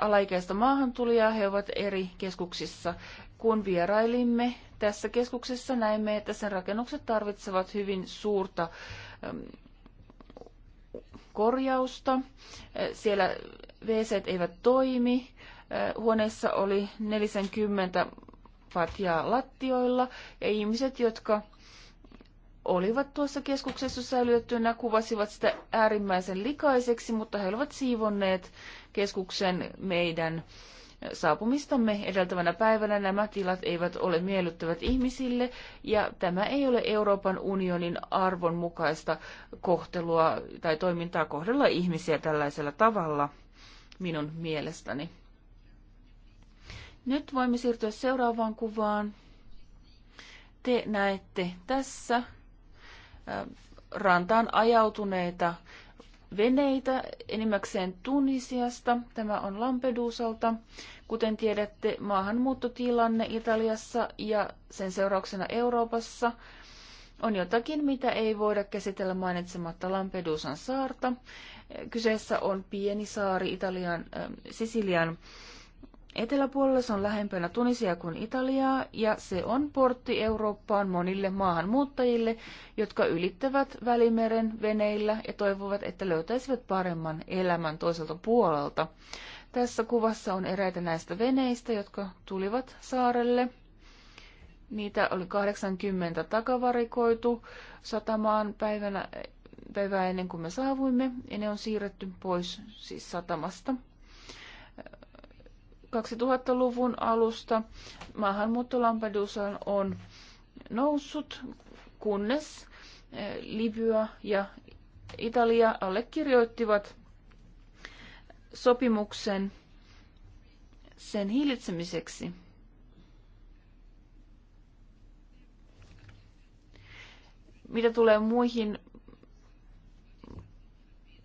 alaikäistä maahantulijaa. He ovat eri keskuksissa. Kun vierailimme tässä keskuksessa, näimme, että sen rakennukset tarvitsevat hyvin suurta korjausta. Siellä wc eivät toimi, Huoneessa oli 40 patjaa lattioilla ja ihmiset, jotka olivat tuossa keskuksessa säilytettynä, kuvasivat sitä äärimmäisen likaiseksi, mutta he olivat siivonneet keskuksen meidän saapumistamme edeltävänä päivänä. Nämä tilat eivät ole miellyttävät ihmisille ja tämä ei ole Euroopan unionin arvon mukaista kohtelua tai toimintaa kohdella ihmisiä tällaisella tavalla minun mielestäni. Nyt voimme siirtyä seuraavaan kuvaan. Te näette tässä rantaan ajautuneita veneitä enimmäkseen Tunisiasta. Tämä on Lampedusalta. Kuten tiedätte, maahanmuuttotilanne Italiassa ja sen seurauksena Euroopassa on jotakin, mitä ei voida käsitellä mainitsematta Lampedusan saarta. Kyseessä on pieni saari Italian äh, Sisilian äh, Eteläpuolella se on lähempänä Tunisia kuin Italiaa ja se on portti Eurooppaan monille maahanmuuttajille, jotka ylittävät Välimeren veneillä ja toivovat, että löytäisivät paremman elämän toiselta puolelta. Tässä kuvassa on eräitä näistä veneistä, jotka tulivat saarelle. Niitä oli 80 takavarikoitu satamaan päivänä, päivää ennen kuin me saavuimme, ja ne on siirretty pois siis satamasta. 2000-luvun alusta maahanmuutto Lampedusaan on noussut, kunnes eh, Libya ja Italia allekirjoittivat sopimuksen sen hillitsemiseksi. Mitä tulee muihin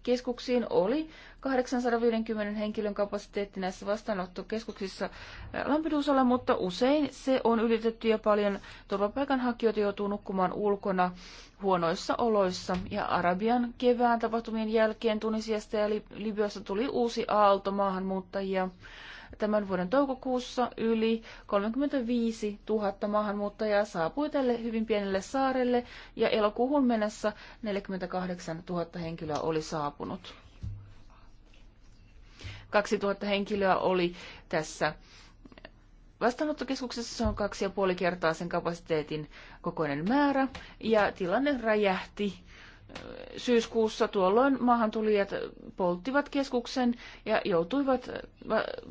keskuksiin, oli 850 henkilön kapasiteetti näissä vastaanottokeskuksissa eh, Lampedusalla, mutta usein se on ylitetty ja paljon turvapaikanhakijoita joutuu nukkumaan ulkona huonoissa oloissa. Ja Arabian kevään tapahtumien jälkeen Tunisiasta ja Libyasta tuli uusi aalto maahanmuuttajia. Tämän vuoden toukokuussa yli 35 000 maahanmuuttajaa saapui tälle hyvin pienelle saarelle ja elokuuhun mennessä 48 000 henkilöä oli saapunut. 2000 henkilöä oli tässä vastaanottokeskuksessa. Se on kaksi ja puoli kertaa sen kapasiteetin kokoinen määrä. Ja tilanne räjähti syyskuussa tuolloin maahantulijat polttivat keskuksen ja joutuivat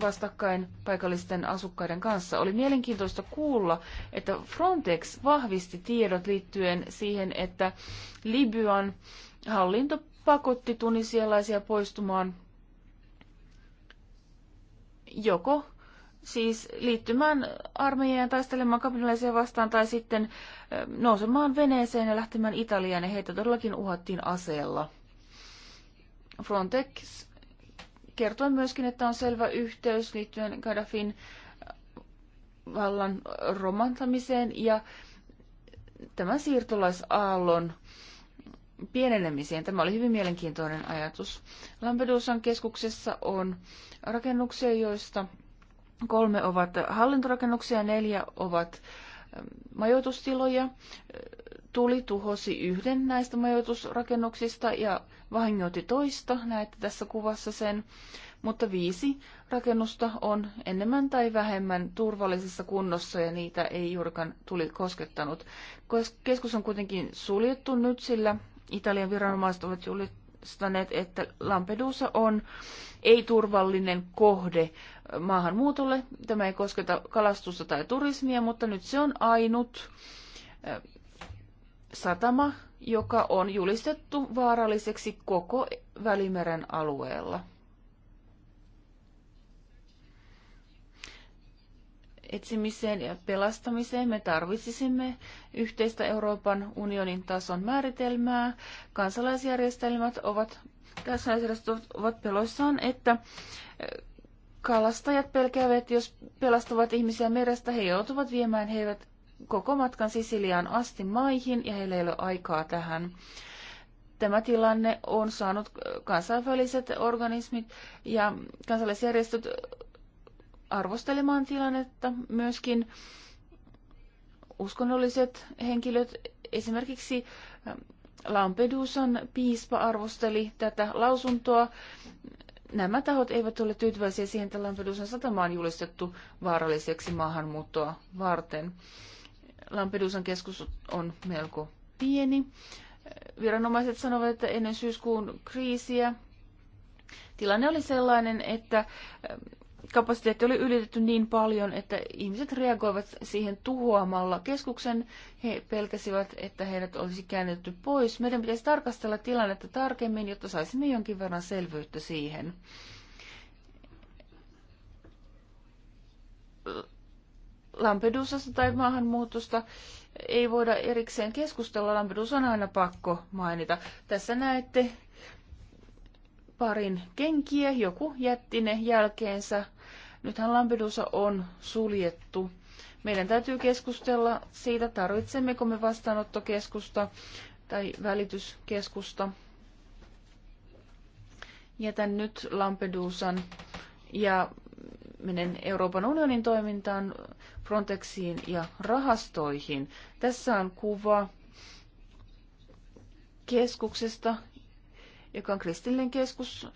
vastakkain paikallisten asukkaiden kanssa. Oli mielenkiintoista kuulla, että Frontex vahvisti tiedot liittyen siihen, että Libyan hallinto pakotti tunisialaisia poistumaan joko siis liittymään armeijaan taistelemaan kapinalaisia vastaan tai sitten nousemaan veneeseen ja lähtemään Italiaan ja heitä todellakin uhattiin aseella. Frontex kertoi myöskin, että on selvä yhteys liittyen Gaddafin vallan romantamiseen ja tämän siirtolaisaallon pienenemiseen. Tämä oli hyvin mielenkiintoinen ajatus. Lampedusan keskuksessa on rakennuksia, joista kolme ovat hallintorakennuksia ja neljä ovat ähm, majoitustiloja. Tuli tuhosi yhden näistä majoitusrakennuksista ja vahingoitti toista, näette tässä kuvassa sen, mutta viisi rakennusta on enemmän tai vähemmän turvallisessa kunnossa ja niitä ei juurikaan tuli koskettanut. Keskus on kuitenkin suljettu nyt, sillä Italian viranomaiset ovat julistaneet, että Lampedusa on ei-turvallinen kohde maahanmuutolle. Tämä ei kosketa kalastusta tai turismia, mutta nyt se on ainut satama, joka on julistettu vaaralliseksi koko Välimeren alueella. etsimiseen ja pelastamiseen me tarvitsisimme yhteistä Euroopan unionin tason määritelmää. Kansalaisjärjestelmät ovat, kansalaisjärjestelmät ovat peloissaan, että äh, kalastajat pelkäävät, että jos pelastavat ihmisiä merestä, he joutuvat viemään heidät koko matkan Sisiliaan asti maihin ja heillä ei ole aikaa tähän. Tämä tilanne on saanut äh, kansainväliset organismit ja kansalaisjärjestöt arvostelemaan tilannetta. Myöskin uskonnolliset henkilöt, esimerkiksi ähm, Lampedusan piispa arvosteli tätä lausuntoa. Nämä tahot eivät ole tyytyväisiä siihen, että Lampedusan satama on julistettu vaaralliseksi maahanmuuttoa varten. Lampedusan keskus on melko pieni. Viranomaiset sanovat, että ennen syyskuun kriisiä tilanne oli sellainen, että ähm, kapasiteetti oli ylitetty niin paljon, että ihmiset reagoivat siihen tuhoamalla keskuksen. He pelkäsivät, että heidät olisi käännetty pois. Meidän pitäisi tarkastella tilannetta tarkemmin, jotta saisimme jonkin verran selvyyttä siihen. Lampedusasta tai maahanmuutosta ei voida erikseen keskustella. Lampedusa on aina pakko mainita. Tässä näette parin kenkiä, joku jätti ne jälkeensä Nythän Lampedusa on suljettu. Meidän täytyy keskustella siitä, tarvitsemmeko me vastaanottokeskusta tai välityskeskusta. Jätän nyt Lampedusan ja menen Euroopan unionin toimintaan, Frontexiin ja rahastoihin. Tässä on kuva keskuksesta, joka on kristillinen keskus.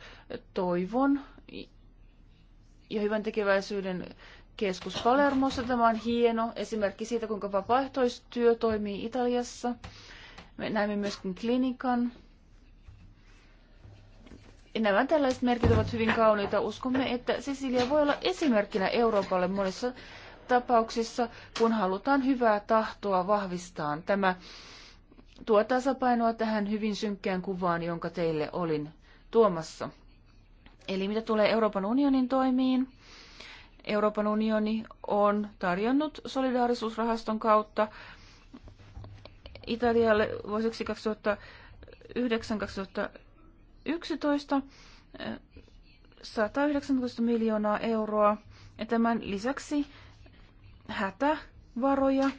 Toivon, ja hyvän tekeväisyyden keskus Palermossa. Tämä on hieno esimerkki siitä, kuinka vapaaehtoistyö toimii Italiassa. Me näemme myöskin klinikan. Nämä tällaiset merkit ovat hyvin kauniita. Uskomme, että Sisilia voi olla esimerkkinä Euroopalle monissa tapauksissa, kun halutaan hyvää tahtoa vahvistaa. Tämä tuo tasapainoa tähän hyvin synkkään kuvaan, jonka teille olin tuomassa. Eli mitä tulee Euroopan unionin toimiin, Euroopan unioni on tarjonnut solidaarisuusrahaston kautta Italialle vuosiksi 2009-2011 119 eh, miljoonaa euroa ja tämän lisäksi hätävaroja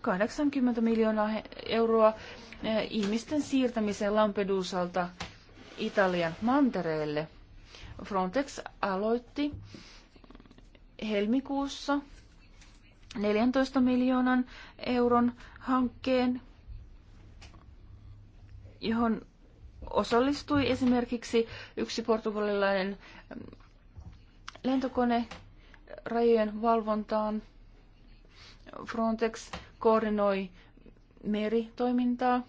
80 miljoonaa euroa eh, ihmisten siirtämiseen Lampedusalta Italian mantereelle. Frontex aloitti helmikuussa 14 miljoonan euron hankkeen, johon osallistui esimerkiksi yksi portugalilainen ähm, lentokone rajojen valvontaan. Frontex koordinoi meritoimintaa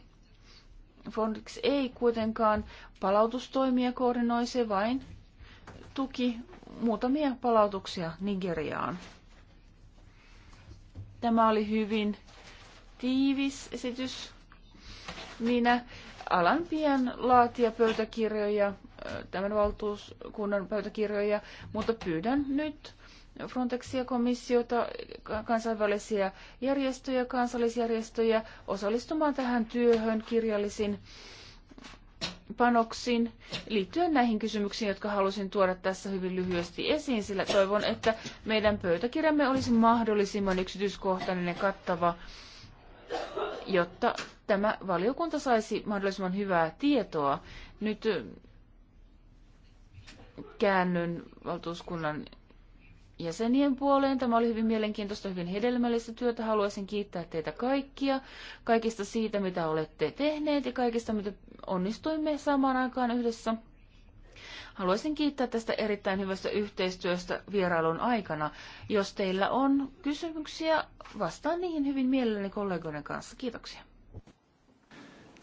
Frontex ei kuitenkaan palautustoimia koordinoi, se vain tuki muutamia palautuksia Nigeriaan. Tämä oli hyvin tiivis esitys. Minä alan pian laatia pöytäkirjoja, tämän valtuuskunnan pöytäkirjoja, mutta pyydän nyt Frontexia, komissiota, kansainvälisiä järjestöjä, kansallisjärjestöjä osallistumaan tähän työhön kirjallisin panoksin liittyen näihin kysymyksiin, jotka halusin tuoda tässä hyvin lyhyesti esiin, sillä toivon, että meidän pöytäkirjamme olisi mahdollisimman yksityiskohtainen ja kattava, jotta tämä valiokunta saisi mahdollisimman hyvää tietoa. Nyt eh, käännyn valtuuskunnan jäsenien puoleen. Tämä oli hyvin mielenkiintoista, hyvin hedelmällistä työtä. Haluaisin kiittää teitä kaikkia, kaikista siitä, mitä olette tehneet ja kaikista, mitä onnistuimme saamaan aikaan yhdessä. Haluaisin kiittää tästä erittäin hyvästä yhteistyöstä vierailun aikana. Jos teillä on kysymyksiä, vastaan niihin hyvin mielelläni kollegoiden kanssa. Kiitoksia.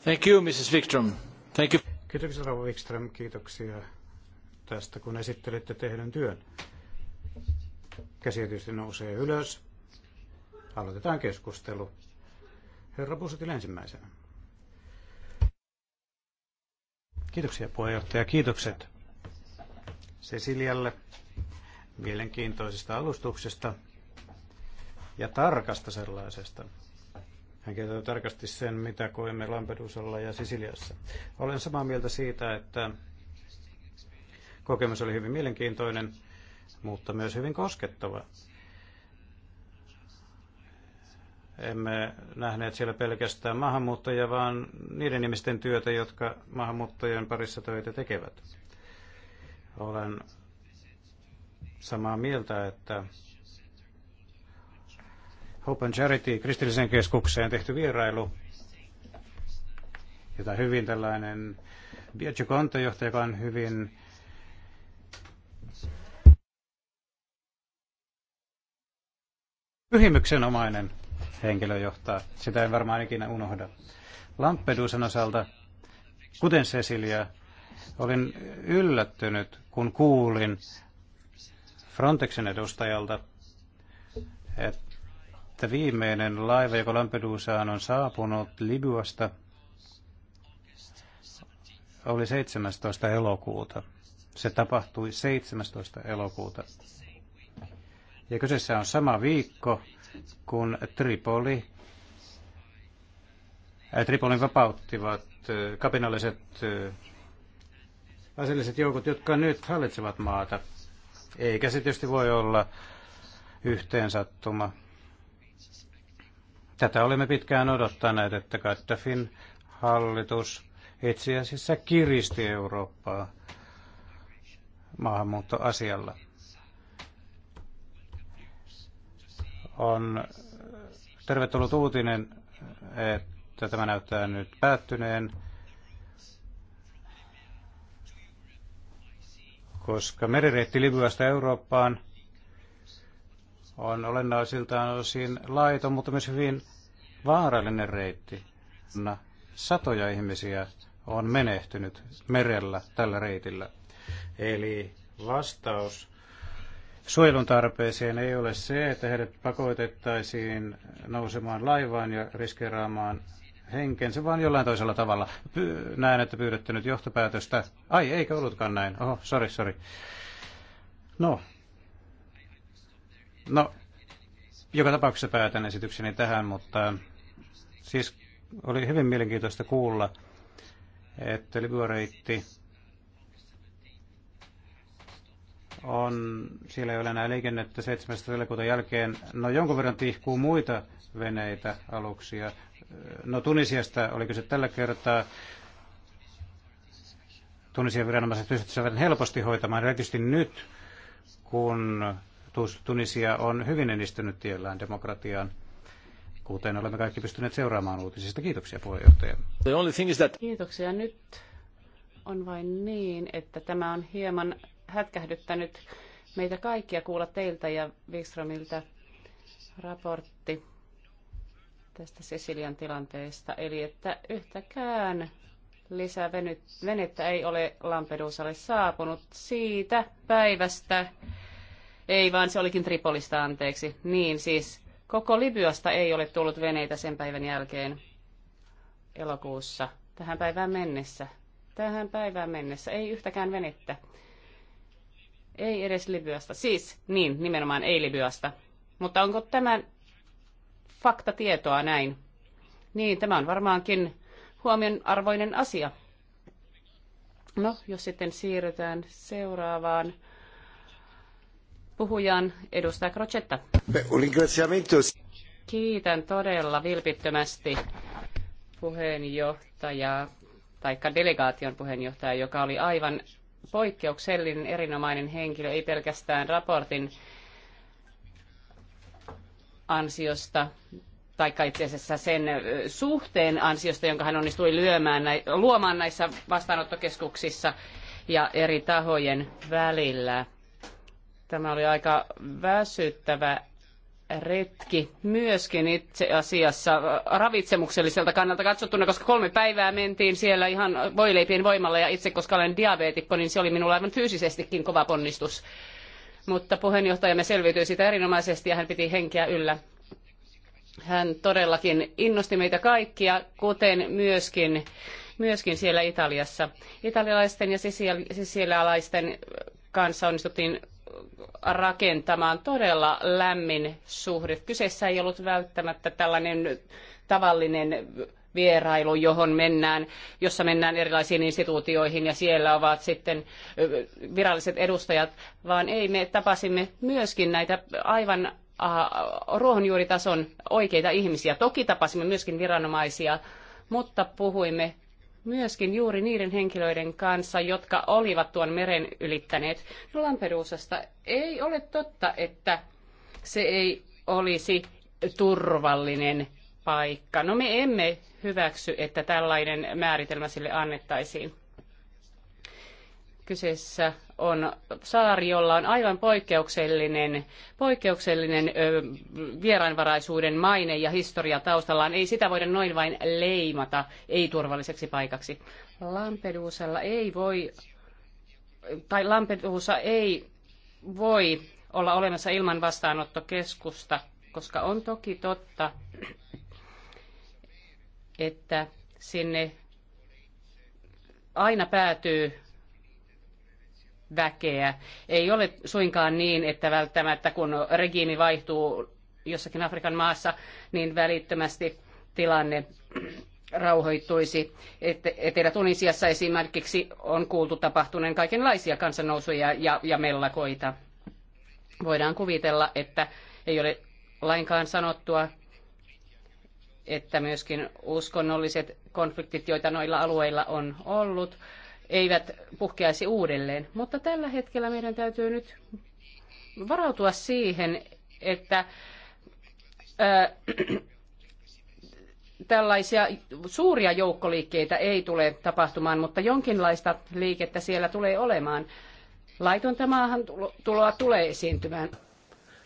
Thank you, Mrs. Wikström. Thank you. Kiitoksia, Rauha Wikström. Kiitoksia tästä, kun esittelitte tehdyn työn. Käsi tietysti nousee ylös. Aloitetaan keskustelu. Herra Pusatil ensimmäisenä. Kiitoksia puheenjohtaja. Kiitokset Cecilialle mielenkiintoisesta alustuksesta ja tarkasta sellaisesta. Hän kertoo tarkasti sen, mitä koemme Lampedusalla ja Sisiliassa. Olen samaa mieltä siitä, että kokemus oli hyvin mielenkiintoinen mutta myös hyvin koskettava. Emme nähneet siellä pelkästään maahanmuuttajia, vaan niiden ihmisten työtä, jotka maahanmuuttajien parissa töitä tekevät. Olen samaa mieltä, että Hope and Charity kristilliseen keskukseen tehty vierailu, jota hyvin tällainen Biagio Conte, joka on hyvin pyhimyksenomainen henkilö johtaa. Sitä en varmaan ikinä unohda. Lampedusan osalta, kuten Cecilia, olin yllättynyt, kun kuulin Frontexin edustajalta, että viimeinen laiva, joka Lampedusaan on saapunut Libyasta, oli 17. elokuuta. Se tapahtui 17. elokuuta ja kyseessä on sama viikko, kun Tripoli, ää, äh, Tripolin vapauttivat äh, kapinalliset äh, aseelliset joukot, jotka nyt hallitsevat maata. Eikä se tietysti voi olla yhteensattuma. Tätä olemme pitkään odottaneet, että Gaddafin hallitus itse asiassa kiristi Eurooppaa maahanmuuttoasialla. On tervetullut uutinen, että tämä näyttää nyt päättyneen, koska merireitti Libyasta Eurooppaan on olennaisiltaan osin laiton, mutta myös hyvin vaarallinen reitti. Satoja ihmisiä on menehtynyt merellä tällä reitillä. Eli vastaus suojelun tarpeeseen ei ole se, että heidät pakotettaisiin nousemaan laivaan ja riskeeraamaan henkensä, vaan jollain toisella tavalla. Py- näen, että pyydätte nyt johtopäätöstä. Ai, eikä ollutkaan näin. Oho, sorry, sorry. No. No, joka tapauksessa päätän esitykseni tähän, mutta siis oli hyvin mielenkiintoista kuulla, että Libyreitti on, siellä ei ole enää liikennettä 7. helmikuuta jälkeen. No jonkun verran tihkuu muita veneitä, aluksia. No Tunisiasta oli kyse tällä kertaa. Tunisian viranomaiset pystyvät helposti hoitamaan, erityisesti nyt, kun Tunisia on hyvin edistynyt tiellään demokratiaan, kuten olemme kaikki pystyneet seuraamaan uutisista. Kiitoksia puheenjohtaja. The only thing is that... Kiitoksia. Nyt on vain niin, että tämä on hieman hätkähdyttänyt meitä kaikkia kuulla teiltä ja Wikströmiltä raportti tästä Sisilian tilanteesta, eli että yhtäkään lisää venettä ei ole Lampedusalle saapunut siitä päivästä. Ei vaan se olikin Tripolista, anteeksi. Niin siis koko Libyasta ei ole tullut veneitä sen päivän jälkeen elokuussa. Tähän päivään mennessä. Tähän päivään mennessä ei yhtäkään venettä. Ei edes Libyasta. Siis, niin, nimenomaan ei Libyasta. Mutta onko tämä faktatietoa näin? Niin, tämä on varmaankin huomionarvoinen asia. No, jos sitten siirrytään seuraavaan puhujaan, edustaja Crocetta. Kiitän todella vilpittömästi puheenjohtajaa, taikka delegaation puheenjohtaja, joka oli aivan poikkeuksellinen erinomainen henkilö, ei pelkästään raportin ansiosta, tai itse asiassa sen suhteen ansiosta, jonka hän onnistui lyömään, luomaan näissä vastaanottokeskuksissa ja eri tahojen välillä. Tämä oli aika väsyttävä retki myöskin itse asiassa ravitsemukselliselta kannalta katsottuna, koska kolme päivää mentiin siellä ihan voileipien voimalla ja itse, koska olen diabeetikko, niin se oli minulla aivan fyysisestikin kova ponnistus. Mutta puheenjohtajamme selviytyi siitä erinomaisesti ja hän piti henkeä yllä. Hän todellakin innosti meitä kaikkia, kuten myöskin, myöskin siellä Italiassa. Italialaisten ja sisialaisten kanssa onnistuttiin rakentamaan todella lämmin suhde. Kyseessä ei ollut välttämättä tällainen tavallinen vierailu, johon mennään, jossa mennään erilaisiin instituutioihin ja siellä ovat sitten viralliset edustajat, vaan ei, me tapasimme myöskin näitä aivan ruohonjuuritason oikeita ihmisiä. Toki tapasimme myöskin viranomaisia, mutta puhuimme myöskin juuri niiden henkilöiden kanssa, jotka olivat tuon meren ylittäneet. Lampedusasta ei ole totta, että se ei olisi turvallinen paikka. No me emme hyväksy, että tällainen määritelmä sille annettaisiin. Kyseessä on saari, jolla on aivan poikkeuksellinen, poikkeuksellinen ö, vieraanvaraisuuden maine ja historia taustallaan. Ei sitä voida noin vain leimata ei-turvalliseksi paikaksi. Lampedusalla ei voi, tai Lampedusa ei voi olla olemassa ilman vastaanottokeskusta, koska on toki totta, että sinne aina päätyy väkeä. Ei ole suinkaan niin, että välttämättä kun regiimi vaihtuu jossakin Afrikan maassa, niin välittömästi tilanne rauhoittuisi. Etelä-Tunisiassa esimerkiksi on kuultu tapahtuneen kaikenlaisia kansannousuja ja, ja mellakoita. Voidaan kuvitella, että ei ole lainkaan sanottua, että myöskin uskonnolliset konfliktit, joita noilla alueilla on ollut, eivät puhkeaisi uudelleen. Mutta tällä hetkellä meidän täytyy nyt varautua siihen, että ää, tällaisia suuria joukkoliikkeitä ei tule tapahtumaan, mutta jonkinlaista liikettä siellä tulee olemaan. Laitonta maahan tuloa tulee esiintymään,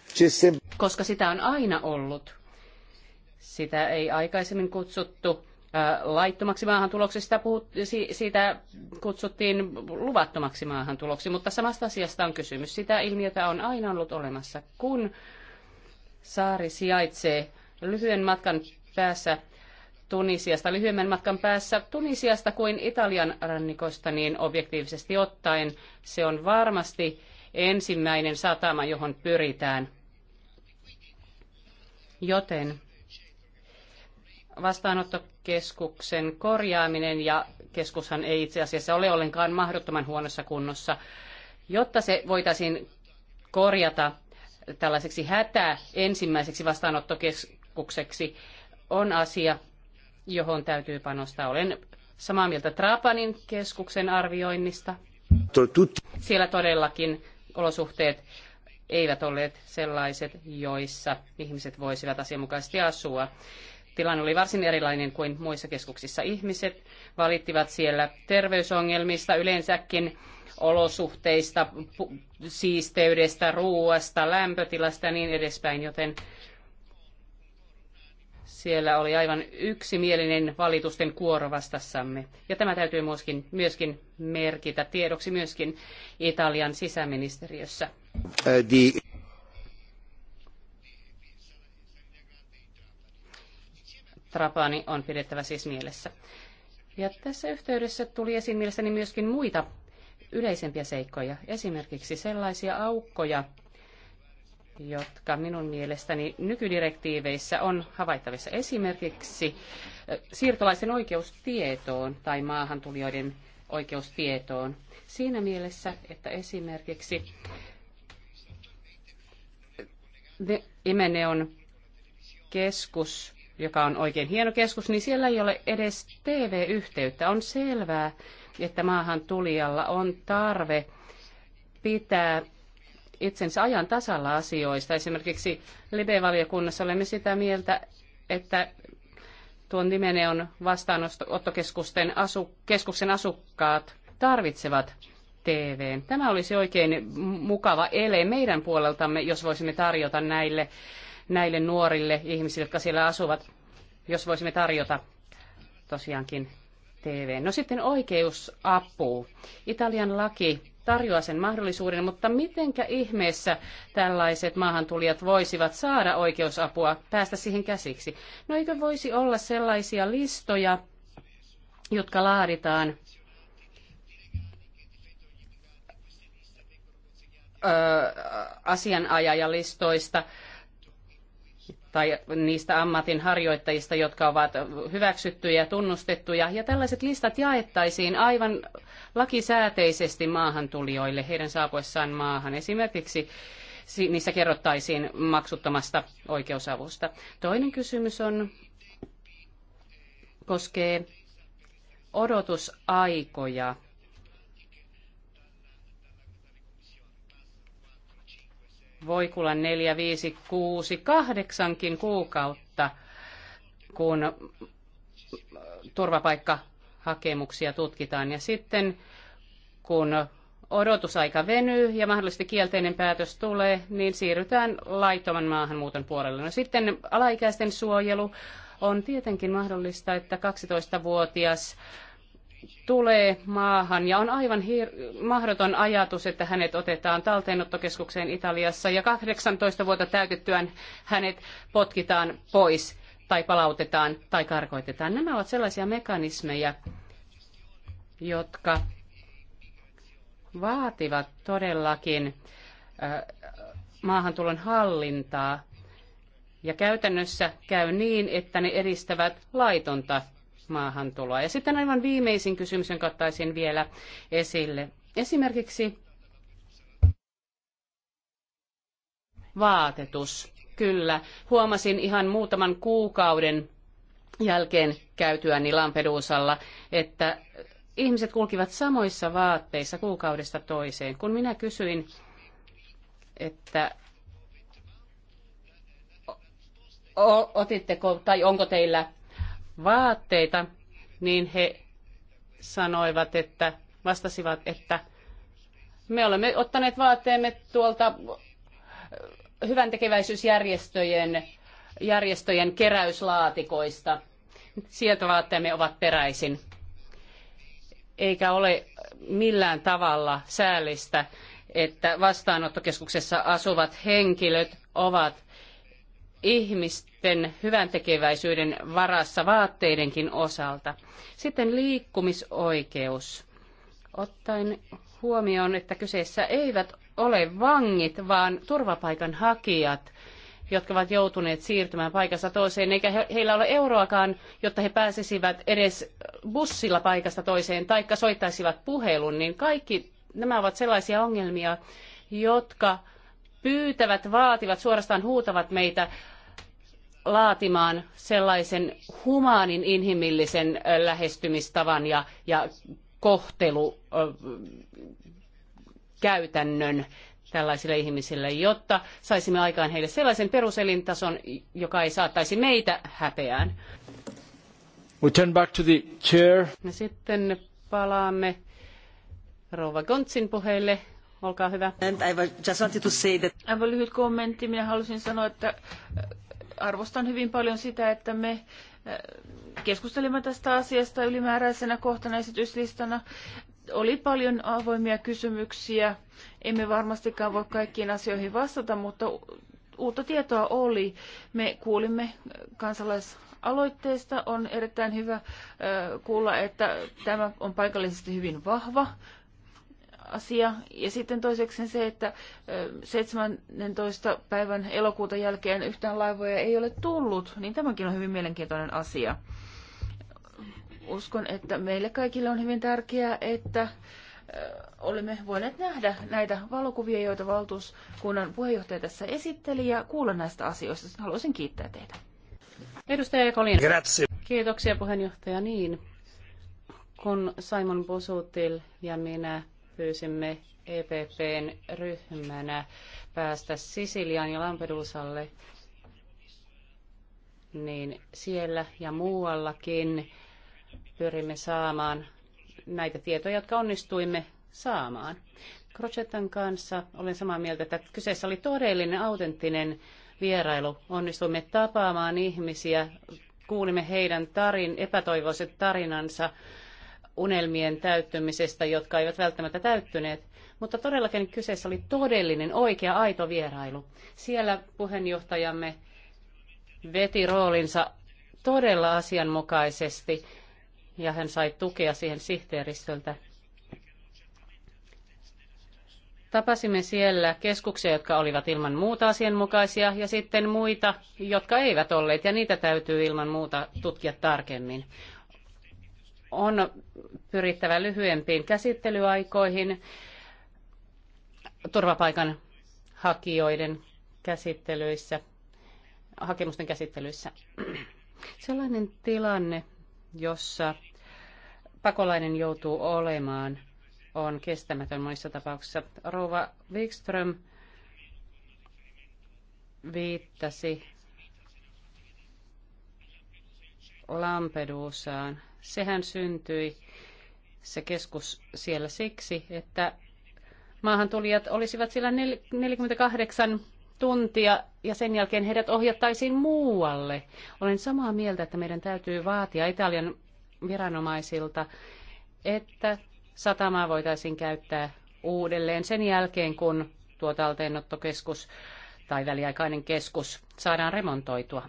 siis koska sitä on aina ollut. Sitä ei aikaisemmin kutsuttu laittomaksi maahantuloksi, sitä puhut, siitä kutsuttiin luvattomaksi maahantuloksi, mutta samasta asiasta on kysymys. Sitä ilmiötä on aina ollut olemassa, kun saari sijaitsee lyhyen matkan päässä Tunisiasta, lyhyemmän matkan päässä Tunisiasta kuin Italian rannikosta, niin objektiivisesti ottaen se on varmasti ensimmäinen satama, johon pyritään. Joten vastaanottokeskuksen korjaaminen, ja keskushan ei itse asiassa ole ollenkaan mahdottoman huonossa kunnossa, jotta se voitaisiin korjata tällaiseksi hätä ensimmäiseksi vastaanottokeskukseksi, on asia, johon täytyy panostaa. Olen samaa mieltä Trapanin keskuksen arvioinnista. Siellä todellakin olosuhteet eivät olleet sellaiset, joissa ihmiset voisivat asianmukaisesti asua tilanne oli varsin erilainen kuin muissa keskuksissa. Ihmiset valittivat siellä terveysongelmista, yleensäkin olosuhteista, siisteydestä, ruuasta, lämpötilasta ja niin edespäin, joten siellä oli aivan yksimielinen valitusten kuoro vastassamme. Ja tämä täytyy myöskin, myöskin merkitä tiedoksi myöskin Italian sisäministeriössä. The... Trapani on pidettävä siis mielessä. Ja tässä yhteydessä tuli esiin mielestäni myöskin muita yleisempiä seikkoja, esimerkiksi sellaisia aukkoja, jotka minun mielestäni nykydirektiiveissä on havaittavissa esimerkiksi siirtolaisen oikeustietoon tai maahantulijoiden oikeustietoon. Siinä mielessä, että esimerkiksi Imeneon keskus joka on oikein hieno keskus, niin siellä ei ole edes TV-yhteyttä. On selvää, että maahan tulijalla on tarve pitää itsensä ajan tasalla asioista. Esimerkiksi Libe-valiokunnassa olemme sitä mieltä, että tuon nimene on vastaanottokeskusten asu, keskuksen asukkaat tarvitsevat TV. Tämä olisi oikein mukava ele meidän puoleltamme, jos voisimme tarjota näille näille nuorille ihmisille, jotka siellä asuvat, jos voisimme tarjota tosiaankin TV. No sitten oikeusapu. Italian laki tarjoaa sen mahdollisuuden, mutta mitenkä ihmeessä tällaiset maahantulijat voisivat saada oikeusapua, päästä siihen käsiksi? No eikö voisi olla sellaisia listoja, jotka laaditaan asianajajalistoista, tai niistä ammatinharjoittajista, harjoittajista, jotka ovat hyväksyttyjä ja tunnustettuja. Ja tällaiset listat jaettaisiin aivan lakisääteisesti maahantulijoille heidän saapuessaan maahan. Esimerkiksi niissä kerrottaisiin maksuttomasta oikeusavusta. Toinen kysymys on, koskee odotusaikoja voi kuulla neljä, viisi, kuusi, kahdeksankin kuukautta, kun turvapaikkahakemuksia tutkitaan. Ja sitten kun odotusaika venyy ja mahdollisesti kielteinen päätös tulee, niin siirrytään laittoman maahanmuuton puolelle. No sitten alaikäisten suojelu on tietenkin mahdollista, että 12-vuotias tulee maahan ja on aivan mahdoton ajatus, että hänet otetaan talteenottokeskukseen Italiassa ja 18 vuotta täytettyään hänet potkitaan pois tai palautetaan tai karkoitetaan. Nämä ovat sellaisia mekanismeja, jotka vaativat todellakin maahantulon hallintaa. Ja käytännössä käy niin, että ne edistävät laitonta maahantuloa. Ja sitten aivan viimeisin kysymys, jonka ottaisin vielä esille. Esimerkiksi vaatetus. Kyllä, huomasin ihan muutaman kuukauden jälkeen käytyäni Lampedusalla, että ihmiset kulkivat samoissa vaatteissa kuukaudesta toiseen. Kun minä kysyin, että otitteko tai onko teillä vaatteita, niin he sanoivat, että vastasivat, että me olemme ottaneet vaatteemme tuolta äh, hyvän tekeväisyysjärjestöjen järjestöjen keräyslaatikoista. Sieltä vaatteemme ovat peräisin. Eikä ole millään tavalla säällistä, että vastaanottokeskuksessa asuvat henkilöt ovat ihmistä sitten hyvän tekeväisyyden varassa vaatteidenkin osalta. Sitten liikkumisoikeus. Ottaen huomioon, että kyseessä eivät ole vangit, vaan turvapaikan hakijat, jotka ovat joutuneet siirtymään paikasta toiseen, eikä heillä ole euroakaan, jotta he pääsisivät edes bussilla paikasta toiseen, taikka soittaisivat puhelun, niin kaikki nämä ovat sellaisia ongelmia, jotka pyytävät, vaativat, suorastaan huutavat meitä laatimaan sellaisen humaanin inhimillisen lähestymistavan ja, ja kohtelukäytännön tällaisille ihmisille, jotta saisimme aikaan heille sellaisen peruselintason, joka ei saattaisi meitä häpeään. We turn back to the chair. Sitten palaamme rouva Gontsin puheille. Olkaa hyvä. And I just wanted to say that... Aivan lyhyt kommentti. Minä halusin sanoa, että arvostan hyvin paljon sitä, että me äh, keskustelimme tästä asiasta ylimääräisenä kohtana esityslistana. Oli paljon avoimia kysymyksiä. Emme varmastikaan voi kaikkiin asioihin vastata, mutta uutta tietoa oli. Me kuulimme aloitteesta On erittäin hyvä äh, kuulla, että tämä on paikallisesti hyvin vahva asia. Ja sitten toiseksi se, että 17. päivän elokuuta jälkeen yhtään laivoja ei ole tullut, niin tämäkin on hyvin mielenkiintoinen asia. Uskon, että meille kaikille on hyvin tärkeää, että olemme voineet nähdä näitä valokuvia, joita valtuuskunnan puheenjohtaja tässä esitteli ja kuulla näistä asioista. Haluaisin kiittää teitä. Edustaja Ekolin. Grazie. Kiitoksia puheenjohtaja. Niin, kun Simon Bosutil ja minä pyysimme EPPn ryhmänä päästä Sisiliaan ja Lampedusalle, niin siellä ja muuallakin pyrimme saamaan näitä tietoja, jotka onnistuimme saamaan. Crochetan kanssa olen samaa mieltä, että kyseessä oli todellinen, autenttinen vierailu. Onnistuimme tapaamaan ihmisiä, kuulimme heidän tarin, epätoivoiset tarinansa unelmien täyttymisestä, jotka eivät välttämättä täyttyneet, mutta todellakin kyseessä oli todellinen, oikea, aito vierailu. Siellä puheenjohtajamme veti roolinsa todella asianmukaisesti ja hän sai tukea siihen sihteeristöltä. Tapasimme siellä keskuksia, jotka olivat ilman muuta asianmukaisia, ja sitten muita, jotka eivät olleet, ja niitä täytyy ilman muuta tutkia tarkemmin on pyrittävä lyhyempiin käsittelyaikoihin turvapaikan hakijoiden käsittelyissä, hakemusten käsittelyissä. Sellainen tilanne, jossa pakolainen joutuu olemaan, on kestämätön monissa tapauksissa. Rouva Wikström viittasi Lampedusaan Sehän syntyi se keskus siellä siksi, että maahantulijat olisivat siellä 48 tuntia ja sen jälkeen heidät ohjattaisiin muualle. Olen samaa mieltä, että meidän täytyy vaatia Italian viranomaisilta, että satamaa voitaisiin käyttää uudelleen sen jälkeen, kun tuo talteenottokeskus tai väliaikainen keskus saadaan remontoitua.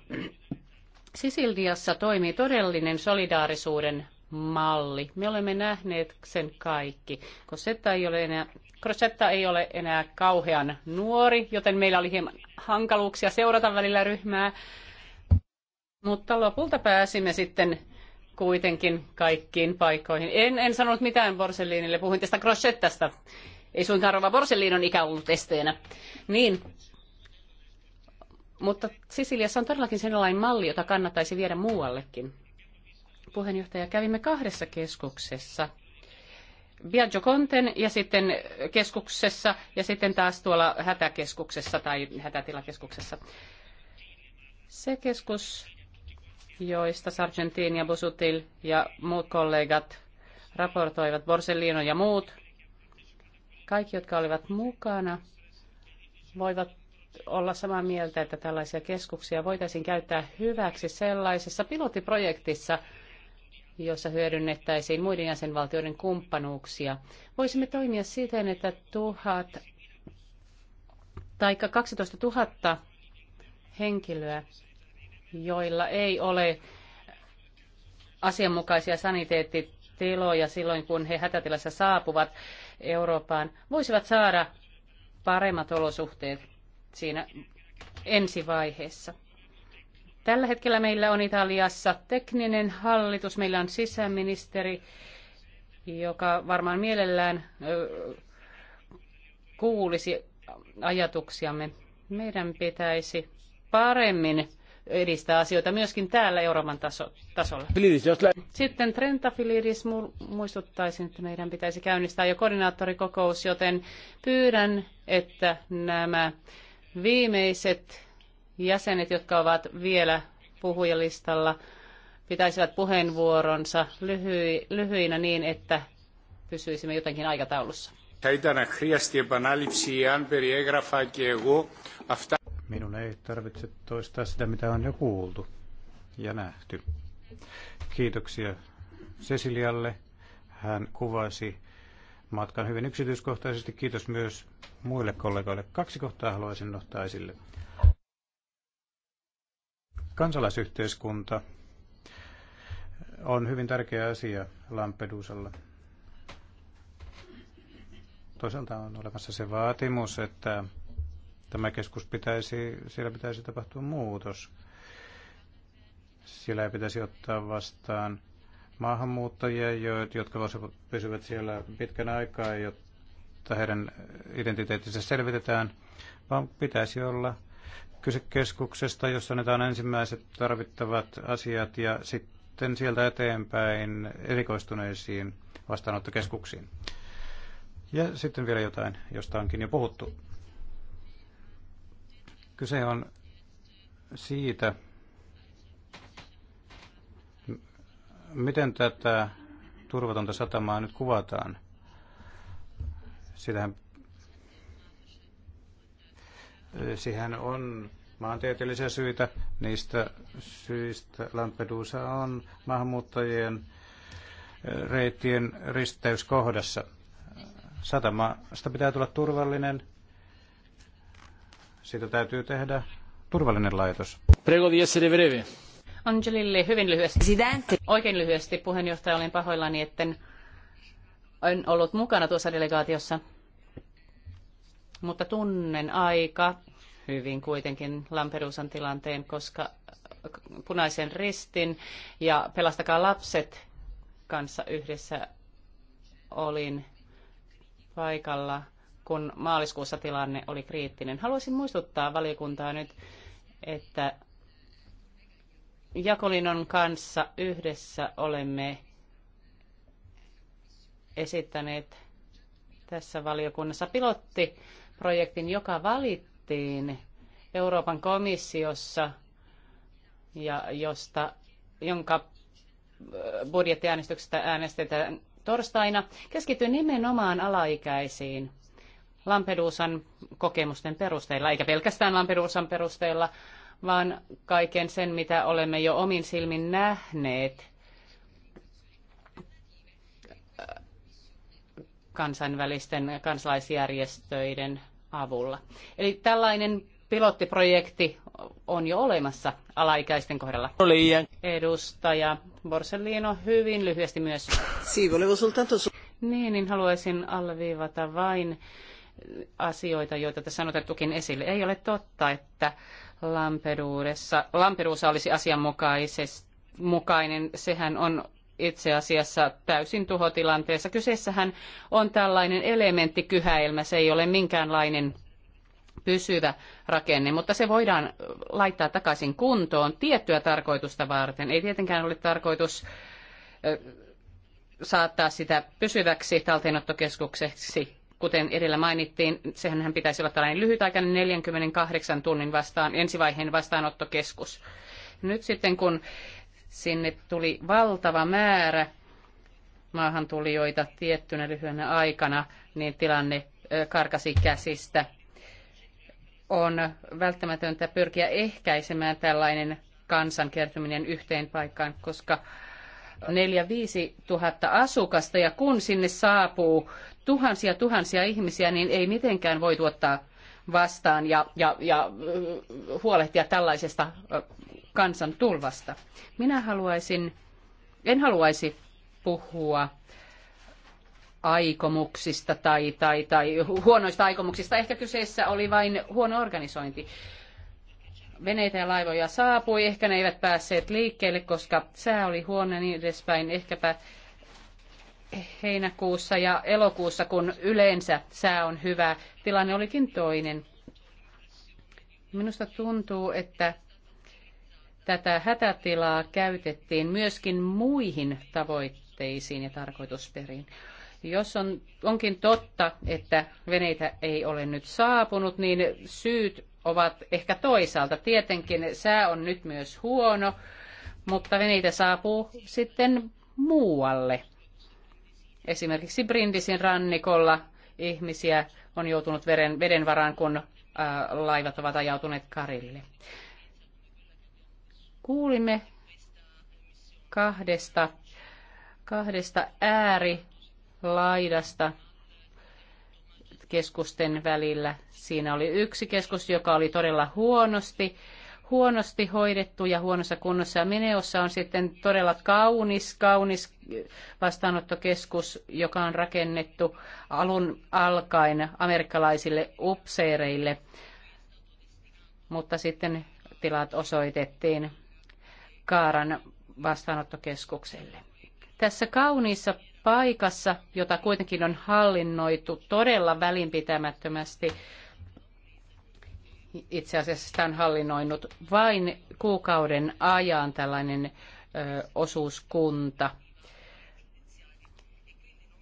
Sisildiassa toimii todellinen solidaarisuuden malli. Me olemme nähneet sen kaikki. Crosetta ei ole enää, Crosetta ei ole enää kauhean nuori, joten meillä oli hieman hankaluuksia seurata välillä ryhmää. Mutta lopulta pääsimme sitten kuitenkin kaikkiin paikoihin. En, en sanonut mitään Borsellinille puhuin tästä Crochettasta. Ei suinkaan Rova Borsellinon on ikä ollut esteenä. Niin, mutta Sisiliassa on todellakin sellainen malli, jota kannattaisi viedä muuallekin. Puheenjohtaja, kävimme kahdessa keskuksessa. Biagio Conten ja sitten keskuksessa ja sitten taas tuolla hätäkeskuksessa tai hätätilakeskuksessa. Se keskus, joista Sargentin ja Busutil ja muut kollegat raportoivat, Borsellino ja muut, kaikki, jotka olivat mukana, voivat olla samaa mieltä, että tällaisia keskuksia voitaisiin käyttää hyväksi sellaisessa pilottiprojektissa, jossa hyödynnettäisiin muiden jäsenvaltioiden kumppanuuksia. Voisimme toimia siten, että tuhat tai 12 000 henkilöä, joilla ei ole asianmukaisia saniteettitiloja silloin, kun he hätätilassa saapuvat Eurooppaan, voisivat saada paremmat olosuhteet siinä ensivaiheessa. Tällä hetkellä meillä on Italiassa tekninen hallitus, meillä on sisäministeri, joka varmaan mielellään kuulisi ajatuksiamme. Meidän pitäisi paremmin edistää asioita myöskin täällä Euroopan taso- tasolla. Sitten Trentafiliris muistuttaisin, että meidän pitäisi käynnistää jo koordinaattorikokous, joten pyydän, että nämä Viimeiset jäsenet, jotka ovat vielä puhujalistalla, pitäisivät puheenvuoronsa lyhy- lyhyinä niin, että pysyisimme jotenkin aikataulussa. Minun ei tarvitse toistaa sitä, mitä on jo kuultu ja nähty. Kiitoksia Cecilialle. Hän kuvasi matkan hyvin yksityiskohtaisesti. Kiitos myös muille kollegoille. Kaksi kohtaa haluaisin nostaa esille. Kansalaisyhteiskunta on hyvin tärkeä asia Lampedusalla. Toisaalta on olemassa se vaatimus, että tämä keskus pitäisi, siellä pitäisi tapahtua muutos. Siellä ei pitäisi ottaa vastaan maahanmuuttajia, jotka pysyvät siellä pitkän aikaa, jotta heidän identiteettinsä selvitetään, vaan pitäisi olla kyse keskuksesta, jossa annetaan ensimmäiset tarvittavat asiat ja sitten sieltä eteenpäin erikoistuneisiin vastaanottokeskuksiin. Ja sitten vielä jotain, josta onkin jo puhuttu. Kyse on siitä, Miten tätä turvatonta satamaa nyt kuvataan? Sitähän, siihen on maantieteellisiä syitä. Niistä syistä Lampedusa on maahanmuuttajien reittien risteyskohdassa. Satamasta pitää tulla turvallinen. Siitä täytyy tehdä turvallinen laitos. Prego di essere breve. Angelille hyvin lyhyesti. Presidente. Oikein lyhyesti puheenjohtaja, olen pahoillani, etten en ollut mukana tuossa delegaatiossa, mutta tunnen aika hyvin kuitenkin Lampedusan tilanteen, koska punaisen ristin ja Pelastakaa lapset kanssa yhdessä olin paikalla, kun maaliskuussa tilanne oli kriittinen. Haluaisin muistuttaa valiokuntaa nyt, että Jakolinon kanssa yhdessä olemme esittäneet tässä valiokunnassa pilottiprojektin, joka valittiin Euroopan komissiossa ja josta, jonka äh, budjettiäänestyksestä äänestetään torstaina, keskittyy nimenomaan alaikäisiin Lampedusan kokemusten perusteella, eikä pelkästään Lampedusan perusteella, vaan kaiken sen, mitä olemme jo omin silmin nähneet kansainvälisten kansalaisjärjestöiden avulla. Eli tällainen pilottiprojekti on jo olemassa alaikäisten kohdalla. Edustaja Borsellino, hyvin lyhyesti myös. Niin, niin haluaisin alleviivata vain asioita, joita tässä on otettukin esille. Ei ole totta, että Lampeduudessa, Lampedusa olisi asianmukainen. Sehän on itse asiassa täysin tuhotilanteessa. Kyseessähän on tällainen elementtikyhäelmä, se ei ole minkäänlainen pysyvä rakenne, mutta se voidaan laittaa takaisin kuntoon tiettyä tarkoitusta varten. Ei tietenkään ole tarkoitus saattaa sitä pysyväksi talteenottokeskukseksi, kuten edellä mainittiin, sehän pitäisi olla tällainen lyhytaikainen 48 tunnin vastaan, ensivaiheen vastaanottokeskus. Nyt sitten kun sinne tuli valtava määrä maahantulijoita tiettynä lyhyenä aikana, niin tilanne karkasi käsistä. On välttämätöntä pyrkiä ehkäisemään tällainen kansan kertyminen yhteen paikkaan, koska 4-5 tuhatta asukasta ja kun sinne saapuu tuhansia tuhansia ihmisiä, niin ei mitenkään voi tuottaa vastaan ja, ja, ja huolehtia tällaisesta kansan tulvasta. Minä haluaisin, en haluaisi puhua aikomuksista tai, tai, tai huonoista aikomuksista. Ehkä kyseessä oli vain huono organisointi. Veneitä ja laivoja saapui, ehkä ne eivät päässeet liikkeelle, koska sää oli huono niin edespäin. Ehkäpä heinäkuussa ja elokuussa, kun yleensä sää on hyvä. Tilanne olikin toinen. Minusta tuntuu, että tätä hätätilaa käytettiin myöskin muihin tavoitteisiin ja tarkoitusperiin. Jos on, onkin totta, että veneitä ei ole nyt saapunut, niin syyt ovat ehkä toisaalta. Tietenkin sää on nyt myös huono, mutta veneitä saapuu sitten muualle Esimerkiksi Brindisin rannikolla ihmisiä on joutunut veren, veden varaan, kun äh, laivat ovat ajautuneet karille. Kuulimme kahdesta, kahdesta äärilaidasta keskusten välillä. Siinä oli yksi keskus, joka oli todella huonosti huonosti hoidettu ja huonossa kunnossa. Ja Mineossa on sitten todella kaunis, kaunis vastaanottokeskus, joka on rakennettu alun alkaen amerikkalaisille upseereille. Mutta sitten tilat osoitettiin Kaaran vastaanottokeskukselle. Tässä kauniissa paikassa, jota kuitenkin on hallinnoitu todella välinpitämättömästi, itse asiassa sitä on hallinnoinut vain kuukauden ajan tällainen ö, osuuskunta,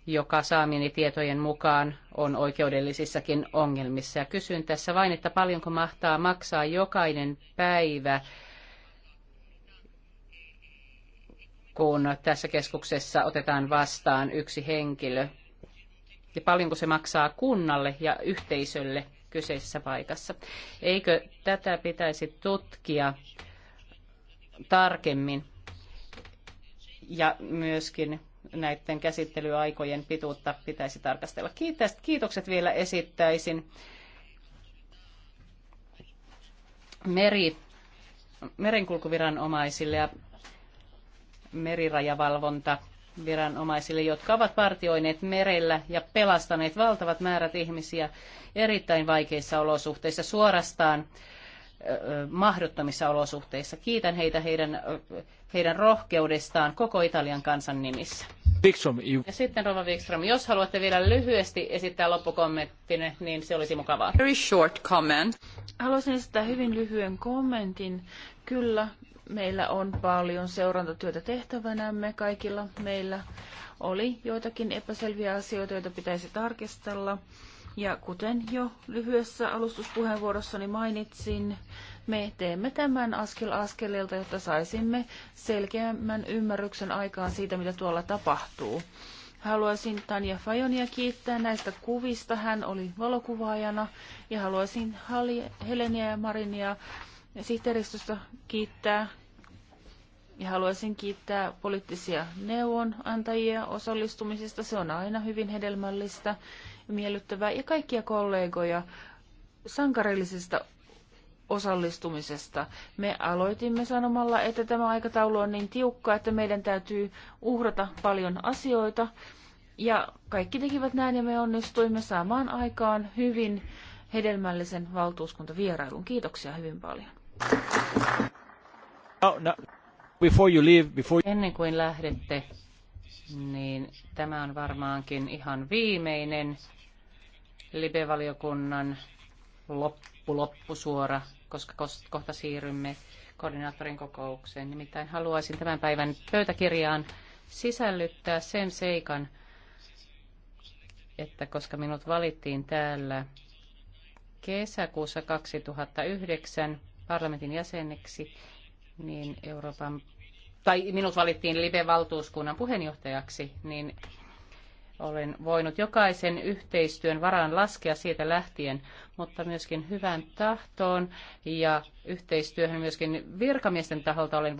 joka saamieni tietojen mukaan on oikeudellisissakin ongelmissa. Ja kysyn tässä vain, että paljonko mahtaa maksaa jokainen päivä kun tässä keskuksessa otetaan vastaan yksi henkilö. Ja paljonko se maksaa kunnalle ja yhteisölle kyseisessä paikassa. Eikö tätä pitäisi tutkia tarkemmin ja myöskin näiden käsittelyaikojen pituutta pitäisi tarkastella. Kiitokset vielä esittäisin meri, merenkulkuviranomaisille ja merirajavalvonta viranomaisille, jotka ovat partioineet merellä ja pelastaneet valtavat määrät ihmisiä erittäin vaikeissa olosuhteissa, suorastaan mahdottomissa olosuhteissa. Kiitän heitä heidän, heidän rohkeudestaan koko Italian kansan nimissä. Wikström, you... Ja sitten Rova Wikström, jos haluatte vielä lyhyesti esittää loppukommenttinne, niin se olisi mukavaa. Very short comment. Haluaisin esittää hyvin lyhyen kommentin. Kyllä, meillä on paljon seurantatyötä tehtävänämme kaikilla meillä. Oli joitakin epäselviä asioita, joita pitäisi tarkistella. Ja kuten jo lyhyessä alustuspuheenvuorossani mainitsin, me teemme tämän askel askeleelta, jotta saisimme selkeämmän ymmärryksen aikaan siitä, mitä tuolla tapahtuu. Haluaisin Tanja Fajonia kiittää näistä kuvista. Hän oli valokuvaajana ja haluaisin Helenia ja Marinia ja sihteeristöstä kiittää ja haluaisin kiittää poliittisia neuvonantajia osallistumisesta. Se on aina hyvin hedelmällistä ja miellyttävää. Ja kaikkia kollegoja sankarillisesta osallistumisesta. Me aloitimme sanomalla, että tämä aikataulu on niin tiukka, että meidän täytyy uhrata paljon asioita. Ja kaikki tekivät näin ja me onnistuimme saamaan aikaan hyvin hedelmällisen valtuuskuntavierailun. Kiitoksia hyvin paljon. No, no, before you leave, before... Ennen kuin lähdette, niin tämä on varmaankin ihan viimeinen libe valiokunnan loppusuora, koska kohta siirrymme koordinaattorin kokoukseen. Nimittäin haluaisin tämän päivän pöytäkirjaan sisällyttää sen seikan, että koska minut valittiin täällä kesäkuussa 2009, parlamentin jäseneksi, niin Euroopan, tai minut valittiin libe valtuuskunnan puheenjohtajaksi, niin olen voinut jokaisen yhteistyön varaan laskea siitä lähtien, mutta myöskin hyvän tahtoon ja yhteistyöhön myöskin virkamiesten taholta olen